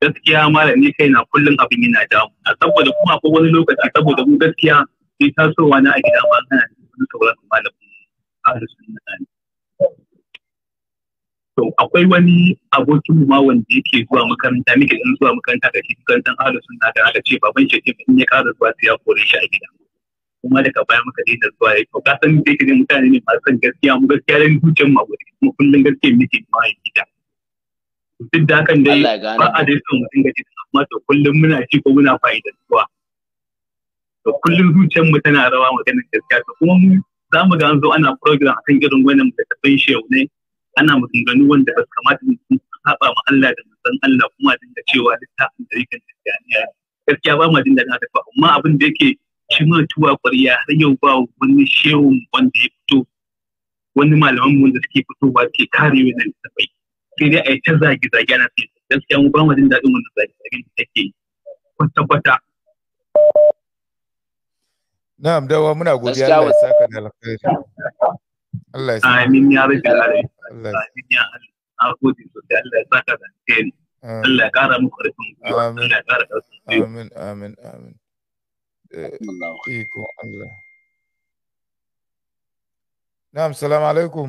gaskiya malami ni kai na kullum abin yana damu a saboda kuma ko wani lokaci saboda mu gaskiya sai tasowa na a gida ma kana da wani sauraron malamin ahlus sunna to akwai wani abokin mu ma wanda yake zuwa makaranta muke dan zuwa makaranta da shi san halin sun da aka ce baban shi ce in ya ƙara zuwa sai ya kore shi a gida kuma daga baya muka daina zuwa ya to ka san da yake mutane ne masu san gaskiya mu gaskiya da zuciyar mu gobe kuma kullun gaskiya muke ma a gida duk da hakan dai ba a dai son mu dinga jin amma to kullun muna ci ko muna zuwa to kullun zuciyar mu tana rawa maganar gaskiya to kuma mu za mu ga an zo ana program kan irin wannan da tafin shehu ne ana maganganu wanda ba su kamata mutum su saba ma Allah da musan Allah kuma dinga cewa littafin da yake Tijjaniya gaskiya ba ma jin daɗin haka ba amma abin da yake shi ma tuwa ƙwarya har yau ba wani shehun wanda ya fito wani malaman mu da suke fitowa ke kare wannan littafai sai dai a yi ta zage zagi ana sai gaskiya mu ba ma jin daɗin wannan zage zagi da take kwata-kwata Na'am dawa muna godiya Allah ya saka da alkhairi. Allah ya Amin ya rabbi alamin. Amin ya Allah. Agode sosai Allah ya saka da alheri. Allah ya kara muku karfin gwiwa. Amin. Allah ya kara karfin gwiwa. Amin amin ya eh, Iko Allah. Na'am salamu alaikum.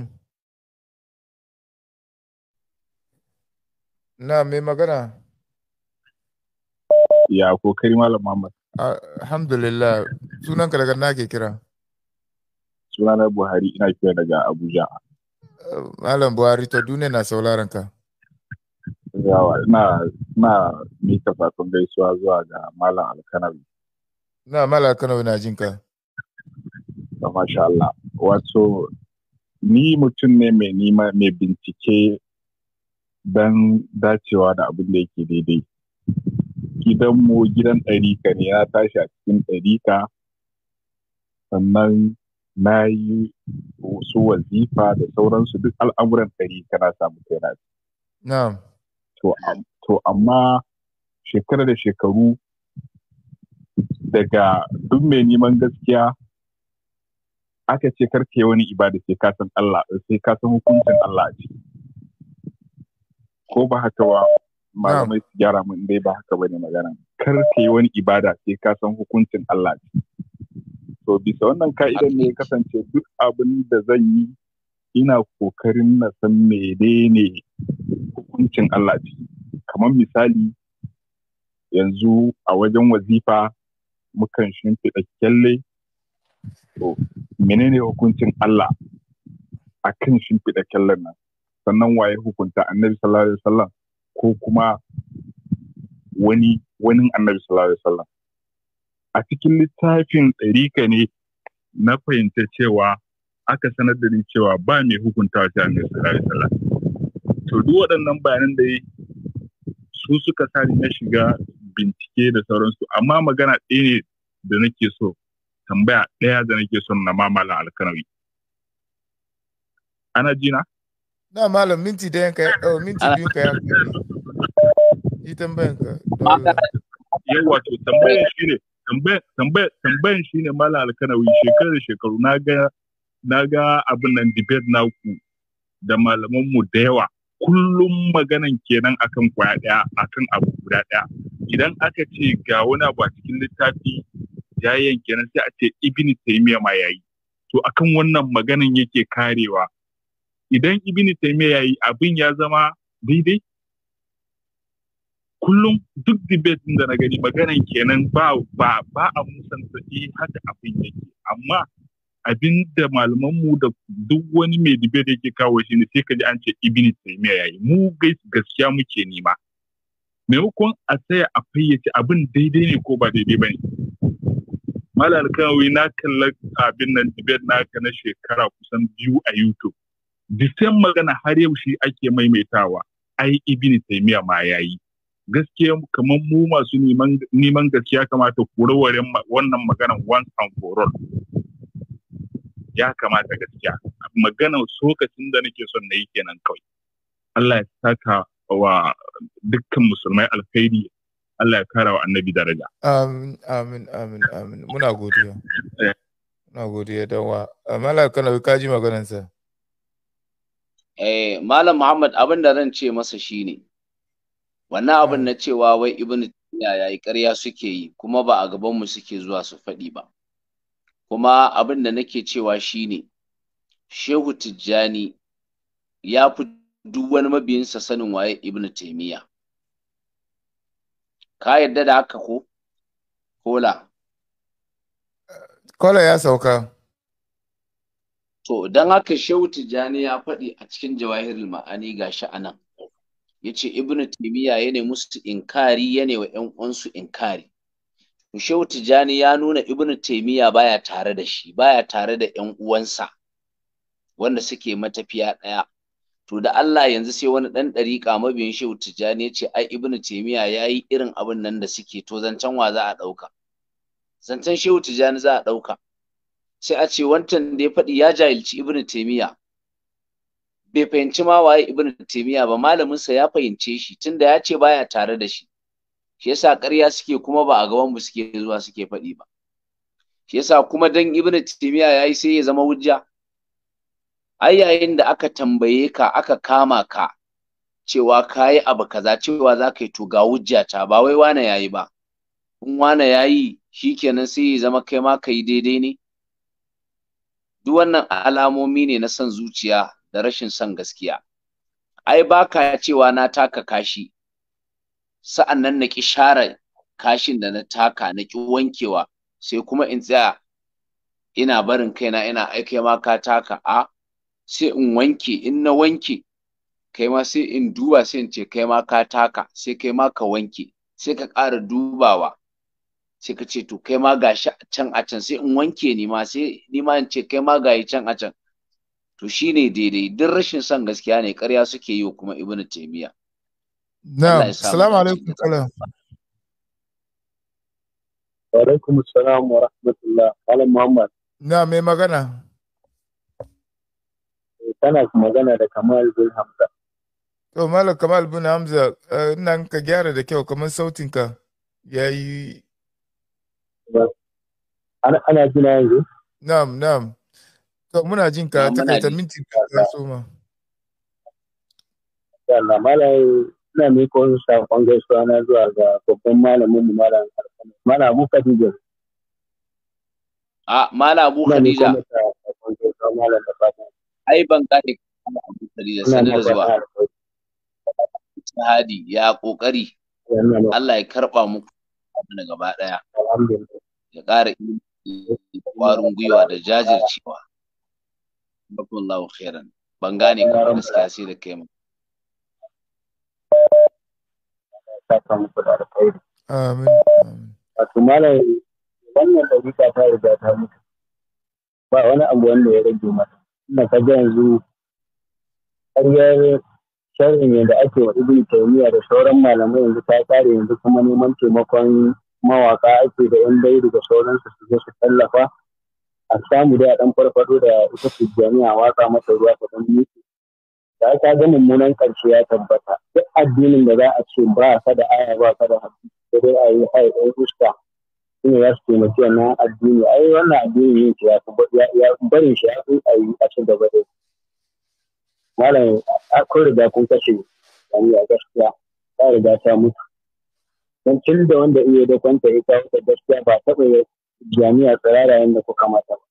Na magana? Ya Muhammad. na ke kira. sunana buhari ina kira daga abuja malam buhari to duniya na sauraron ka yawa ina ina mika sakon gaisuwa zuwa ga malam alkanawi na malam alkanawi na jinka Ba masha Allah wato ni mutum ne mai nima mai bincike don dacewa da abin da yake daidai gidanmu gidan ɗarika ne ya tashi a cikin ɗarika sannan na yi su wazifa da sauransu duk al'amuran ɗari kana samu kaina na'am to amma shekara da shekaru daga duk mai neman gaskiya aka ce karke wani ibada sai ka san Allah sai ka san hukuncin Allah ce ko ba haka ba malamai su gyara mun dai ba haka bane magana karke wani ibada sai ka san hukuncin Allah ce to bisa wannan ka'idan ne ya kasance duk abin da zan yi ina kokarin na san menene hukuncin Allah ce kamar misali yanzu a wajen wazifa mukan shimfiɗa kyalle to menene hukuncin Allah a kan shimfiɗa kyallen nan sannan waye hukunta annabi sallallahu alaihi wasallam ko kuma wani wani annabi sallallahu alaihi wasallam a cikin littafin ɗarika ne na fahimta cewa aka sanar da ni cewa ba mai hukunta shi annabi sallallahu alaihi to duk waɗannan bayanan da su suka sa na shiga bincike da sauransu amma magana ɗaya ne da nake so tambaya ɗaya da nake son na mamala alkanawi ana jina na malam minti da yanka oh, minti biyu ka yanka yi tambayanka Yau yawa to tambayan shi ne tambayan shi ne mala alkanawi shekaru shekaru na ga na ga abin nan debate naku da malamanmu da yawa kullum maganan kenan akan kwaya daya akan abu guda daya idan aka ce ga wani abu a cikin littafi yanke nan sai a ce ibn taymiya ma yayi to akan wannan maganan yake karewa idan ibn taymiya yayi abin ya zama daidai kullum duk debate da na gani maganan kenan ba ba ba a musanta eh haka abin yake amma abin da mu da duk wani mai debate yake kawo shi ne sai ka ji an ce ibn taymiya yayi mu gaskiya muke nema maimakon a tsaya a fayyace abin daidai ne ko ba daidai ba ne malar kawai na kalla abin nan debate naka na shekara kusan biyu a youtube the magana har yau shi ake maimaitawa ai ibn taymiya ma yayi gaskiya kamar mu masu neman gaskiya kamata kurewar wannan maganan once and for all ya kamata gaskiya maganan lokacin da nake son na yi kenan kawai Allah ya saka wa dukkan musulmai alfairi Allah ya kara wa annabi daraja amin amin amin amin muna godiya eh. muna godiya don wa eh, malaka kana ka ji maganansa eh malam Muhammad abin da zan ce masa shine wannan abin na cewa wai ibnu ya yayi ƙarya suke yi kuma ba a gaban mu suke zuwa su faɗi ba kuma abin da nake cewa shine shehu tijjani ya fi duk wani mabiyinsa sanin waye ibnu taymiya ka yarda da haka ko kola eh, kola ya sauka to don haka shehu tijjani ya faɗi a cikin jawahirul ma'ani ga sha'anan ya ce ibnu taimiyya ya ne musu inkari ya ne wa ‘yan uwansu inkari shehu Tijani ya nuna ibnu taimiyya baya tare da shi baya tare da ‘yan uwansa wanda suke matafiya ɗaya to da Allah yanzu sai wani ɗan ɗariƙa mabiyin shehu Tijani ya ce ai ibnu taimiyya ya yi irin abin nan da suke to zancen wa za a ɗauka zancen shehu Tijani za a ɗauka sai a ce wancan da ya faɗi ya jahilci ibnu taimiyya bai fahimci ma waye ibn taymiya ba malamin sa ya fahimce shi tunda ya ce baya tare da shi shi yasa ƙarya suke kuma ba a gaban mu suke zuwa suke faɗi ba shi yasa kuma dan ibn taymiya yayi sai ya zama hujja ai yayin da aka tambaye ka aka kama ka cewa kayi abu kaza cewa za ka yi to ga hujja ta ba wai wane yayi ba in wane yayi shikenan sai ya zama kai ma ka daidai ne duk wannan alamomi ne na son zuciya da rashin son gaskiya ai ba ka cewa na taka kashi sa'an nan na ki share kashin da na taka na ki wankewa sai kuma in tsaya ina barin kaina ina aike ma ka taka a sai in wanke in na wanke kai ma sai in duba sai in ce kai ma ka taka sai kai ma ka wanke sai ka ƙara dubawa sai ka ce to kai ma gashi can a can sai in wanke ni ma sai ni ma in ce kai ma yi can a can to shine daidai duk rashin son gaskiya ne ƙarya suke yi kuma ibn taimiya na'am assalamu alaikum kalam wa alaikum assalam wa rahmatullah alam muhammad na mai magana kana magana da kamal bin hamza to malam kamal bin hamza eh, ina ka gyara da kyau kamar sautinka ya yi ana jina yanzu na'am na'am To muna jin ka takaita minti ka so ma. Yalla malai ina mai ko sa sakon su ana zuwa ga babban malamin mu malam Mala Abu Khadija. A ah, Mala Abu Khadija. Ai ban gane malam Abu Khadija sanin zuwa. Shahadi ya kokari. Allah ya karba mu abin gaba daya. Ya kara ilimi da ƙwarin gwiwa da jajircewa. Jazakumullahu khairan. Ban gane kuma gaskiya sai da kai mu. wannan ɗabi'a ta riga ta mutu. Ba wani abu wanda ya rage mata. Ina ka ga yanzu ƙaryar sharrin yadda ake wa ibn taymiya da sauran malamai yanzu ta kare yanzu kuma neman taimakon mawaka ake da yan daidu da sauransu su zo su tallafa a samu da dan farfado da ita a watsa masa ruwa ta dan miki da ka ga mummunan karshe ya tabbata duk addinin da za a ce ba sa da aya ba sa da hadisi da dai a yi hai dan iska shine ya su taimaki wannan addini ai wannan addini ne ya ya barin shi ya fi a yi a cikin gaba dai malam kun riga kun kashe wani a gaskiya ta riga ta mutu don tun da wanda iya da kwanta ya kawo ta gaskiya ba taɓa jami'a tsirara yadda kamata mata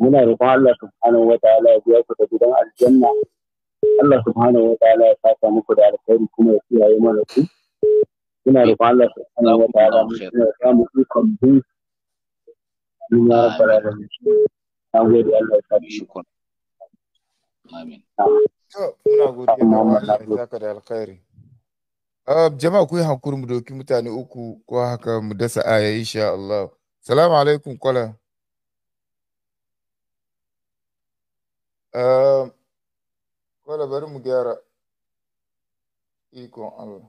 muna roƙon Allah subhanahu wa ta'ala ya biya ku da gidan aljanna Allah subhanahu wa ta'ala ya saka muku da alkhairi kuma ya kiyaye mana ku muna roƙon Allah subhanahu wa ta'ala ya samu ikon bin dunya rabbal alamin na gode Allah ya saka amin to muna da Allah ya saka da alkhairi ah, jama'a ku yi hankuri mu doki mutane uku ko haka mu dasa aya insha Allah Salamu alaikum Kwala. Eh, Kwala bari mu gyara ikon Allah.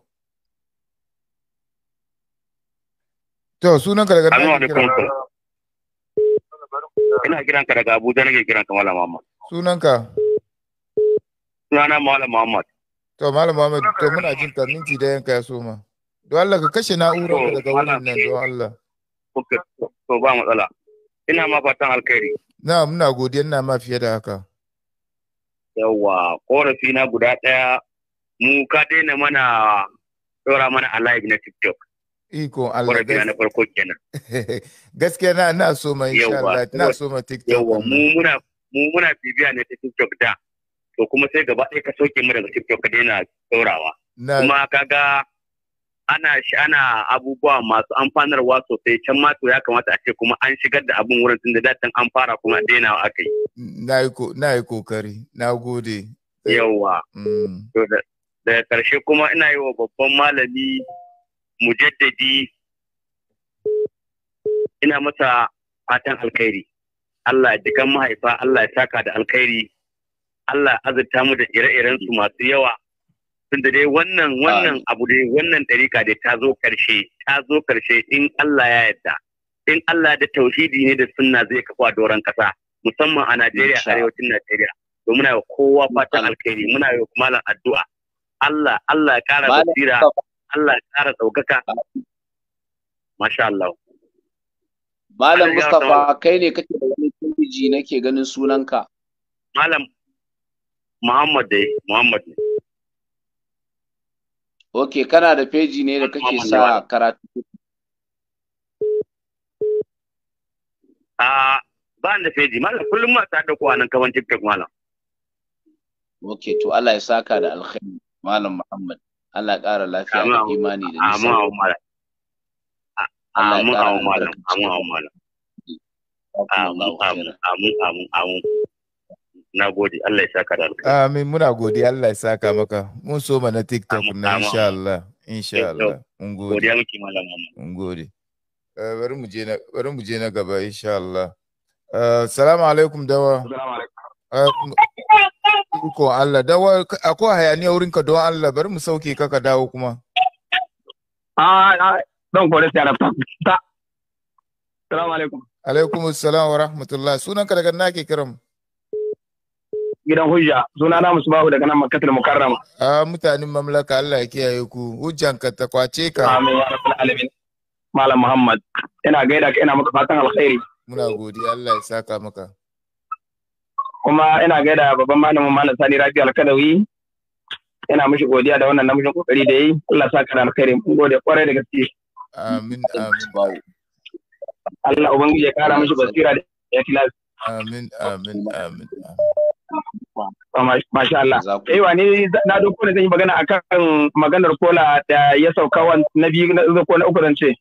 To sunan ka daga Ina kiran ka daga Abuja nake kiran ka Malam Muhammad. Sunan ka? Sunana Malam Muhammad. To Malam Muhammad to muna jin ka minti da yanka ya ma. Do Allah ka kashe na'urar daga wannan nan don Allah. kuka so ba matsala ina ma fatan alkhairi na muna godiya n'a ma fiye da haka yawa korafi na guda ɗaya mu ka daina mana ɗora mana a live na tiktok iko Allah korafi na farko kenan gaskiya na na so ma insha Allah na so ma tiktok yawa mu muna mu muna bibiya ne ta tiktok da to kuma sai gaba ɗaya ka soke mu daga tiktok ka daina tsorawa kuma kaga ana shi ana abubuwa masu amfanarwa sosai can ma ya kamata a ce kuma an shigar da abin wurin tun da datin an fara kuma dainawa aka yi. Na yi kokari, na gode. Yawwa. Mm. Daga karshe kuma ina yi wa babban malami mujaddadi ina masa fatan alkhairi. Allah dukan mahaifa, Allah ya taka da alkhairi, Allah ya azurta mu da ire-irensu masu yawa. tunda dai wannan wannan abu dai wannan ɗarika dai ta zo ƙarshe ta zo ƙarshe in Allah ya yarda in Allah da tauhidi ne da sunna zai kafa doron ƙasa musamman a Najeriya arewacin Najeriya to muna yi kowa fatan alkhairi muna yi malam addu'a Allah Allah ya ƙara basira Allah ya ƙara ɗaukaka masha Allah Malam Mustapha kai ne kake da wani tunji nake ganin sunanka Malam Muhammad dai Muhammad Ok, kana da feji ne da kake sa karatu. A ba da feji, malam kullum ma ta dauko a nan kaman TikTok malam. Ok, to Allah ya saka da alkhairi malam Muhammad. Allah ƙara lafiya da imani da nisa. Amin amin, malam. Amin amin, malam. Amin malam. Amin amin amin amin. na gode Allah ya saka da alkhairi amin muna gode Allah ya saka eh. maka mun so na tiktok na insha Allah insha eh, Allah mun gode godiya miki malam mun gode eh, bari mu je na bari mu je na gaba insha Allah assalamu alaikum dawa assalamu alaikum ko Allah dawa akwai hayaniya wurin ka don Allah bari mu sauke ka ka dawo kuma ah, ah, a don kore sai na ta assalamu alaikum alaikum assalam wa rahmatullah sunan ka daga nake kiran mu gidan hujja suna na musu bahu daga nan makasar mukarrama a mutanen mamlaka Allah ya kiyaye ku hujjan ka ta kwace ka amin ya rabbal alamin malam muhammad ina gaida ka ina maka fatan alkhairi muna godiya Allah ya saka maka kuma ina gaida babban malamin malam sani rabi alkadawi ina mishi godiya da wannan namijin kokari da yi Allah sa ka da alkhairi mun gode kwarai da gaske amin amin bawo Allah ubangiji ya kara mishi basira da ya kilasi amin amin amin amin Masha Allah. Ewa, ne na doko ne zan yi magana a kan maganar kola da ya sauka na biyu na ko na uku zan ce.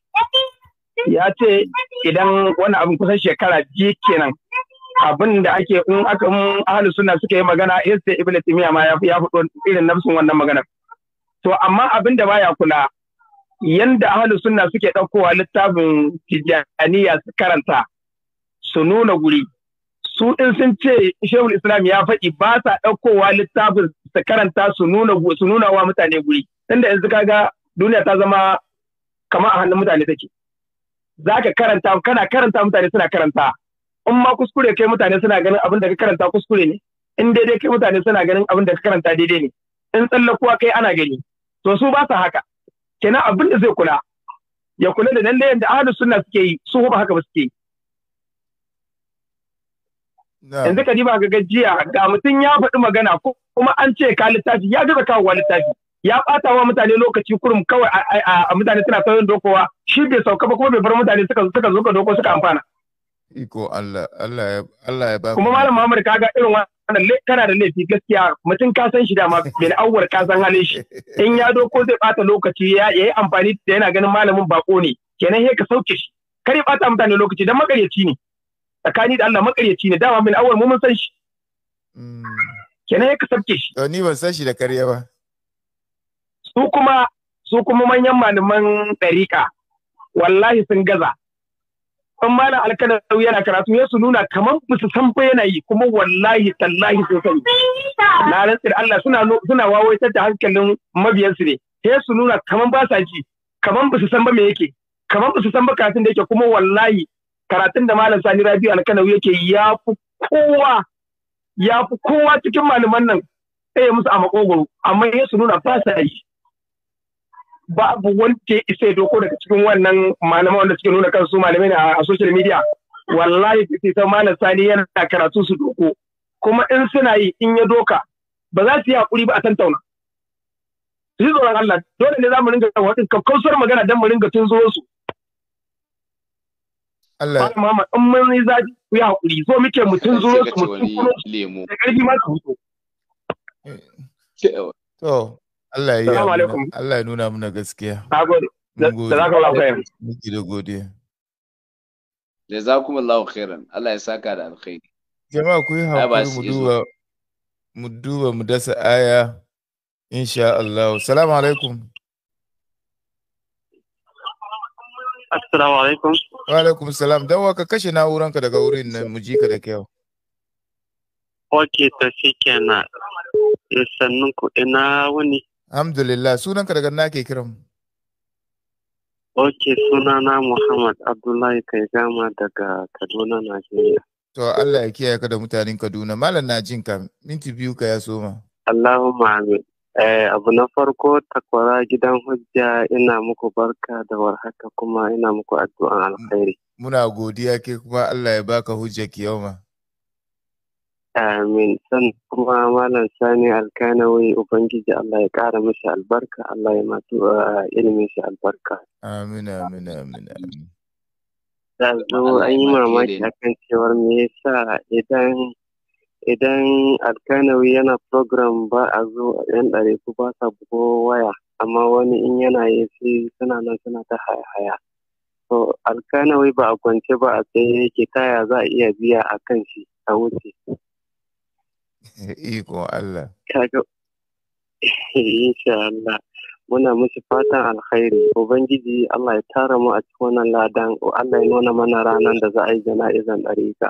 Ya ce idan wani abin kusan shekara biyu kenan abin da ake in aka in ahlu suna suka yi magana eh, sai ibnu timiya ma ya fito irin nafsin wannan maganar. To amma abin da baya kula yanda ahlu suna suke ɗaukowa littafin tijjaniya su karanta su nuna guri su in sun ce shehul islam ya faɗi ba sa ɗaukowa littafin su karanta su nuna su nuna wa mutane guri tunda yanzu kaga duniya ta zama kama a hannun mutane take za ka karanta kana karanta mutane suna karanta in ma kuskure kai mutane suna ganin abin da ka karanta kuskure ne in daidai kai mutane suna ganin abin da ka karanta daidai ne in tsallakuwa kai ana gani to su ba sa haka kenan abin da zai kula ya kula da nan da ahlus sunna suke yi su ba haka ba suke yi yanzu ka diba ga gajiya ga mutum ya faɗi magana kuma an ce ka littafi ya gaza kawowa littafi ya ɓata wa mutane lokaci kurum kawai a mutane suna sauyin dokowa shi bai sauka ba kuma bai bar mutane suka suka zuka doko suka amfana iko Allah Allah ya Allah ya ba kuma malam Muhammad kaga irin wannan kana da laifi gaskiya mutum ka san shi da ma bil awwar ka san halin shi in ya doko zai bata lokaci ya yi amfani da yana ganin malamin bako ne kenan sai ka sauke shi kar ya ɓata mutane lokaci dan magaryaci ne tsakani da Allah makaryaci ne dama min awal mu mun san shi mm. kenan ya kasabke shi ni ban san shi da karya ba su kuma su kuma manyan malaman dariƙa, wallahi sun gaza in malam alkadau yana karatu ya su nuna kamar musu san ba yana yi kuma wallahi tallahi sun sani na rantsar Allah suna suna wawaitar da hankalin mabiyansu ne sai su nuna kamar ba sa ji kamar ba su san ba me yake kamar ba su san ba karatun da yake kuma wallahi karatun da malam sani rabi alkanawi yake ya fi kowa ya fi kowa cikin malaman nan ɗaya musu a makogoro amma ya su nuna ba sa yi babu wanda ya isa doko daga cikin wannan malaman wanda suke nuna kansu malamai na a social media wallahi sai malam sani yana karatu su doko kuma in suna yi in ya doka ba za su yi hakuri ba a tantauna su yi tsoron Allah dole ne za mu ringa waɗin kakkausar magana don mu ringa tunzuro su Allah mama in mun yi zafi ku yi hakuri so muke mutun zuro su mutun kuno lemo da karfi ma su fito to Allah ya yi Allah ya nuna muna gaskiya nagode jazakallahu khairan miki da godiya jazakumullahu khairan Allah ya saka da alkhairi jama'a ku yi hakuri mu duba mu duba mu dasa aya insha Allah salamu alaikum assalamu alaikum Wa alaikum salam. Dawa ka kashe na'uranka daga wurin nan mu ji ka da kyau. Ok, to shi kenan. Eh, sannun ku ina wani. Alhamdulillah, ka daga na ke kiran mu. suna sunana Muhammad Abdullahi kai gama daga Kaduna, Najeriya. To Allah ya kiyaye ka da mutanen Kaduna. Malam na jin ka, minti biyu ka ya soma. Allahumma amin. Eh, abu na farko takwara gidan hujja ina muku barka da warhaka kuma ina muku addu'an mm, alkhairi. Muna godiya ke kuma Allah ya baka hujja ma. Amin. San kuma Malam Sani Alkanawi Ubangiji Allah ya ƙara mishi albarka, Allah ya matu ilimin shi albarka. Amin, amin, amin, amin. Da an yi mamaki akan cewar me yasa idan idan alkanawi yana program ba a zo yan ɗare ku ba sa bugo waya amma wani in yana yi sai suna nan suna ta haya to alkanawi ba a kwance ba a tsaye yake taya za a iya biya a kan shi a wuce iko Allah kaga insha Allah muna musu fatan alkhairi ubangiji Allah ya tara mu a cikin wannan ladan Allah ya nuna mana ranar da za a yi jana'izan ɗarika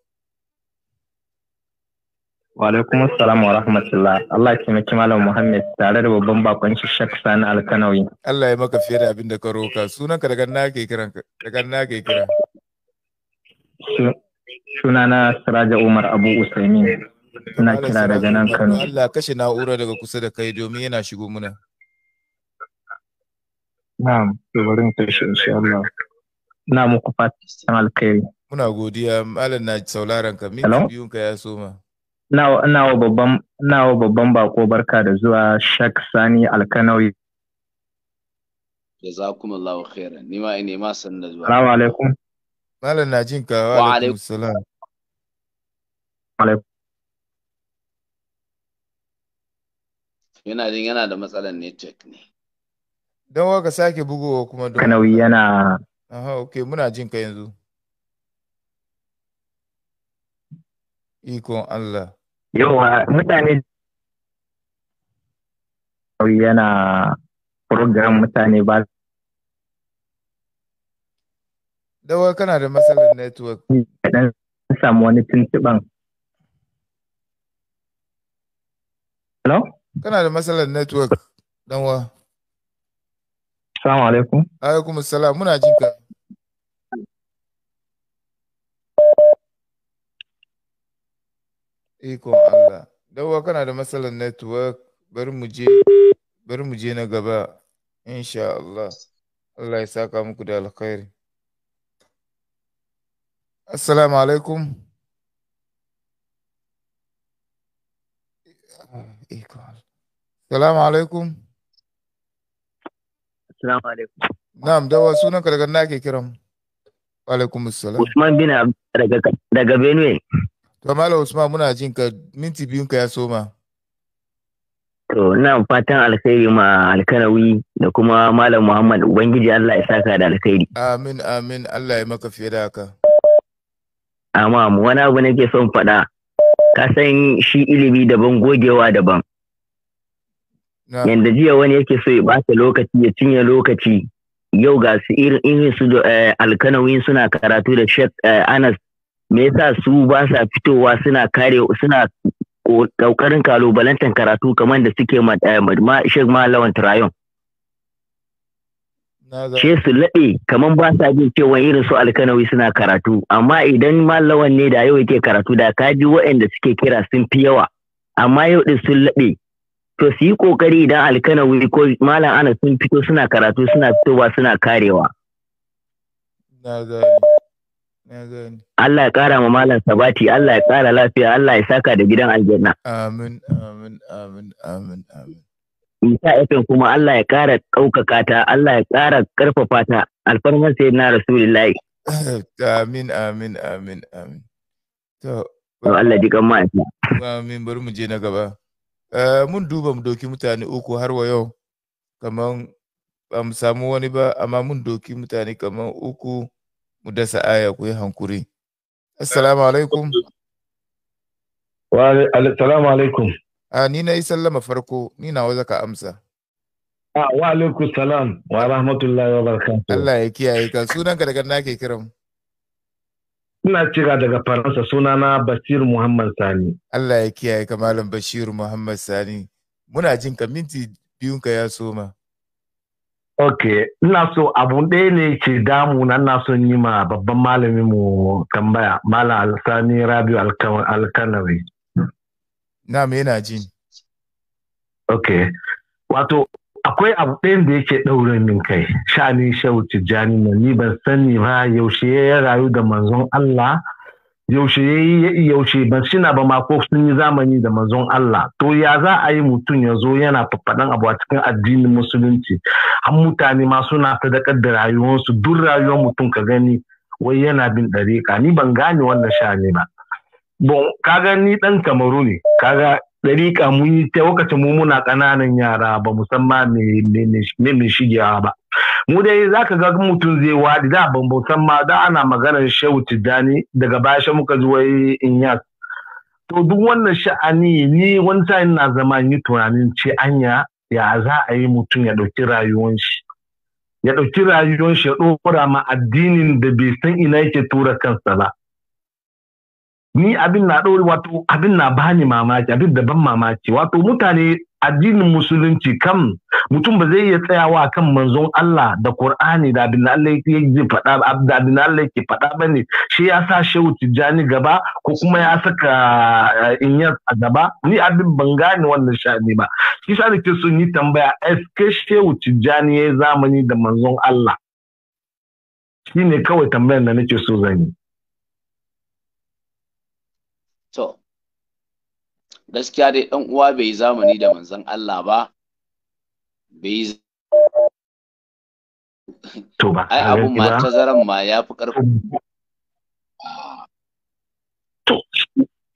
Wa alaikum assalam wa rahmatullah. Allah ya taimaki Malam Muhammad tare da babban bakon shi Sheikh Sani Alkanawi. Allah ya maka fiye da abin da ka roka. ka daga na ke kiran ka? Daga na ke suna na Siraja Umar Abu Usaimin. Suna kira daga nan Kano. Allah kashe na'ura daga kusa da kai domin yana shigo muna. Na'am, barin shi insha Allah. Na muku fatan alkhairi. Muna godiya, Malam na sauraron ka. Minti biyun ka ya soma. nawa babban babban bako barka da zuwa Sheikh Sani Alkanawi jazakumullahu khairan ni ma ina ma san da zuwa salamu alaikum malam na jin ka wa alaikum salam yana jin yana da matsalar network ne don waka sake bugowa kuma don kanawi yana aha ok, muna jin ka yanzu ikon Allah yawa mutane yana program mutane ba dawa kana da matsalar network dan samu wani tuntuban hello kana da matsalar network wa. assalamu alaikum alaikum assalam muna jinka Ikon Allah. Dawa kana da matsalar network bari mu je na gaba insha Allah. Allah ya saka muku da alkhairi. Assalamu alaikum. Ah, Assalamu alaikum. Assalamu alaikum. Na'am, dawa sunanka daga na ke kiran. Wa alaikum assalam. Usman bin daga daga Benue. To Malam Usman muna jin ka minti biyun ka ya soma. To ina fatan alkhairi ma alkarawi da kuma Malam Muhammad Ubangiji Allah ya saka da alkhairi. Amin amin Allah ya maka fiye da haka. Amma wani abu nake son faɗa. Ka san shi ilimi daban gogewa daban. Yanda jiya wani yake so ya bata lokaci ya cinye lokaci yau ga su irin su eh, alkanawin suna karatu da Sheikh eh, Anas me yasa su ba sa fitowa suna kare suna kalubalantar karatu kamar da suke ma eh, shek malawan tirayon ce su laɓe kamar ba sa jin cewa irin su alkanawi suna karatu amma idan malawan ne da yau yake karatu da ka ji waɗanda suke kira sun fi yawa amma yau ɗin sun laɓe to su yi ƙoƙari idan alkanawi ko malam ana sun fito suna karatu suna fitowa suna karewa. Na Allah ya kara ma malam sabati, Allah ya kara lafiya, Allah ya saka da gidan aljanna. Amin, amin, amin, amin, amin. Isa FM kuma Allah ya kara ɗaukaka ta, Allah ya kara ƙarfafa ta, alfarman sai na Rasulullahi. Amin, amin, amin, amin. To, Allah ji kan ma'aikata. Amin, bari mu je na gaba. Eh, mun duba mu doki mutane uku har wa yau, kamar ba mu samu wani ba, amma mun doki mutane kamar uku. mu dasa aya ku yi hankuri. Assalamu alaikum. Wa assalamu alaikum. A ni na yi sallama farko, ni na waza ka amsa. A wa alaikum salam wa rahmatullahi wa barakatuh. Allah ya kiyaye ka sunan ka daga nake kiran. Ina cika daga Faransa sunana Bashir Muhammad Sani. Allah ya kiyaye ka Malam Bashir Muhammad Sani. Muna jin ka minti biyun ka ya soma. Ok, ina so abu ɗaya ne ke damu na ina son yi ma babban malamin mu tambaya, Malam Alsani Rabiu Alkanawi. Na me yana jin. Ok, wato akwai abu ɗaya da yake ɗaure min kai, sha'anin Shehu Tijjani na ni ban sani ba yaushe ya rayu da manzon Allah. yaushe yayi yaushe ba suna ba ma ko sun yi zamani da manzon Allah to ya za a yi mutum ya zo yana faffaɗan abu a cikin addinin musulunci har mutane ma suna sadakar da rayuwarsu duk rayuwar mutum ka gani wai yana bin ɗarika ni ban gane wannan shani ba bon kaga ni dan kamaru ne kaga dariƙa mun yi ta lokacin mu muna ƙananan yara ba musamman me me me shigewa ba mu dai za ka ga mutum zai wadi da bambautan ma da ana maganar shehu tijjani daga baya shi muka zuwa inyas to duk wannan sha'ani ni wani sa'in na zama yi tunanin ce anya ya za a yi mutum ya ɗauki rayuwan shi ya ɗauki rayuwan shi ya ɗora ma addinin da bai san ina yake tura kansa ba ni abin na ɗori wato abin na bani mamaki abin da ban mamaki wato mutane addinin musulunci kan mutum ba zai iya tsayawa kan manzon Allah da Qur'ani da abin Allah ji faɗa da abin Allah yake faɗa bane shi ya sa Shehu Tijjani gaba ko kuma ya saka eh, Inyas a gaba ni abin ban gane wannan sha'ani ba shi sa nake son yi tambaya eske Shehu Tijjani ya zamani da manzon Allah shi ne kawai tambayar da nake so zan yi to gaskiya dai ɗan uwa bai yi zamani da manzon Allah ba bai yi ai abun ma tazaran ma ya fi ƙarfin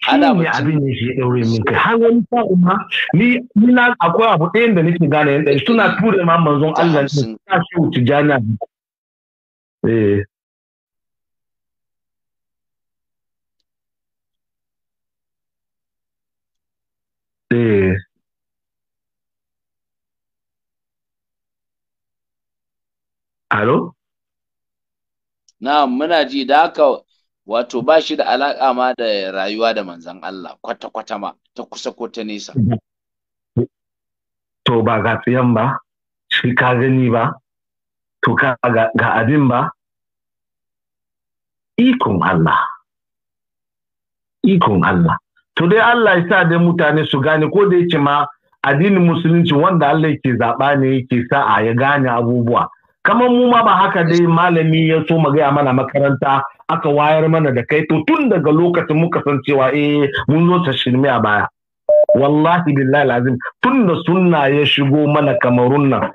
ana ne abin ne shi daure min kai har wani sa'in ma ni ni na akwai abu ɗayan da nake gane yan ɗaya suna tura ma manzon Allah ne ta shi wuce jana eh Sí. Alo? Na muna ji da aka wato ba shi da alaƙa ma da rayuwa da manzan Allah kwata-kwata ma ta kusa ko ta nesa. To ba ga tsiyan ba, shi ka gani ba, to ka ga abin ba, ikon Allah, ikon Allah. to dai Allah ya sa dai mutane su gane ko da yake ma addinin musulunci wanda Allah yake zaɓa ne yake sa a ya gane abubuwa kamar mu ma ba haka dai malami ya so mu gaya mana makaranta aka wayar mana da kai to tun daga lokacin muka san cewa eh mun zo ta shirme a baya wallahi billahi lazim tun da sunna ya shigo mana kamarun nan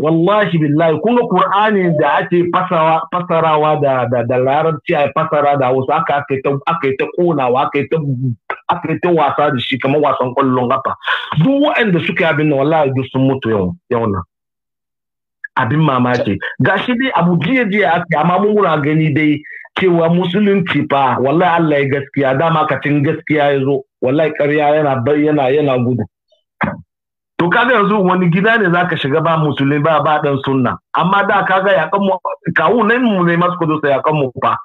wallahi billahi kun ga qur'ani da ake fasawa fasarawa da da, da larabci fasara da wasu aka aka ta aka ta konawa aka ta ta wasa da shi kamar wasan kwallon kafa duk waɗanda suka yi abin wallahi duk sun mutu yau yau abin mamaki gashi dai abu jiya jiya aka amma mun gani dai cewa musulunci fa wallahi Allah ya gaskiya dama kacin gaskiya ya zo wallahi ƙarya yana yana yana gudu To kaga yanzu wani gida ne zaka shiga ba musulmi ba ba dan sunna. Amma da kaga kan mu kawu ne mu ne masu kudu sai yakan mu fa.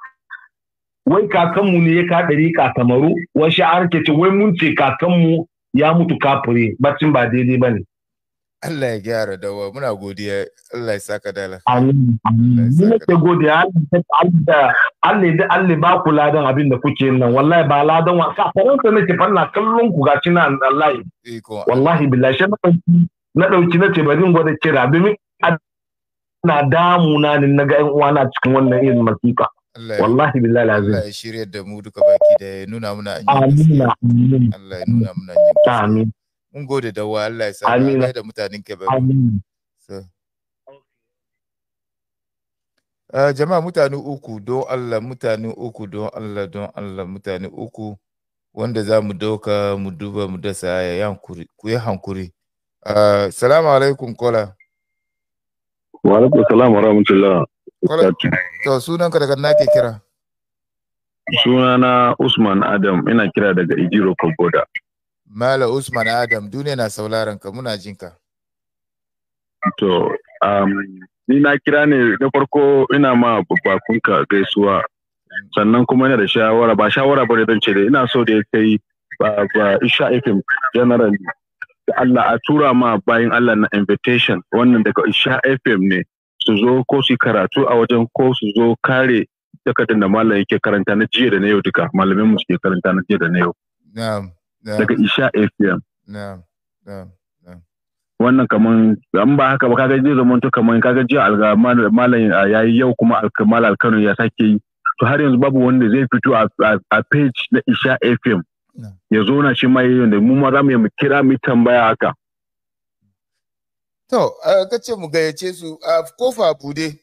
Wai kakan mu ne ya ka dari ka samaru wai sha'ar ke ce wai mun ce kakan mu ya mutu kafire bacin ba daidai bane. Allah ya gyara dawa muna godiya Allah ya saka dala. Amin. Mun ce godiya Allah Allah da Allah ba ku ladan abin da kuke nan wallahi ba ladan wa kafaran sa nake fanna kallon ku gaci nan wallahi wallahi billahi shi na dauki na ce ba in gwada kira domin na damu na ne na ga ƴan uwana cikin wannan irin masifa wallahi billahi lazim Allah ya shirye da mu duka baki da ya nuna muna an amin Allah ya nuna muna amin mun gode da wa Allah ya sa da mutanen ke ba amin Eh, jama'a mutane uku don Allah mutane uku don Allah don Allah mutane uku wanda za mu doka mu duba mu dasa ya ku yi hankuri. Eh, salamu alaikum kola. Wa alaikum salam wa rahmatullah. to sunan ka daga na ke kira. Sunana Usman Adam ina kira daga Ijiro Kogoda. Mala Usman Adam duniya na sauraron ka muna jinka. To, um, ni na kira ne na farko ina ma bakunka gaisuwa sannan kuma yana da shawara ba shawara ba zan ce da ina so da ya kai ba ba isha fm generally da Allah a tura ma bayan Allah na invitation wannan daga isha fm ne su zo ko su karatu a wajen ko su zo kare takardar da malam yake karanta na jiya da na yau duka malamin mu suke karanta na jiya da na yau daga isha fm wannan kaman an ba haka ba kaga zai zama to kaman kaga jiya alga malam ah, yayi yau kuma alkamal alkano ya sake yi to har yanzu babu wanda zai fito a page na Isha FM ya zo na shi mai yanda mu ma za mu kira mu tambaya haka to ce mu gayyace su a kofa bude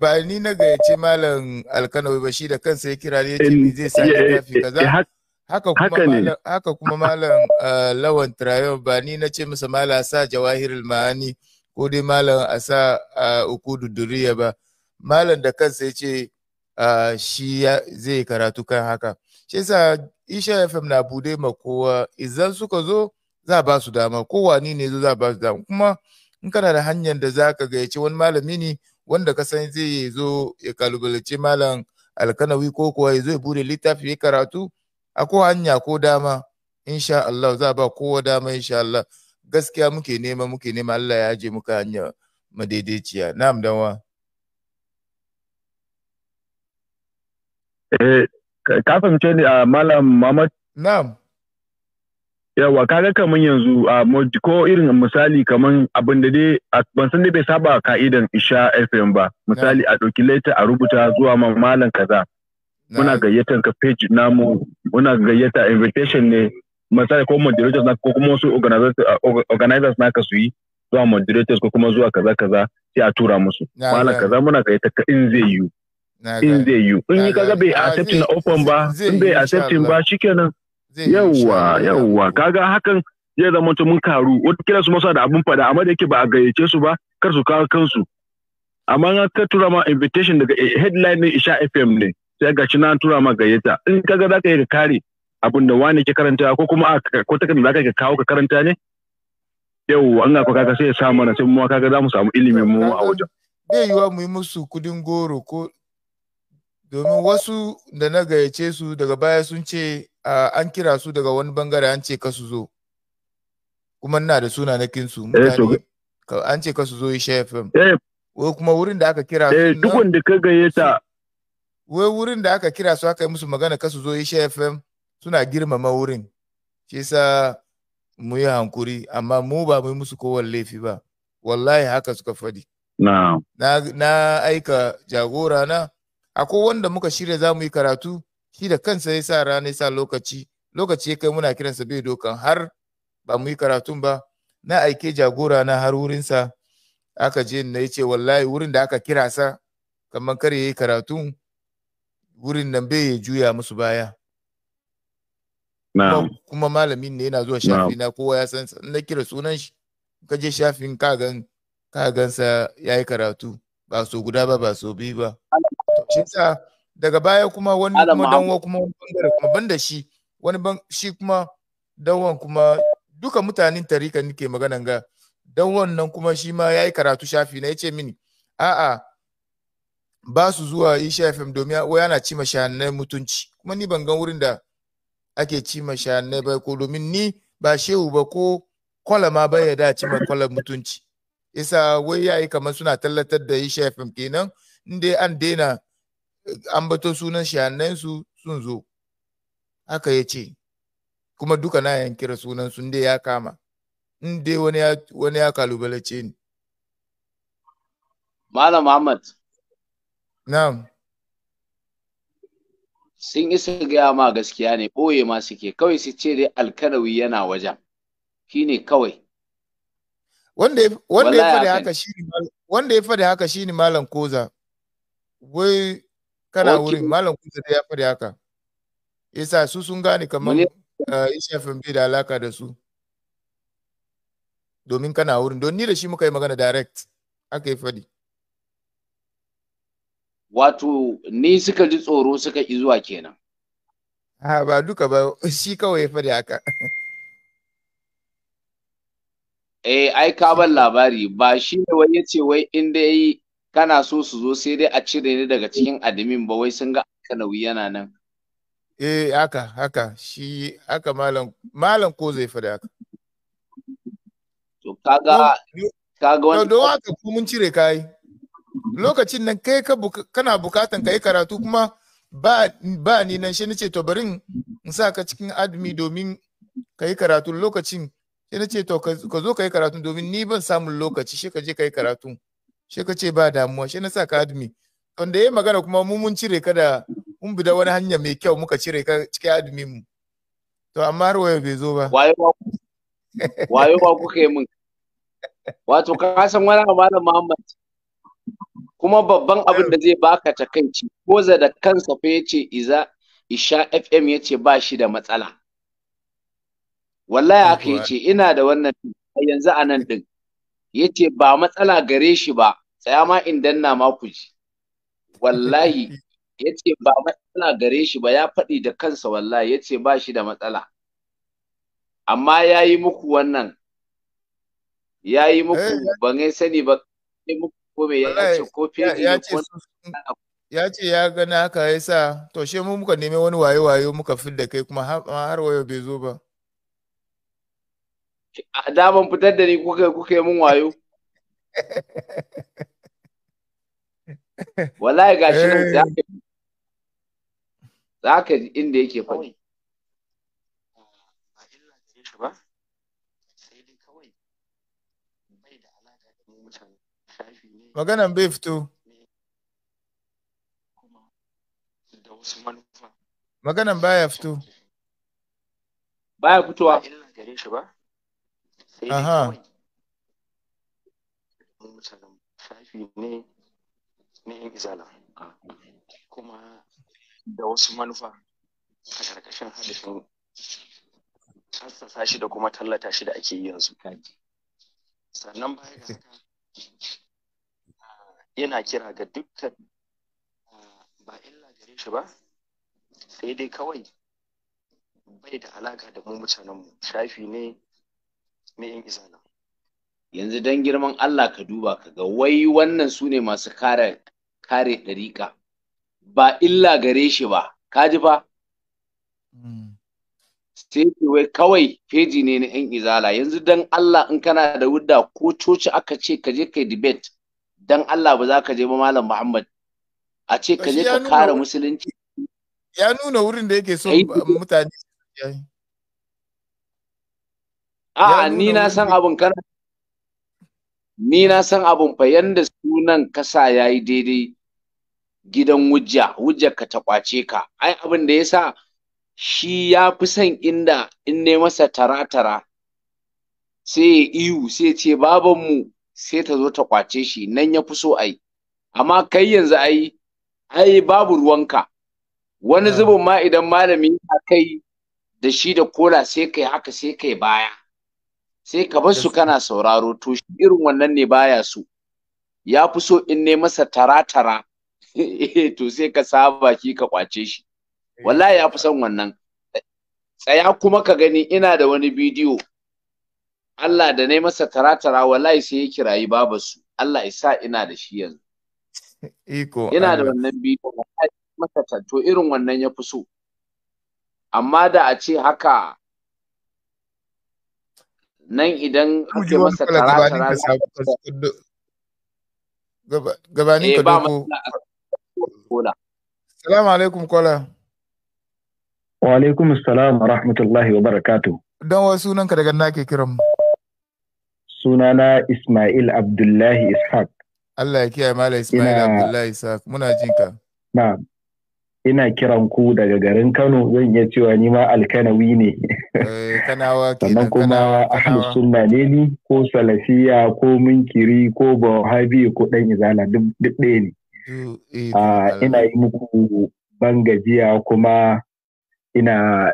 ba ni na gayyace malam alkano ba shi da kansa ya kira ne ya ce eh, zai sake eh, tafi eh, kaza Haka kuma haka kuma malam eh, Lawan Trayon ba ni na ce masa malam sa Jawahirul Ma'ani ko dai malam a sa eh, Ukudu Duriya ba. Malam da kansa ya ce eh, shi zai karatu kan haka. Shi sa Isha FM na bude ma kowa idan suka zo za ba su dama ko wani ne zo za ba su dama kuma in kana da hanyar da za ka gayyaci wani malami ne wanda ka san zai zo ya kalubalace malam alkanawi ko kuwa ya zo ya bude littafi ya karatu Akwai hanya ko dama insha Allah za ba kowa dama insha Allah gaskiya muke nema muke nema Allah ya je muka hanya madaidaiciya na'am wa eh ka fahimce ni a ah, malam Muhammad na'am yawa kaga kaman yanzu a ah, ko irin misali kaman abin da dai ah, ban san dai bai saba ka'idan isha fm ba misali a ɗauki leta a rubuta zuwa ma malam kaza muna gayyatan ka page namu muna gayyata invitation ne misali ko moderators na ko kuma wasu organizers uh, na su yi zuwa moderators ko kuma zuwa kaza kaza sai a tura musu malam kaza muna gayyata ka in zai yi in zai yi. in yi kaga bai ah, accept na open ba in bai accepting ba shikenan yawwa yawwa kaga hakan zai zama mun karu wata kira su masa da abun fada amma da yake ba a gayyace su ba kar su kawo kansu amma ka tura ma invitation daga eh, headline ne Isha FM ne sai ga shi na tura ma gayyata in kaga za ka yi ka kare abin da wani ke karanta ko kuma ko ta kan ka yi ka kawo ka karanta ne yau an ga kaga sai ya sa mana sai mu kaga za mu samu ilimin mu a wajen bai yiwa mu yi musu kudin goro ko domin wasu da na gayyace su daga baya sun ce an kira su daga wani bangare an ce ka su zo kuma ina da suna na kinsu eh, mutane an ce ka su zo yi shafin eh. ko kuma wurin da aka kira eh, su duk wanda ka gayyata wai wurin da aka kira su aka yi musu magana su zo ishe fm suna girmama wurin shi sa mu yi hankuri amma mu ba mu yi musu kowar laifi ba wallahi haka suka faɗi. na, aika jagora na akwai wanda muka shirya za mu yi karatu shi da kansa ya sa rana ya sa lokaci lokaci ya kai muna kiransa bai dokan har ba mu yi karatun ba na aike jagora na har wurinsa aka je na ya ce wallahi wurin da aka kira sa kamar kar ya yi karatun wurin nan bai juya musu baya Na'am. kuma malamin ne yana zuwa shafi na kowa ya san na kira sunan shi ka je shafin ka kagansa ya yi karatu ba so guda ba ba so biyu ba shi sa daga baya kuma wani kuma danwa kuma bangare kuma banda shi wani ban shi kuma danwan kuma duka mutanen tarika nike maganan ga danwan nan kuma shi ma ya yi karatu shafi na ya ce mini a'a ba su zuwa isha fm domin waya ana ci mashayanai mutunci kuma ni ban ga wurin da ake ci mashayanai ba ko domin ni ba shehu ba ko kwala ma ya da ci kwala mutunci isa wai yayi kamar suna tallatar da isha fm kenan inda an daina eh, bato sunan shayanai su sun zo haka ya ce kuma duka na yan kira sunan su inda ya kama inda wani ya kalubalace ni malam muhammad na'am sun isa gaya ma gaskiya ne ɓoye ma suke kawai su ce dai alkarawi yana wajen shi ne kawai wanda ya faɗi haka shi ne wanda ya haka malam koza wai kana wurin malam koza da ya faɗi haka Isa su sun gane kamar ishafin eh, bai da alaka da su domin kana wurin don ni da shi muka yi magana direct aka yi faɗi wato ni suka ji tsoro suka ki zuwa kenan ha ba duka ba shi kawai fa da haka eh ai kaban ban labari ba shi ne wai ce wai in dai kana so su zo sai dai a cire ni daga cikin admin ba wai sun ga kanawi yana nan eh haka haka shi haka malam malam ko zai fa da haka to kaga kaga wani don haka ko mun cire kai lokacin nan kai ka kana bukatan ka yi karatu kuma ba ba ni nan shi nace to barin in sa ka cikin admi domin ka yi karatu lokacin shi nace to ka zo ka yi karatu domin ni ban samun lokaci shi ka je ka yi karatu shi ka ce ba damuwa shi na sa ka admi wanda ya magana kuma mu mun cire ka da mun bi da wani hanya mai kyau muka cire ka cikin admi mu to amma har waya bai zo ba wayo ba kuka yi min wato ka san wani amalan Muhammad kuma babban abin da zai baka takaici ko za da kansa fa yace iza isha fm yace ba shi da matsala wallahi haka yace ina da wannan yanzu a nan din yace ba matsala gare shi ba tsaya ma in danna ma ku ji wallahi yace ba matsala gare shi ba ya faɗi da kansa wallahi yace ba shi da matsala amma ya yi muku wannan ya yi muku eh. ban sani ba muku ko me ya ce ko ya ce ya gani haka ya sa to she mu muka nemi wani wayo wayo muka da kai kuma har wayo bai zo ba a daman fitar da ni kuka kuka yi mun wayo wallahi gashi nan eh. za ka ji inda yake faɗi maganan bai fito maganan baya fito baya fitowa aha ne yin izala kuma da wasu manufa a ƙarƙashin shi da kuma tallata shi da ake yi yanzu sannan baya ga yana kira ga dukkan ah, ba illa gare shi ba sai dai kawai bai da alaka da mu mutanenmu shafi ne na yan izana yanzu don girman Allah ka duba ka ga wai wannan su ne masu kare kare ɗariƙa ba illa gare shi ba ka ji ba hmm. sai wai kawai feji ne na yan izala yanzu don Allah in kana da wudda ko coci aka ce ka je kai debate dan Allah ba za ka je ba malam Muhammad a ce ka je ka kare musulunci ya nuna wurin da yake so mutane a ni na san abin kana ni na san abun fa yanda sunan kasa yayi daidai gidan wujja wujja ka ta kwace ka ai abin da yasa shi ya fi son inda in ne masa tara tara sai ya iyu sai ce babanmu sai ta zo ta kwace shi nan ya fi so a amma kai yanzu ai ai babu ruwanka wani ah. zubin ma idan malami ya kai da shi da kola sai kai haka sai kai baya sai ka bar su kana sauraro to shi irin wannan ne baya so ya fi so in ne masa tara-tara to sai ka saba ki ka kwace shi eh. wallahi ya fi son wannan tsaya kuma ka gani ina da wani bidiyo Allah da nai masa taratara wallahi sai ya kirayi babarsu Allah ya sa ina da shi yanzu iko ina da wannan bidiyo wallahi masa tanto irin wannan ya fi so amma da a ce haka nan idan ake masa taratara gabani ka doko eh, Assalamu alaikum kola wa alaikum assalam wa rahmatullahi wa barakatuh don wasu nan ka daga nake kiran mu sunana Ismail Abdullahi Ishaq. Allah ya kiyaye Malam Ismail Abdullahi Ishaq muna jin ka. Ina kiran ku daga garin Kano zan iya cewa ni ma alkanawi ne. Eh, Kanawa Sannan kuma ahlus sunna ne ni ko salafiya ko munkiri ko bawahabi ko dan izala duk ɗaya ne. Eh, ah, ina yi muku ban gajiya kuma ina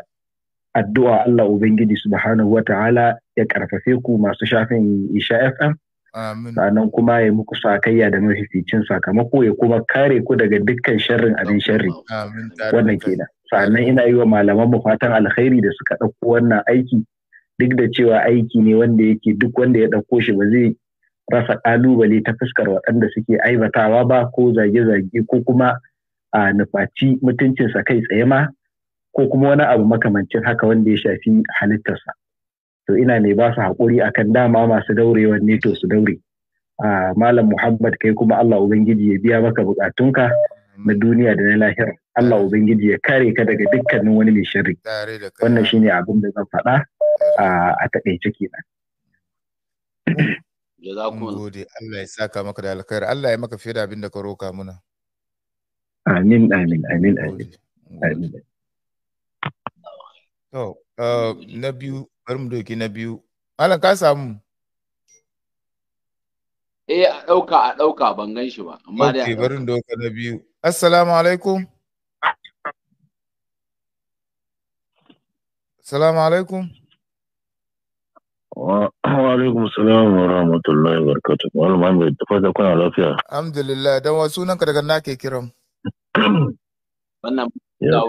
addu'a Allah Ubangiji subhanahu wa ta'ala ya karfafe ku masu shafin Isha FM. Sannan kuma ya muku sakayya da mafificin sakamako ya kuma kare ku daga dukkan sharrin abin sharri. Wannan kenan. Sannan ina yi wa malaman mu fatan alkhairi da suka ɗauko wannan aiki duk da cewa aiki ne wanda yake duk wanda ya ɗauko shi ba zai rasa ƙalubale ta fuskar waɗanda suke aibatawa ba ko zage-zage ko kuma a nufaci mutuncinsa kai tsaye ma ko kuma wani abu makamancin haka wanda ya shafi halittarsa. to ina mai ba su haƙuri a kan dama masu daurewa ne to su daure malam muhammad kai kuma allah ubangiji ya biya maka bukatunka na duniya da na lahira allah ubangiji ya kare ka daga dukkanin wani mai shirri. wannan shi ne abin da zan faɗa a taƙaice nan. gode Allah ya saka maka da Allah ya maka fiye da abin da ka muna amin amin amin amin amin to uh, na biyu Bari mu doki na biyu. Malam ka samu? Eh a ɗauka a ɗauka ban gan shi ba. Amma da ya bari doka na biyu. Assalamu alaikum. Assalamu alaikum. Wa alaikum salam wa rahmatullahi wa barakatuh. Malam Ahmed, da fata kuna lafiya. Alhamdulillah, dan wasu nan ka daga na ke kiran. Wannan Ya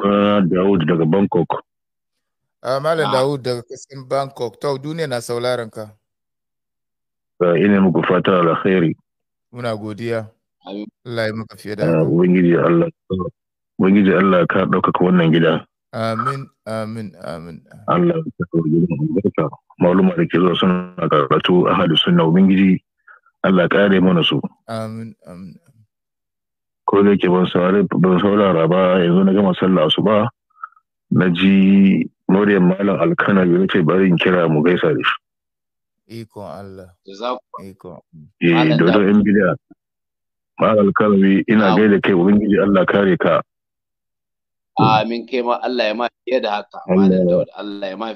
Dawud daga Bangkok. Ah, Malam ah. Dawud daga kasin Bangkok, ta duniya na sauraron ka. Eh, ina muku fata alkhairi. Muna godiya. Allah ya muka fiye da ah, Ubangiji Allah. Ubangiji Allah ka ɗaukaka wannan gida. Amin, amin, amin. Allah ya ɗaukaka gidan albarka. Maluma da ke zuwa suna karatu a hadu suna Ubangiji Allah kare mana su. Amin, amin. Ko da yake ban saurara ba yanzu na gama sallah su ba, na ji Moriyar malam alkana bai ce bari in kira mu gaisa da shi Iko Allah Iko. eh dodon yan bidiya malam alkalami ina gaida kai ubangiji Allah kare ka amin kai ma Allah ya ma fiye da haka Allah ya ma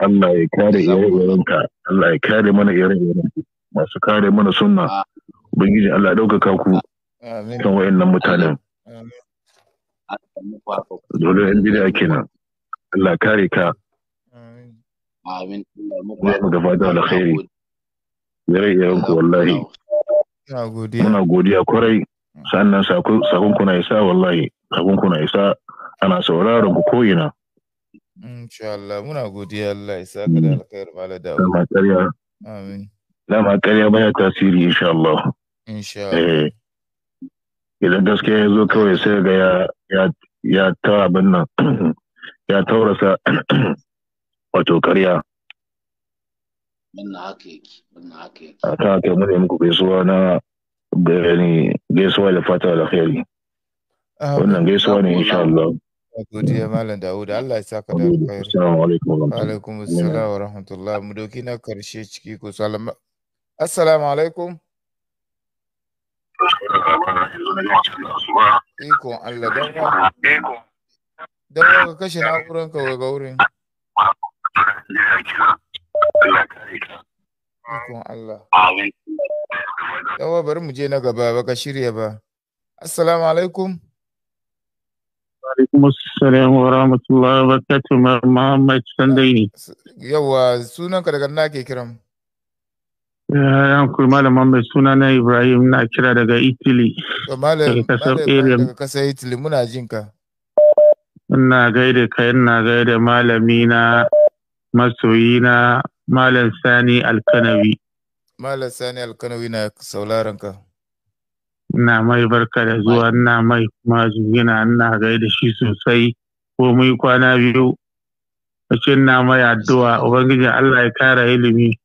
Allah ya kare ire ka. Allah ya kare mana ire ka. masu kare mana sunna ubangiji Allah ɗaukaka ku kan wa'annan mutanen dole yan bid'a kenan Allah kare ka amin da da alkhairi yare yaran ku wallahi muna godiya kwarai mm. sannan sakon kuna isa wallahi sakon kuna isa ana sauraron ku ko'ina insha Allah muna godiya Allah isa ka da mm. alkhairi mala da ma ƙarya amin lama ba ya tasiri insha Allah insha eh. Allah idan gaskiya ya zo kawai sai ga ya ya ta abin nan ya taurasa wato karya wannan haka yake wannan haka yake akan haka mu muku gaisuwa na gani gaisuwa da fata da khairi wannan gaisuwa ne insha Allah godiya malam Dawuda Allah ya saka da alkhairi assalamu alaikum wa alaikum assalam wa rahmatullah mu doki na karshe ciki ko salama assalamu alaikum ikon Allah don dan ikon dawo ka kashe na'uran ka ga wurin Allah. Yawa bari mu je na gaba ba ka shirya ba. Assalamu alaikum. alaikum assalam wa rahmatullahi wa barakatuh Muhammad Sandaini. Yawa sunan ka daga na ke kiran. Yan ku Malam Muhammad suna na eh, Ibrahim na kira daga Italy. Malam daga kasar Italy muna jin ka. ina gaida ka ina gaida malamina masoyina malam sani alkanawi malam sani alkanawi na sauraron ka ina mai barka da zuwa ina mai kuma jingina ina gaida shi sosai ko mai kwana biyu ce ina mai addu'a ubangijin Allah ya kara ilimi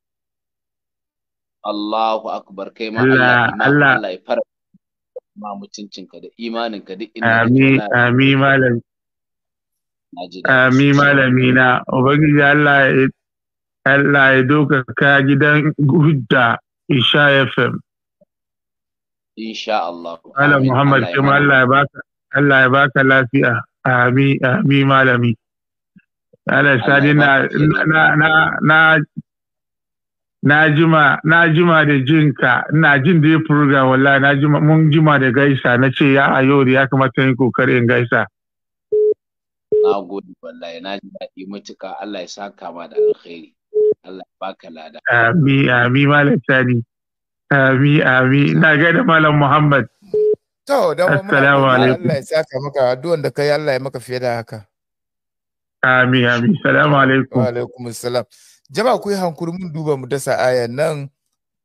Allahu akbar kai ma Allah ya fara ma mutuncinka da imaninka duk ina amin amin malam Ami malamina Ubangiji Allah ya doka ka gidan gudda Isha FM. Insha Allah. Allah Muhammad kuma Allah ya baka Allah ya baka lafiya. Ami malami. Allah sadi na na na na jima na jima da jinka ina jin da program wallahi na jima mun jima da gaisa na ce ya a da ya kamata yin kokarin gaisa na gode wallahi na ji daɗi Allah ya saka ma da alkhairi Allah ya baka lada amin malam sani ami amin na ga da malam muhammad to da mu Allah ya saka maka addu'an da kai Allah ya maka fiye da haka amin amin salamu alaikum wa alaikum ku yi hankuri mun duba mu dasa ayan nan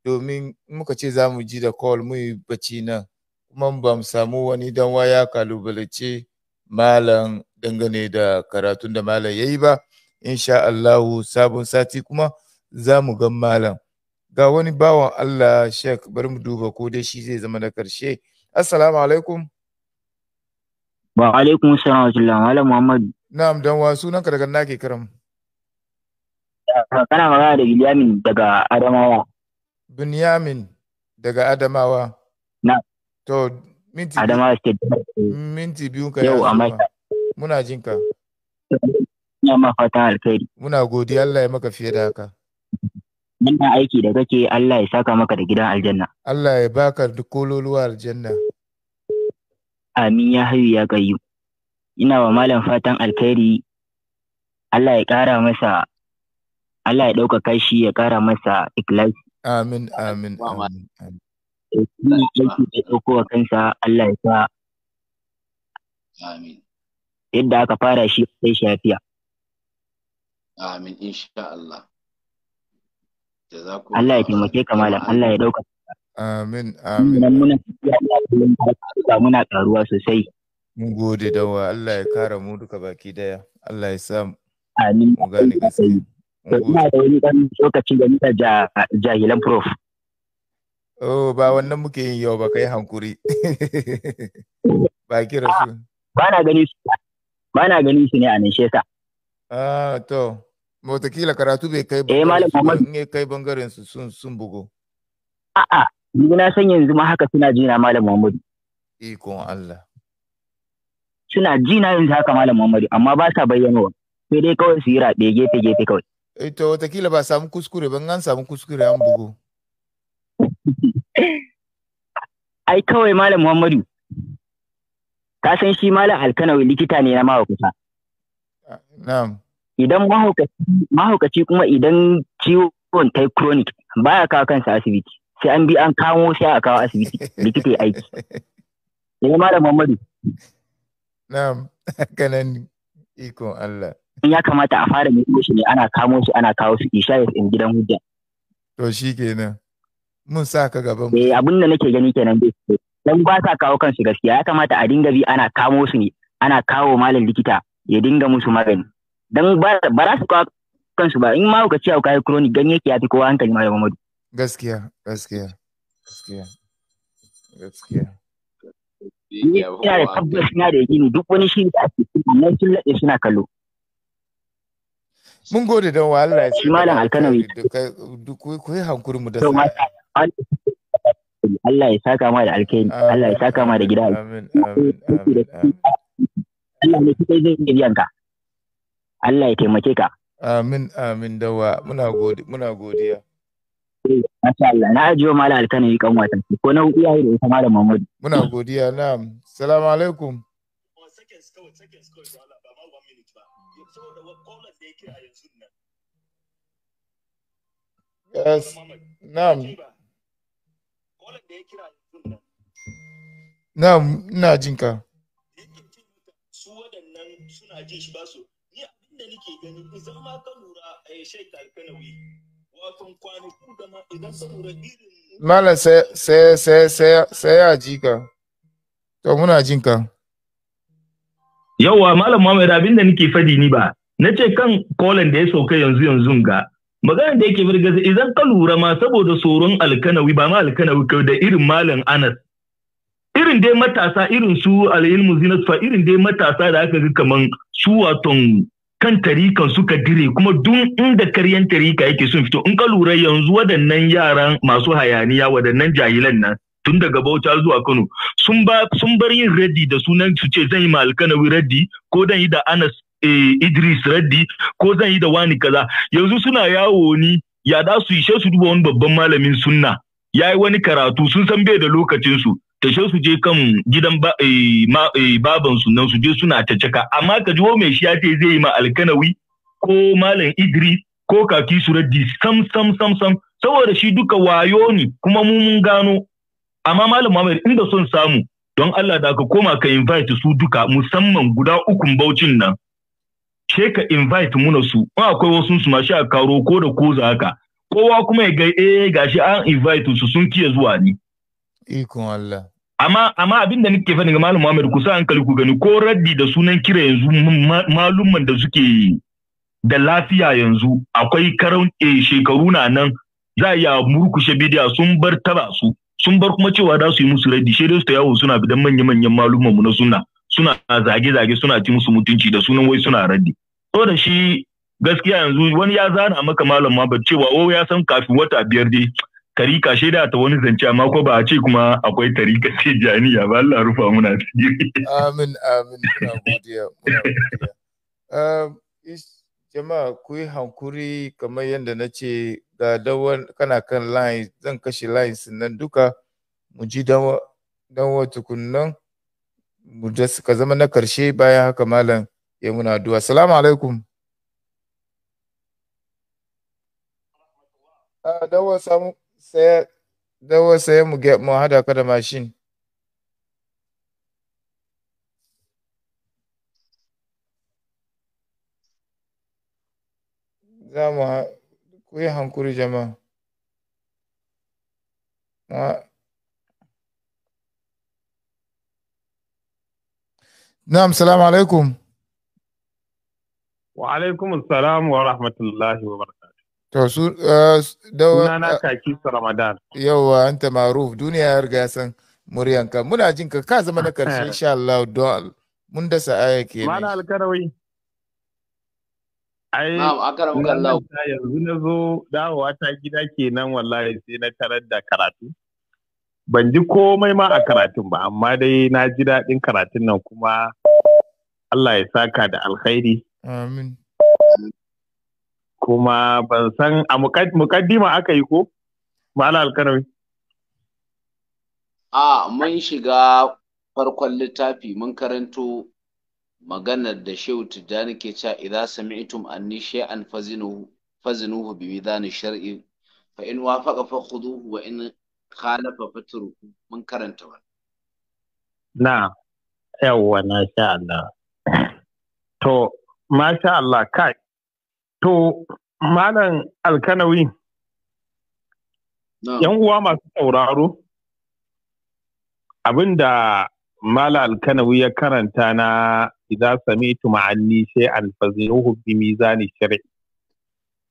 domin muka ce za mu ji da call mu yi bacci nan kuma ba mu samu wani dan waya kalubalace malam dangane da karatun da malam ya yi ba insha Allahu sabon sati kuma za mu gan malam ga wani bawan Allah shek bari mu duba ko dai shi zai zama na karshe assalamu alaikum wa alaikum assalam wa rahmatullahi malam muhammad na'am dan wa sunan ka daga nake karam kana magana da Binyamin daga Adamawa Binyamin daga Adamawa na to minti Adamawa state minti biyu ka yau amma Muna jin ka. Ina ma fatan alkhairi. Muna godiya Allah ya maka fiye da haka. Wannan aiki da kake Allah ya saka maka da gidan aljanna. Allah ya baka duk kololuwa aljanna. Amin ya hayu ya gayu. Ina wa malam fatan alkhairi Allah ya ƙara masa Allah ya ɗaukaka shi ya ƙara masa ikilas. Amin, amin, amin. Aiki da ɗaukowa kansa Allah ya sa. Amin. yadda aka fara shi sai shafiya amin insha Allah Allah ya taimake ka malam Allah ya dauka amin amin muna muna karuwa sosai mun gode da wa Allah ya kara mu duka baki daya Allah ya sa amin mun gane gaskiya ina da wani ɗan lokaci game da jahilan prof. Oh, ba wannan muke yin yau ba kai hankuri. ba kira su. Ba na gani su. ba na ganin shi ne a nan shesa. Ah, to, motakila karatu bai kai eh, bangaren su kai bangaren su sun sun bugo. A'a, ni na san yanzu ma haka suna jina Malam Muhammadu. Ikon Allah. Suna jina yanzu haka Malam Muhammadu, amma ba sa bayyana wa. Sai dai kawai su yi raɓe gefe gefe kawai. Eh to, watakila ba samu kuskure, ban an samu kuskure an bugo. Ai kawai Malam Muhammadu, ka san shi malam alkanawi likita ne na mahaukata idan mahaukaci kuma idan ciwon ta chronic baya kawo kansa asibiti sai an bi an kamo sai a kawo asibiti likita ya aiki sai malam Muhammadu na'am kanan ikon Allah in ya kamata a fara mai shi ne ana kamo su ana kawo su isha in gidan hujja to shi kenan mun sa ka gaba eh abin da nake gani kenan bai dan ba sa kawo kansu gaskiya ya kamata a dinga bi ana kamo su ne ana kawo malam likita ya dinga musu magani dan ba za su kawo kansu ba in ma ka ce ka yi chronic ganye ki yafi kowa hankali malam Muhammadu gaskiya gaskiya gaskiya gaskiya ina da tabbas ina da gini, duk wani shi da ake cikin nan sun laɗe suna kallo mun gode don wa Allah ya shi malam alkanawi duk ku yi hankuri mu da Allah ya saka ma da alkhairi Allah ya saka ma da gida Allah ne kai zai iya yanka Allah ya taimake ka amin amin dawa muna gode muna godiya Masha Allah, na ajiyo mala Alkano yi kan watan, ko na hudu yayi da kuma da Mahmud. Muna godiya, na'am. Salamu alaikum. Yes, na'am. Na'am, ina jin ka. Su waɗannan ba su. da nake gani a eh, To muna jin ka. Malam Muhammad abin da nake fadi ni ba. Na ce kan kolin da ya sauka yanzu yanzu ga maganar da yake birgaza idan ka lura ma saboda tsoron alkanawi ba ma alkanawi kai da irin malam anas irin dai matasa irin su alilmu zinat fa irin dai matasa da aka ga kaman su waton kan tarikan suka dire kuma duk inda karyan tarika yake sun fito in ka lura yanzu waɗannan yaran masu hayaniya waɗannan jahilan nan tun daga Bauta zuwa Kano sun bar yin raddi da sunan su ce zan yi ma alkanawi raddi ko dan yi da Anas Eh, Idris Raddi ko zan yi da wani kaza yanzu suna yawo ni ya da su ishe su duba wani babban malamin sunna ya yi wani karatu sun san bai da lokacinsu tashe su je kan gidan eh, eh, baban sunan su je suna ta caka amma ka ji mai shi ya ce zai yi ma alkanawi ko malam Idris ko kaki suraddi sam sam sam sam saboda shi duka wayo ne kuma mu mun gano amma malam Muhammad inda son samu don Allah da ka koma ka invite su duka musamman guda ukun baucin nan she ka invite muna su in akwai wasu su ma a karo ko da ko za haka kowa kuma ya ga eh gashi an invite su sun kiya zuwa ni ikon Allah amma amma abinda nake faɗi ga malam Muhammad ku sa hankali ku gani ko raddi da sunan kira yanzu malumman da suke da lafiya yanzu akwai eh shekaru na nan za a iya murkushe bidiya sun bar taba su sun bar kuma cewa za su yi musu raddi shi dai su yawo suna bidan manya-manyan malumman mu na sunna suna zage-zage suna ci musu mutunci da sunan wai suna raddi. Saboda shi gaskiya yanzu wani ya zana maka malam ma cewa o ya san kafin wata biyar dai tarika da ta wani zance amma ko ba a ce kuma akwai tarika ce janiya ba Allah rufa muna tsiri. Amin amin godiya um, Jama'a ku hankuri kamar yadda na ce ga dawon kana kan line zan kashe line nan duka mu ji dawa tukunnan. da suka zama na karshe bayan haka malam ya muna addu'a assalamu alaikum ah, dawo samu sai dawo sai mu ga mu hada ka da mashin za mu ku yi hankuri jama'a Na'am, salamu alaikum. Wa alaikum salam wa rahmatullahi wa barakatuh. To su eh, da na eh, kaki su Ramadan. Yau Yawwa anta maruf duniya ya riga san muryanka. Muna jin ka ka zama na karshe insha Allah don mun da sa'aya ke. Mana alkarawai. Ai, yanzu na zo dawowa ta gida kenan wallahi sai na tarar da karatu. Ban ji komai ma a karatun ba, amma dai na ji daɗin karatun nan kuma Allah ya saka da alkhairi. Amin. Kuma ban san a mukaddima aka yi ko? Mala alkanawi. A mun shiga farkon littafi mun karanto maganar da Shehu Tijjani ke cewa sami sami'tum anni an fazinuhu fazinuhu bi mizan shar'i fa in wafaqa fa khuduhu wa in khalafa fatruhu mun karanta wannan. Na yawwa na sha Allah. To, masha Allah kai. To, Malam Alkanawi, ‘yan uwa masu sauraro, abin da Malam Alkanawi ya karanta na idza sami'tu ma'anni an fazihu bi mizani shari'i.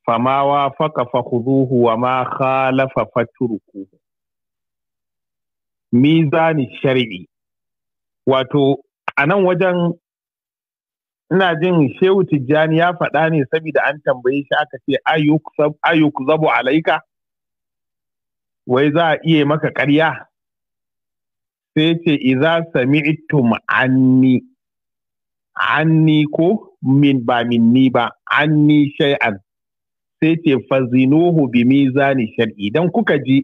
Fama wa faka fakhuduhu wa ma khalafa fatruku. Mizani shari'i. Wato, anan wajen ina jin shehu tijjani ya faɗa ne saboda an tambaye shi aka ce ayyuk zabo alaika wai za a iya maka karya? sai ce iza sami'tum anni anni ko min ba minni ba anni shay'an sai ce fazinuhu bi mizani shar'i idan kuka ji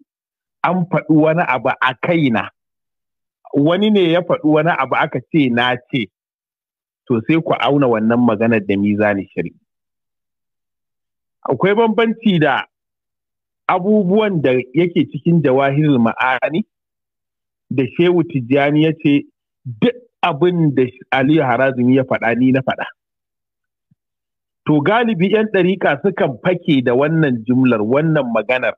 an faɗi wani abu a kaina wani ne ya faɗi wani abu aka ce na ce to sai ku auna wannan maganar da mizani shari akwai bambanci da abubuwan da yake cikin jawahirul ma'ani da shehu tijjani ya ce duk abin da aliyu harazumi ya faɗa ni na faɗa to galibi 'yan ɗariƙa sukan fake da wannan jumlar wannan maganar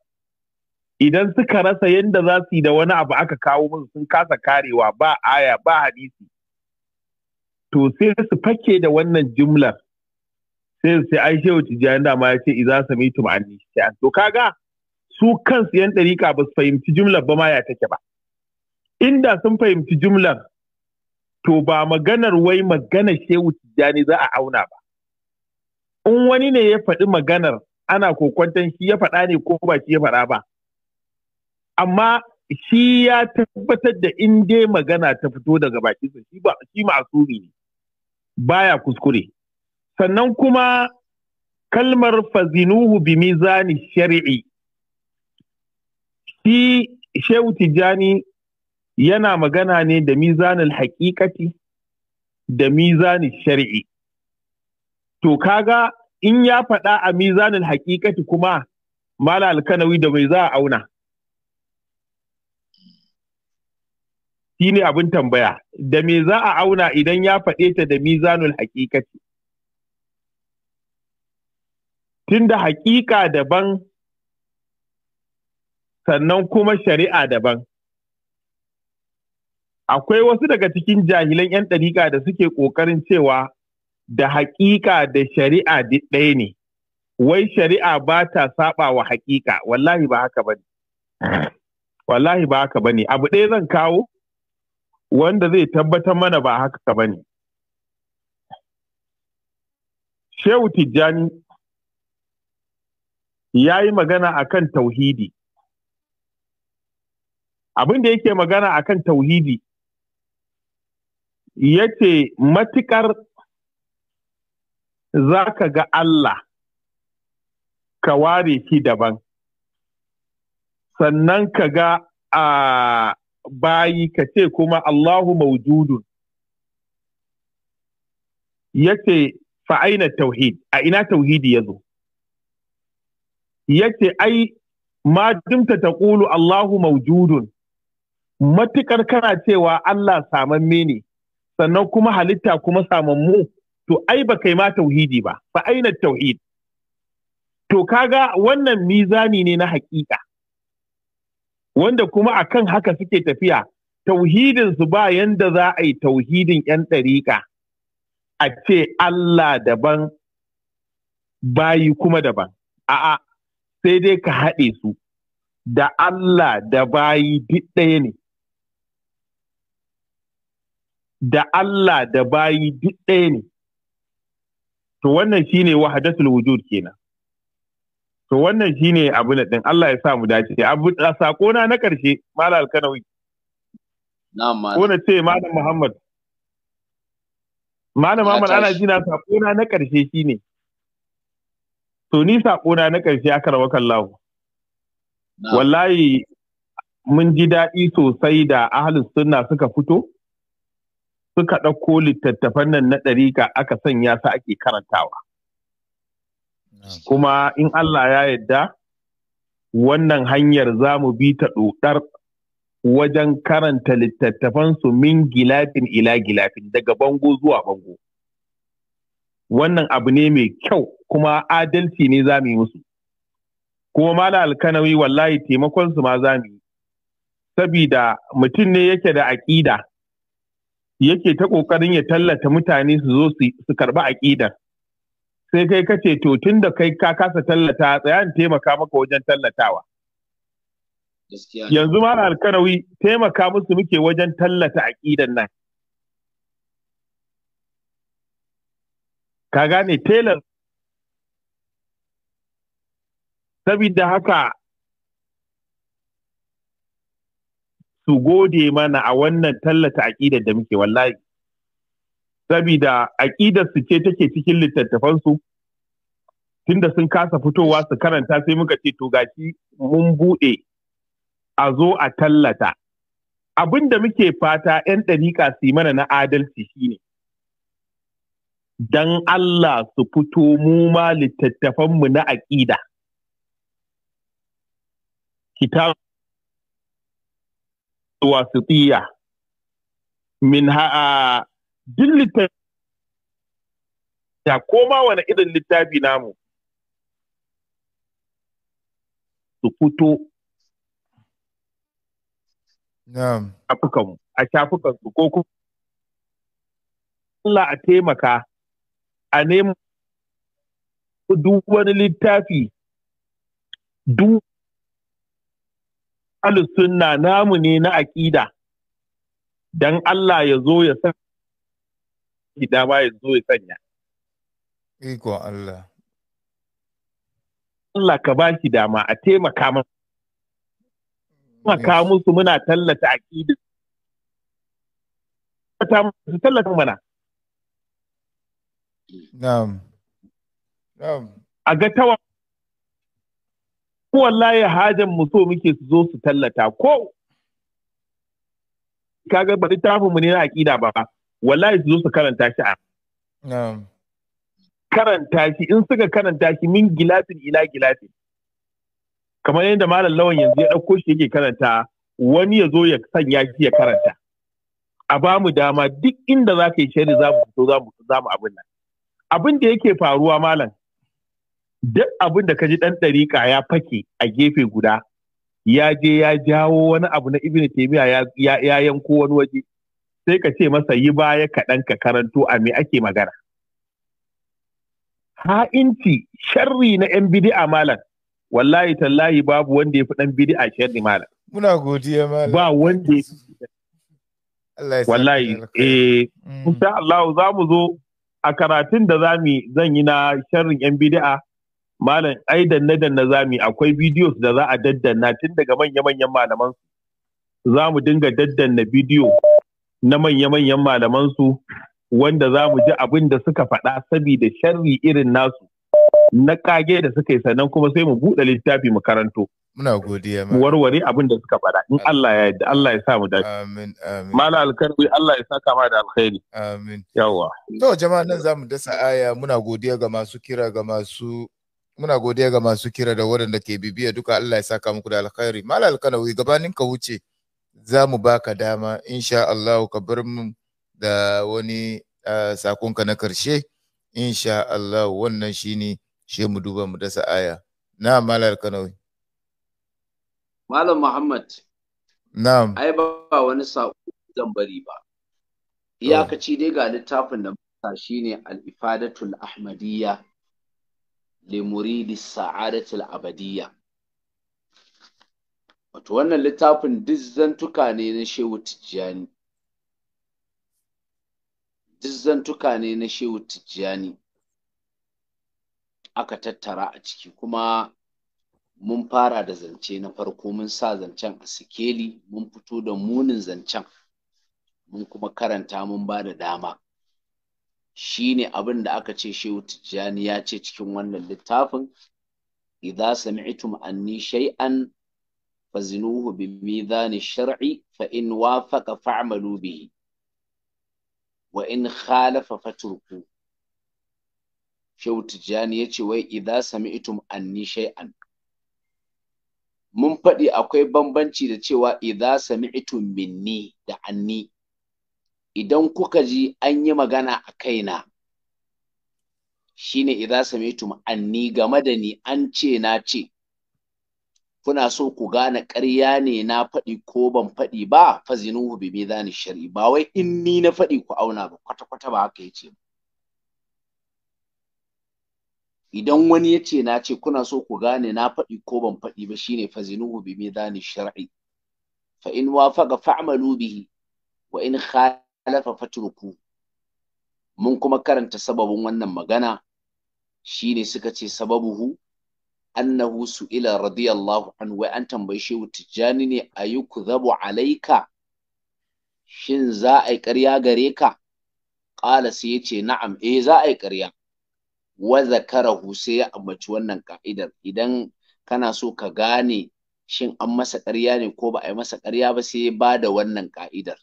idan suka rasa yadda za su yi da wani abu aka kawo musu sun kasa karewa ba aya ba hadisi to sai su fake da wannan jumlar sai su sai ai shehu tijjani ma ya ce 'Iza idza samitum anni shay'an to kaga su kansu yan ɗarika ba su fahimci jumlar ba ma ya take ba inda sun fahimci jimlar, to ba maganar wai magana shehu tijjani za a auna ba in wani ne ya faɗi maganar ana kokwanton shi ya faɗa ne ko ba shi ya faɗa ba amma shi ya tabbatar da in dai magana ta fito daga bakinsa shi ba shi ma'asumi ne baya kuskure sannan kuma kalmar fazinuhu bi mizani shari'i shi shehu tijjani yana magana ne da mizanin hakikati da mizanin shari'i to kaga in ya faɗa a mizanin hakikati kuma mala alkanawi da mai za a auna Shi ne abin tambaya da me za a auna idan ya faɗe ta da mizanul haƙiƙati tunda haƙiƙa daban sannan kuma shari'a daban akwai wasu daga cikin jahilan 'yan ɗariƙa da suke ƙoƙarin cewa da haƙiƙa da shari'a ɗaya ne wai shari'a ba ta saɓa wa haƙiƙa wallahi ba haka ba ne wallahi ba haka ba ne abu ɗaya zan kawo wanda zai tabbatar mana ba haka ba ne. Shehu Tijjani ya yi magana a kan tauhidi. Abin da yake magana a kan tauhidi, ya ce matuƙar za ka ga Allah ka ware shi daban, sannan ka ga a ah, bayi ka ce kuma Allahu maujudun, ya fa aina tauhid a ina tauhidi yazo yace ai ma ta ƙulu Allahu maujudun. matukar kana cewa Allah samamme ne sannan kuma halitta kuma saman mu? to ai ba kai ma tauhidi ba fa aina tauhid to kaga wannan mizani ne na haƙiƙa wanda kuma akan haka suke tafiya tauhidin su ba yanda za a yi tauhidin yan ɗariƙa a ce Allah daban bayi kuma daban a'a sai dai ka haɗe su da Allah da bayi duk ɗaya ne da Allah da bayi duk ɗaya ne to wannan shine wahadatul wujud kenan to wannan shine abu na din Allah ya sa mu dace abu sakona na na karshe malam alkanawi na'am ko na ce malam muhammad malam muhammad ana jina sakona na ƙarshe karshe shine to ni sako na na karshe aka rawa kallahu wallahi mun ji daɗi sosai da ahlus sunna suka fito suka ɗauko littattafan nan na ɗarika aka sanya su ake karantawa kuma in Allah ya yadda wannan hanyar za mu bi ta ɗoɗar wajen karanta littattafansu min gilafin ila gilafin daga bango zuwa bango. Wannan abu ne mai kyau kuma adalci ne za mu yi musu. Kuma mala alkanawi wallahi taimakonsu ma za mu yi. Sabida mutum ne yake da aƙida, yake ta ƙoƙarin ya tallata mutane su zo su karɓi aƙidar. sai kai ka ce to tun da kai ka kasa tallata tsaya in taimaka maka wajen tallatawa yanzu ma alkarawi taimaka musu muke wajen tallata aƙidan nan ka gane telar? sabida haka su gode mana a wannan tallata aƙidar da muke wallahi sabida aƙidar su ce take cikin littattafansu tunda sun kasa fitowa su karanta sai muka ce to gashi mun buɗe a zo a tallata abin da muke fata 'yan ɗariƙa su yi mana na adalci shine Dan Allah su fito mu ma mu na aƙida kitab wasitiya min ha'a duk littafi da koma wani irin littafi namu su fito a su ko ku Allah a taimaka a nemo duk wani littafi duk sunna namu ne na aƙida don Allah ya zo ya san shi dama ya zo ya sanya. Iko Allah. Allah ka ba shi dama a taimaka musu. Taimaka musu muna tallata aƙida. Su tallata mana. Na'am. Na'am. A ga tawa wallahi hajan mu so muke su zo su tallata ko kaga ba littafin mu ne na aƙida ba wallahi su zo su karanta shi a karanta shi in suka karanta shi min gilasin ila gilasin kamar yadda malam lawan yanzu ya ɗauko shi yake karanta wani ya zo ya sanya shi ya karanta a ba mu dama duk inda za ka yi shari za mu fito za mu abin nan abin da yake faruwa malam duk abin da ka ji ɗan ɗariƙa ya fake a gefe guda ya je ya jawo wani abu na ibn taimiya ya yanko wani waje sai ka ce masa yi baya kaɗan ka karanto a me ake magana ha'inci sharri na 'yan bidi'a malam wallahi tallahi babu wanda ya fi ɗan bidi'a sharri malam muna godiya malam ba wanda ya wallahi eh mm. insha Allah za mu zo a karatun da za mu zan yi na sharrin yan bidi'a malam ai danne danne za mu akwai bidiyo da za a daddanna tun daga manya manyan malaman za mu dinga daddanna bidiyo na manya-manyan malamansu wanda za mu ji abin da suka faɗa saboda sharri irin nasu na kage da suka yi sannan kuma sai mu buɗe littafi mu karanto. Muna godiya. Mu warware abin da suka faɗa in Allah ya yarda Allah ya sa mu dace. Amin amin. Mala alkarbi Allah ya saka ma da alkhairi. Amin. Yawwa. To jama'a nan zamu dasa aya muna godiya ga masu kira ga masu muna godiya ga masu kira da waɗanda ke bibiya duka Allah ya saka muku da alkhairi. Mala alkanawi gabanin ka wuce. za mu baka dama insha Allah ka bar mu da wani uh, sakonka na karshe insha Allah wannan shine she mu duba mu dasa aya na malar kanawi malam muhammad na'am ai ba wani sako zan bari ba iyakaci dai ga littafin da muka shine al-ifadatul ahmadiyya li muridi sa'adatul abadiyya wato wannan littafin duk zantuka ne na shehu tijjani duk zantuka ne na shehu tijjani aka tattara a ciki kuma mun fara da zance na farko mun sa zancen a sikeli mun fito da munin zancen mun kuma karanta mun ba da dama shi ne abin da aka ce shehu tijjani ya ce cikin wannan littafin idza sami'tum anni shay'an fazinuhu bi mizani shar'i fa in wafaqa fa'malu bihi wa in khalafa faturku Shehu ya ce wai idza sami'tum anni shay'an mun faɗi akwai bambanci da cewa idza sami'tum minni da anni idan kuka ji an yi magana a kaina shine idza sami'tum anni game da ni an ce na ce kuna so ku gane ƙarya ne na faɗi ko ban faɗi ba fazinuhu bi zani shari'i ba wai in ni na faɗi ku auna ba kwata kwata ba haka yace idan wani ya ce na ce kuna so ku gane na faɗi ko ban faɗi ba shine fazinuhu bi zani shar'i fa in wafaqa fa'malu bihi wa in khalafa fatruku mun kuma karanta sababin wannan magana shine suka ce sababuhu annahu su'ila radiyallahu anhu wai an tambayi shehu tijjani ne ayukdhabu alaika shin za a yi ƙarya gare ka ƙala ya ce na'am eh za a yi karya. wa zakarahu sai ya ambaci wannan ka'idar idan kana so ka gane shin an masa ƙarya ne ko ba a yi masa karya ba sai ya ba da wannan ka'idar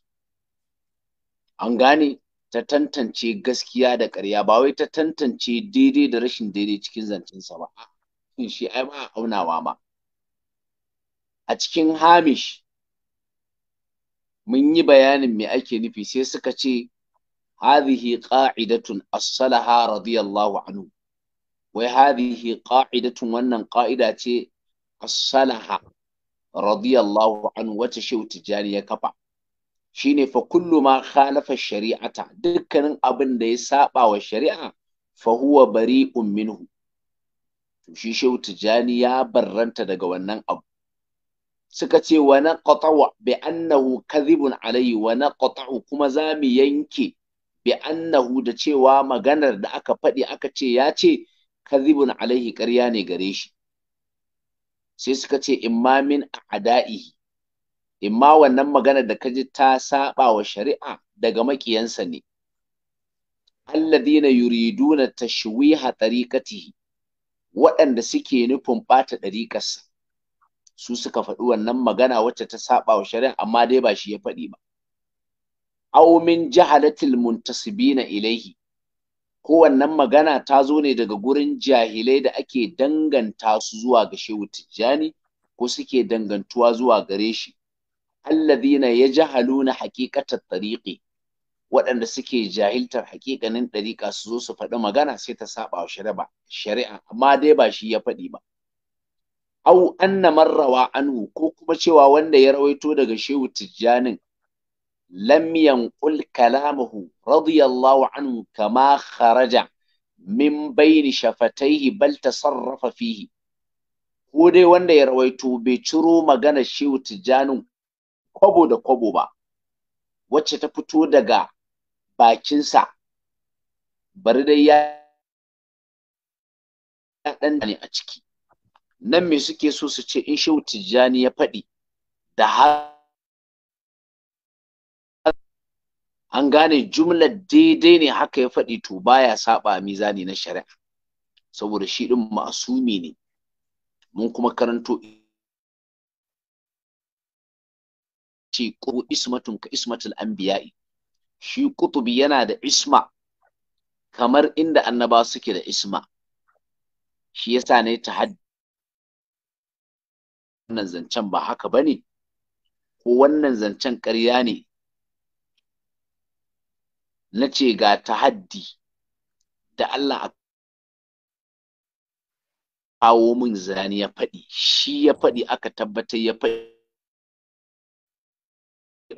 an gane ta tantance gaskiya da ƙarya ba wai ta tantance daidai da rashin daidai cikin zancensa ba kishi ai ba a aunawa a cikin hamish mun yi bayanin me ake nufi sai suka ce hadhihi qa'idatun as-salaha radiyallahu anhu wai hadhihi qa'idatun wannan qa'ida ce as-salaha radiyallahu anhu wata shehu tijani ya kafa shine fa kullu ma khalafa shari'ata dukkanin abin da ya saba wa shari'a fa huwa bari'un minhu shi shehu tijani ya barranta daga wannan abu suka ce wa naqta'u bi annahu kadhibun alayhi wa naqta'u kuma zamu yanke bi annahu da cewa maganar da aka faɗi aka ce ya ce kadhibun alaihi ƙarya ne gare shi sai suka ce imma min a'da'ihi imma wannan maganar da kaji ta saba wa shari'a daga makiyansa ne alladhina yuriduna tashwiha tariqatihi waɗanda suke nufin ɓata ɗariƙarsa su suka faɗi wannan magana wacce ta saɓa wa shari'a amma dai ba shi ya faɗi ba au min jahalatil muntasibina ilaihi ko wannan magana ta zo ne daga gurin jahilai da ake danganta su zuwa ga shehu tijjani ko suke dangantuwa zuwa gare shi allazina yajhaluna haqiqatat tariqi waɗanda suke jahiltar hakikanin ɗariƙa su zo su faɗi magana sai ta saba wa shari'a shari'a amma dai ba shi ya faɗi ba au anna marrawa anhu ko kuma cewa wanda ya rawaito daga shehu tijjanin lam yanqul kalamahu radiyallahu anhu kama kharaja min bayni shafataihi bal tasarrafa fihi ko dai wanda ya rawaito bai ciro magana shehu tijjanin kwabo da kwabo ba wacce ta fito daga bakinsa bari dai ya ɗan ne a ciki nan me suke so su ce in shehu tijjani ya faɗi da har an gane jumla daidai ne haka ya faɗi to baya saba mizani na shari'a saboda shi ɗin masumi ne mun kuma karanto ce ko ismatun ka ismatul anbiya'i shi kutubi yana da isma kamar inda annaba suke da isma shi yasa ne ta wannan zancen ba haka ba ne ko wannan zancen karya ne na ce ga ta haddi da Allah a kawo min zani ya faɗi shi ya faɗi aka tabbatar ya faɗi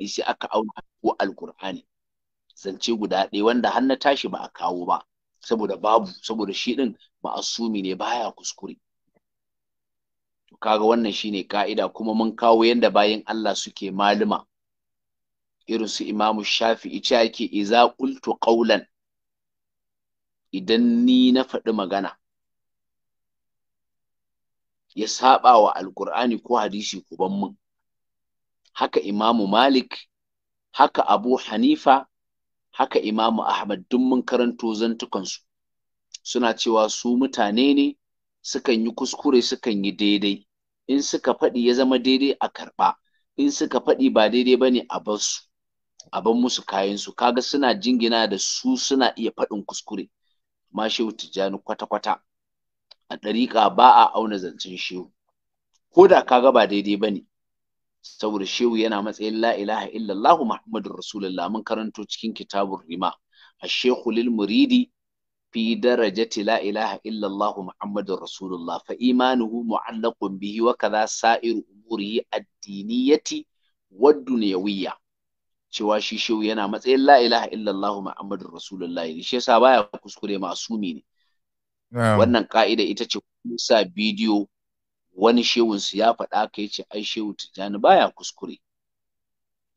sai aka auna ko alkur'ani zance guda ɗaya wanda har na tashi ba a kawo ba saboda babu saboda shi ɗin ma'asumi ne baya kuskure to kaga wannan shine ka'ida kuma mun kawo yadda bayan Allah suke malima irin su Imamu Shafi, ce yake iza qultu qawlan idan ni na faɗi magana ya saba wa alkur'ani ko hadisi ko mun haka imamu malik haka abu hanifa haka imamu ahmad duk mun karanto zantukansu suna cewa su mutane ne sukan yi kuskure sukan yi daidai in suka faɗi ya zama daidai a karɓa in suka faɗi ba daidai ba ne a bar su a bar musu kayansu kaga suna jingina da su suna iya faɗin kuskure ma shehu tijjani kwata-kwata a ɗariƙa ba a auna zancen shehu ko da kaga ba daidai ba ne saboda shehu yana matsayin la ilaha illallah muhammadur rasulullah mun karanto cikin kitabun rima ashekhu lil muridi fi darajati la ilaha illallahu muhammadur rasulullah fa imanuhu mu'allaqun bihi wa kaza sa'iru umurihi addiniyati diniyati dunyawiyya cewa shi shehu yana matsayin la ilaha illallah muhammadur rasulullah shi yasa baya kuskure masumi ne wannan ka'ida ita ce sa bidiyo wani shehun su ya faɗa ka ce ai shehu tijjani baya kuskure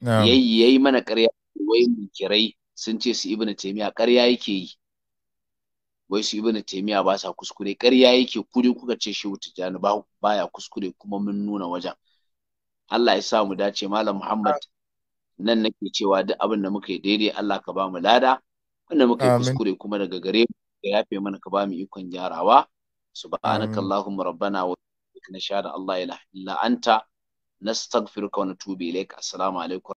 yayi yayi mana ƙarya wai kirai sun ce su ibnu taymiya ƙarya yake yi wai su ibnu taymiya ba sa kuskure ƙarya yake kudi kuka ce shehu tijjani ba baya kuskure kuma mun nuna wajen Allah ya sa mu dace malam Muhammad nan nake cewa duk abin da muka yi daidai Allah ka ba mu lada wanda muka yi kuskure kuma daga gare mu ka yafe mana ka ba mu ikon gyarawa subhanakallahumma rabbana wa bihamdika nashhadu Allah la ilaha La'anta na nastaghfiruka wa natubu ilaik assalamu alaikum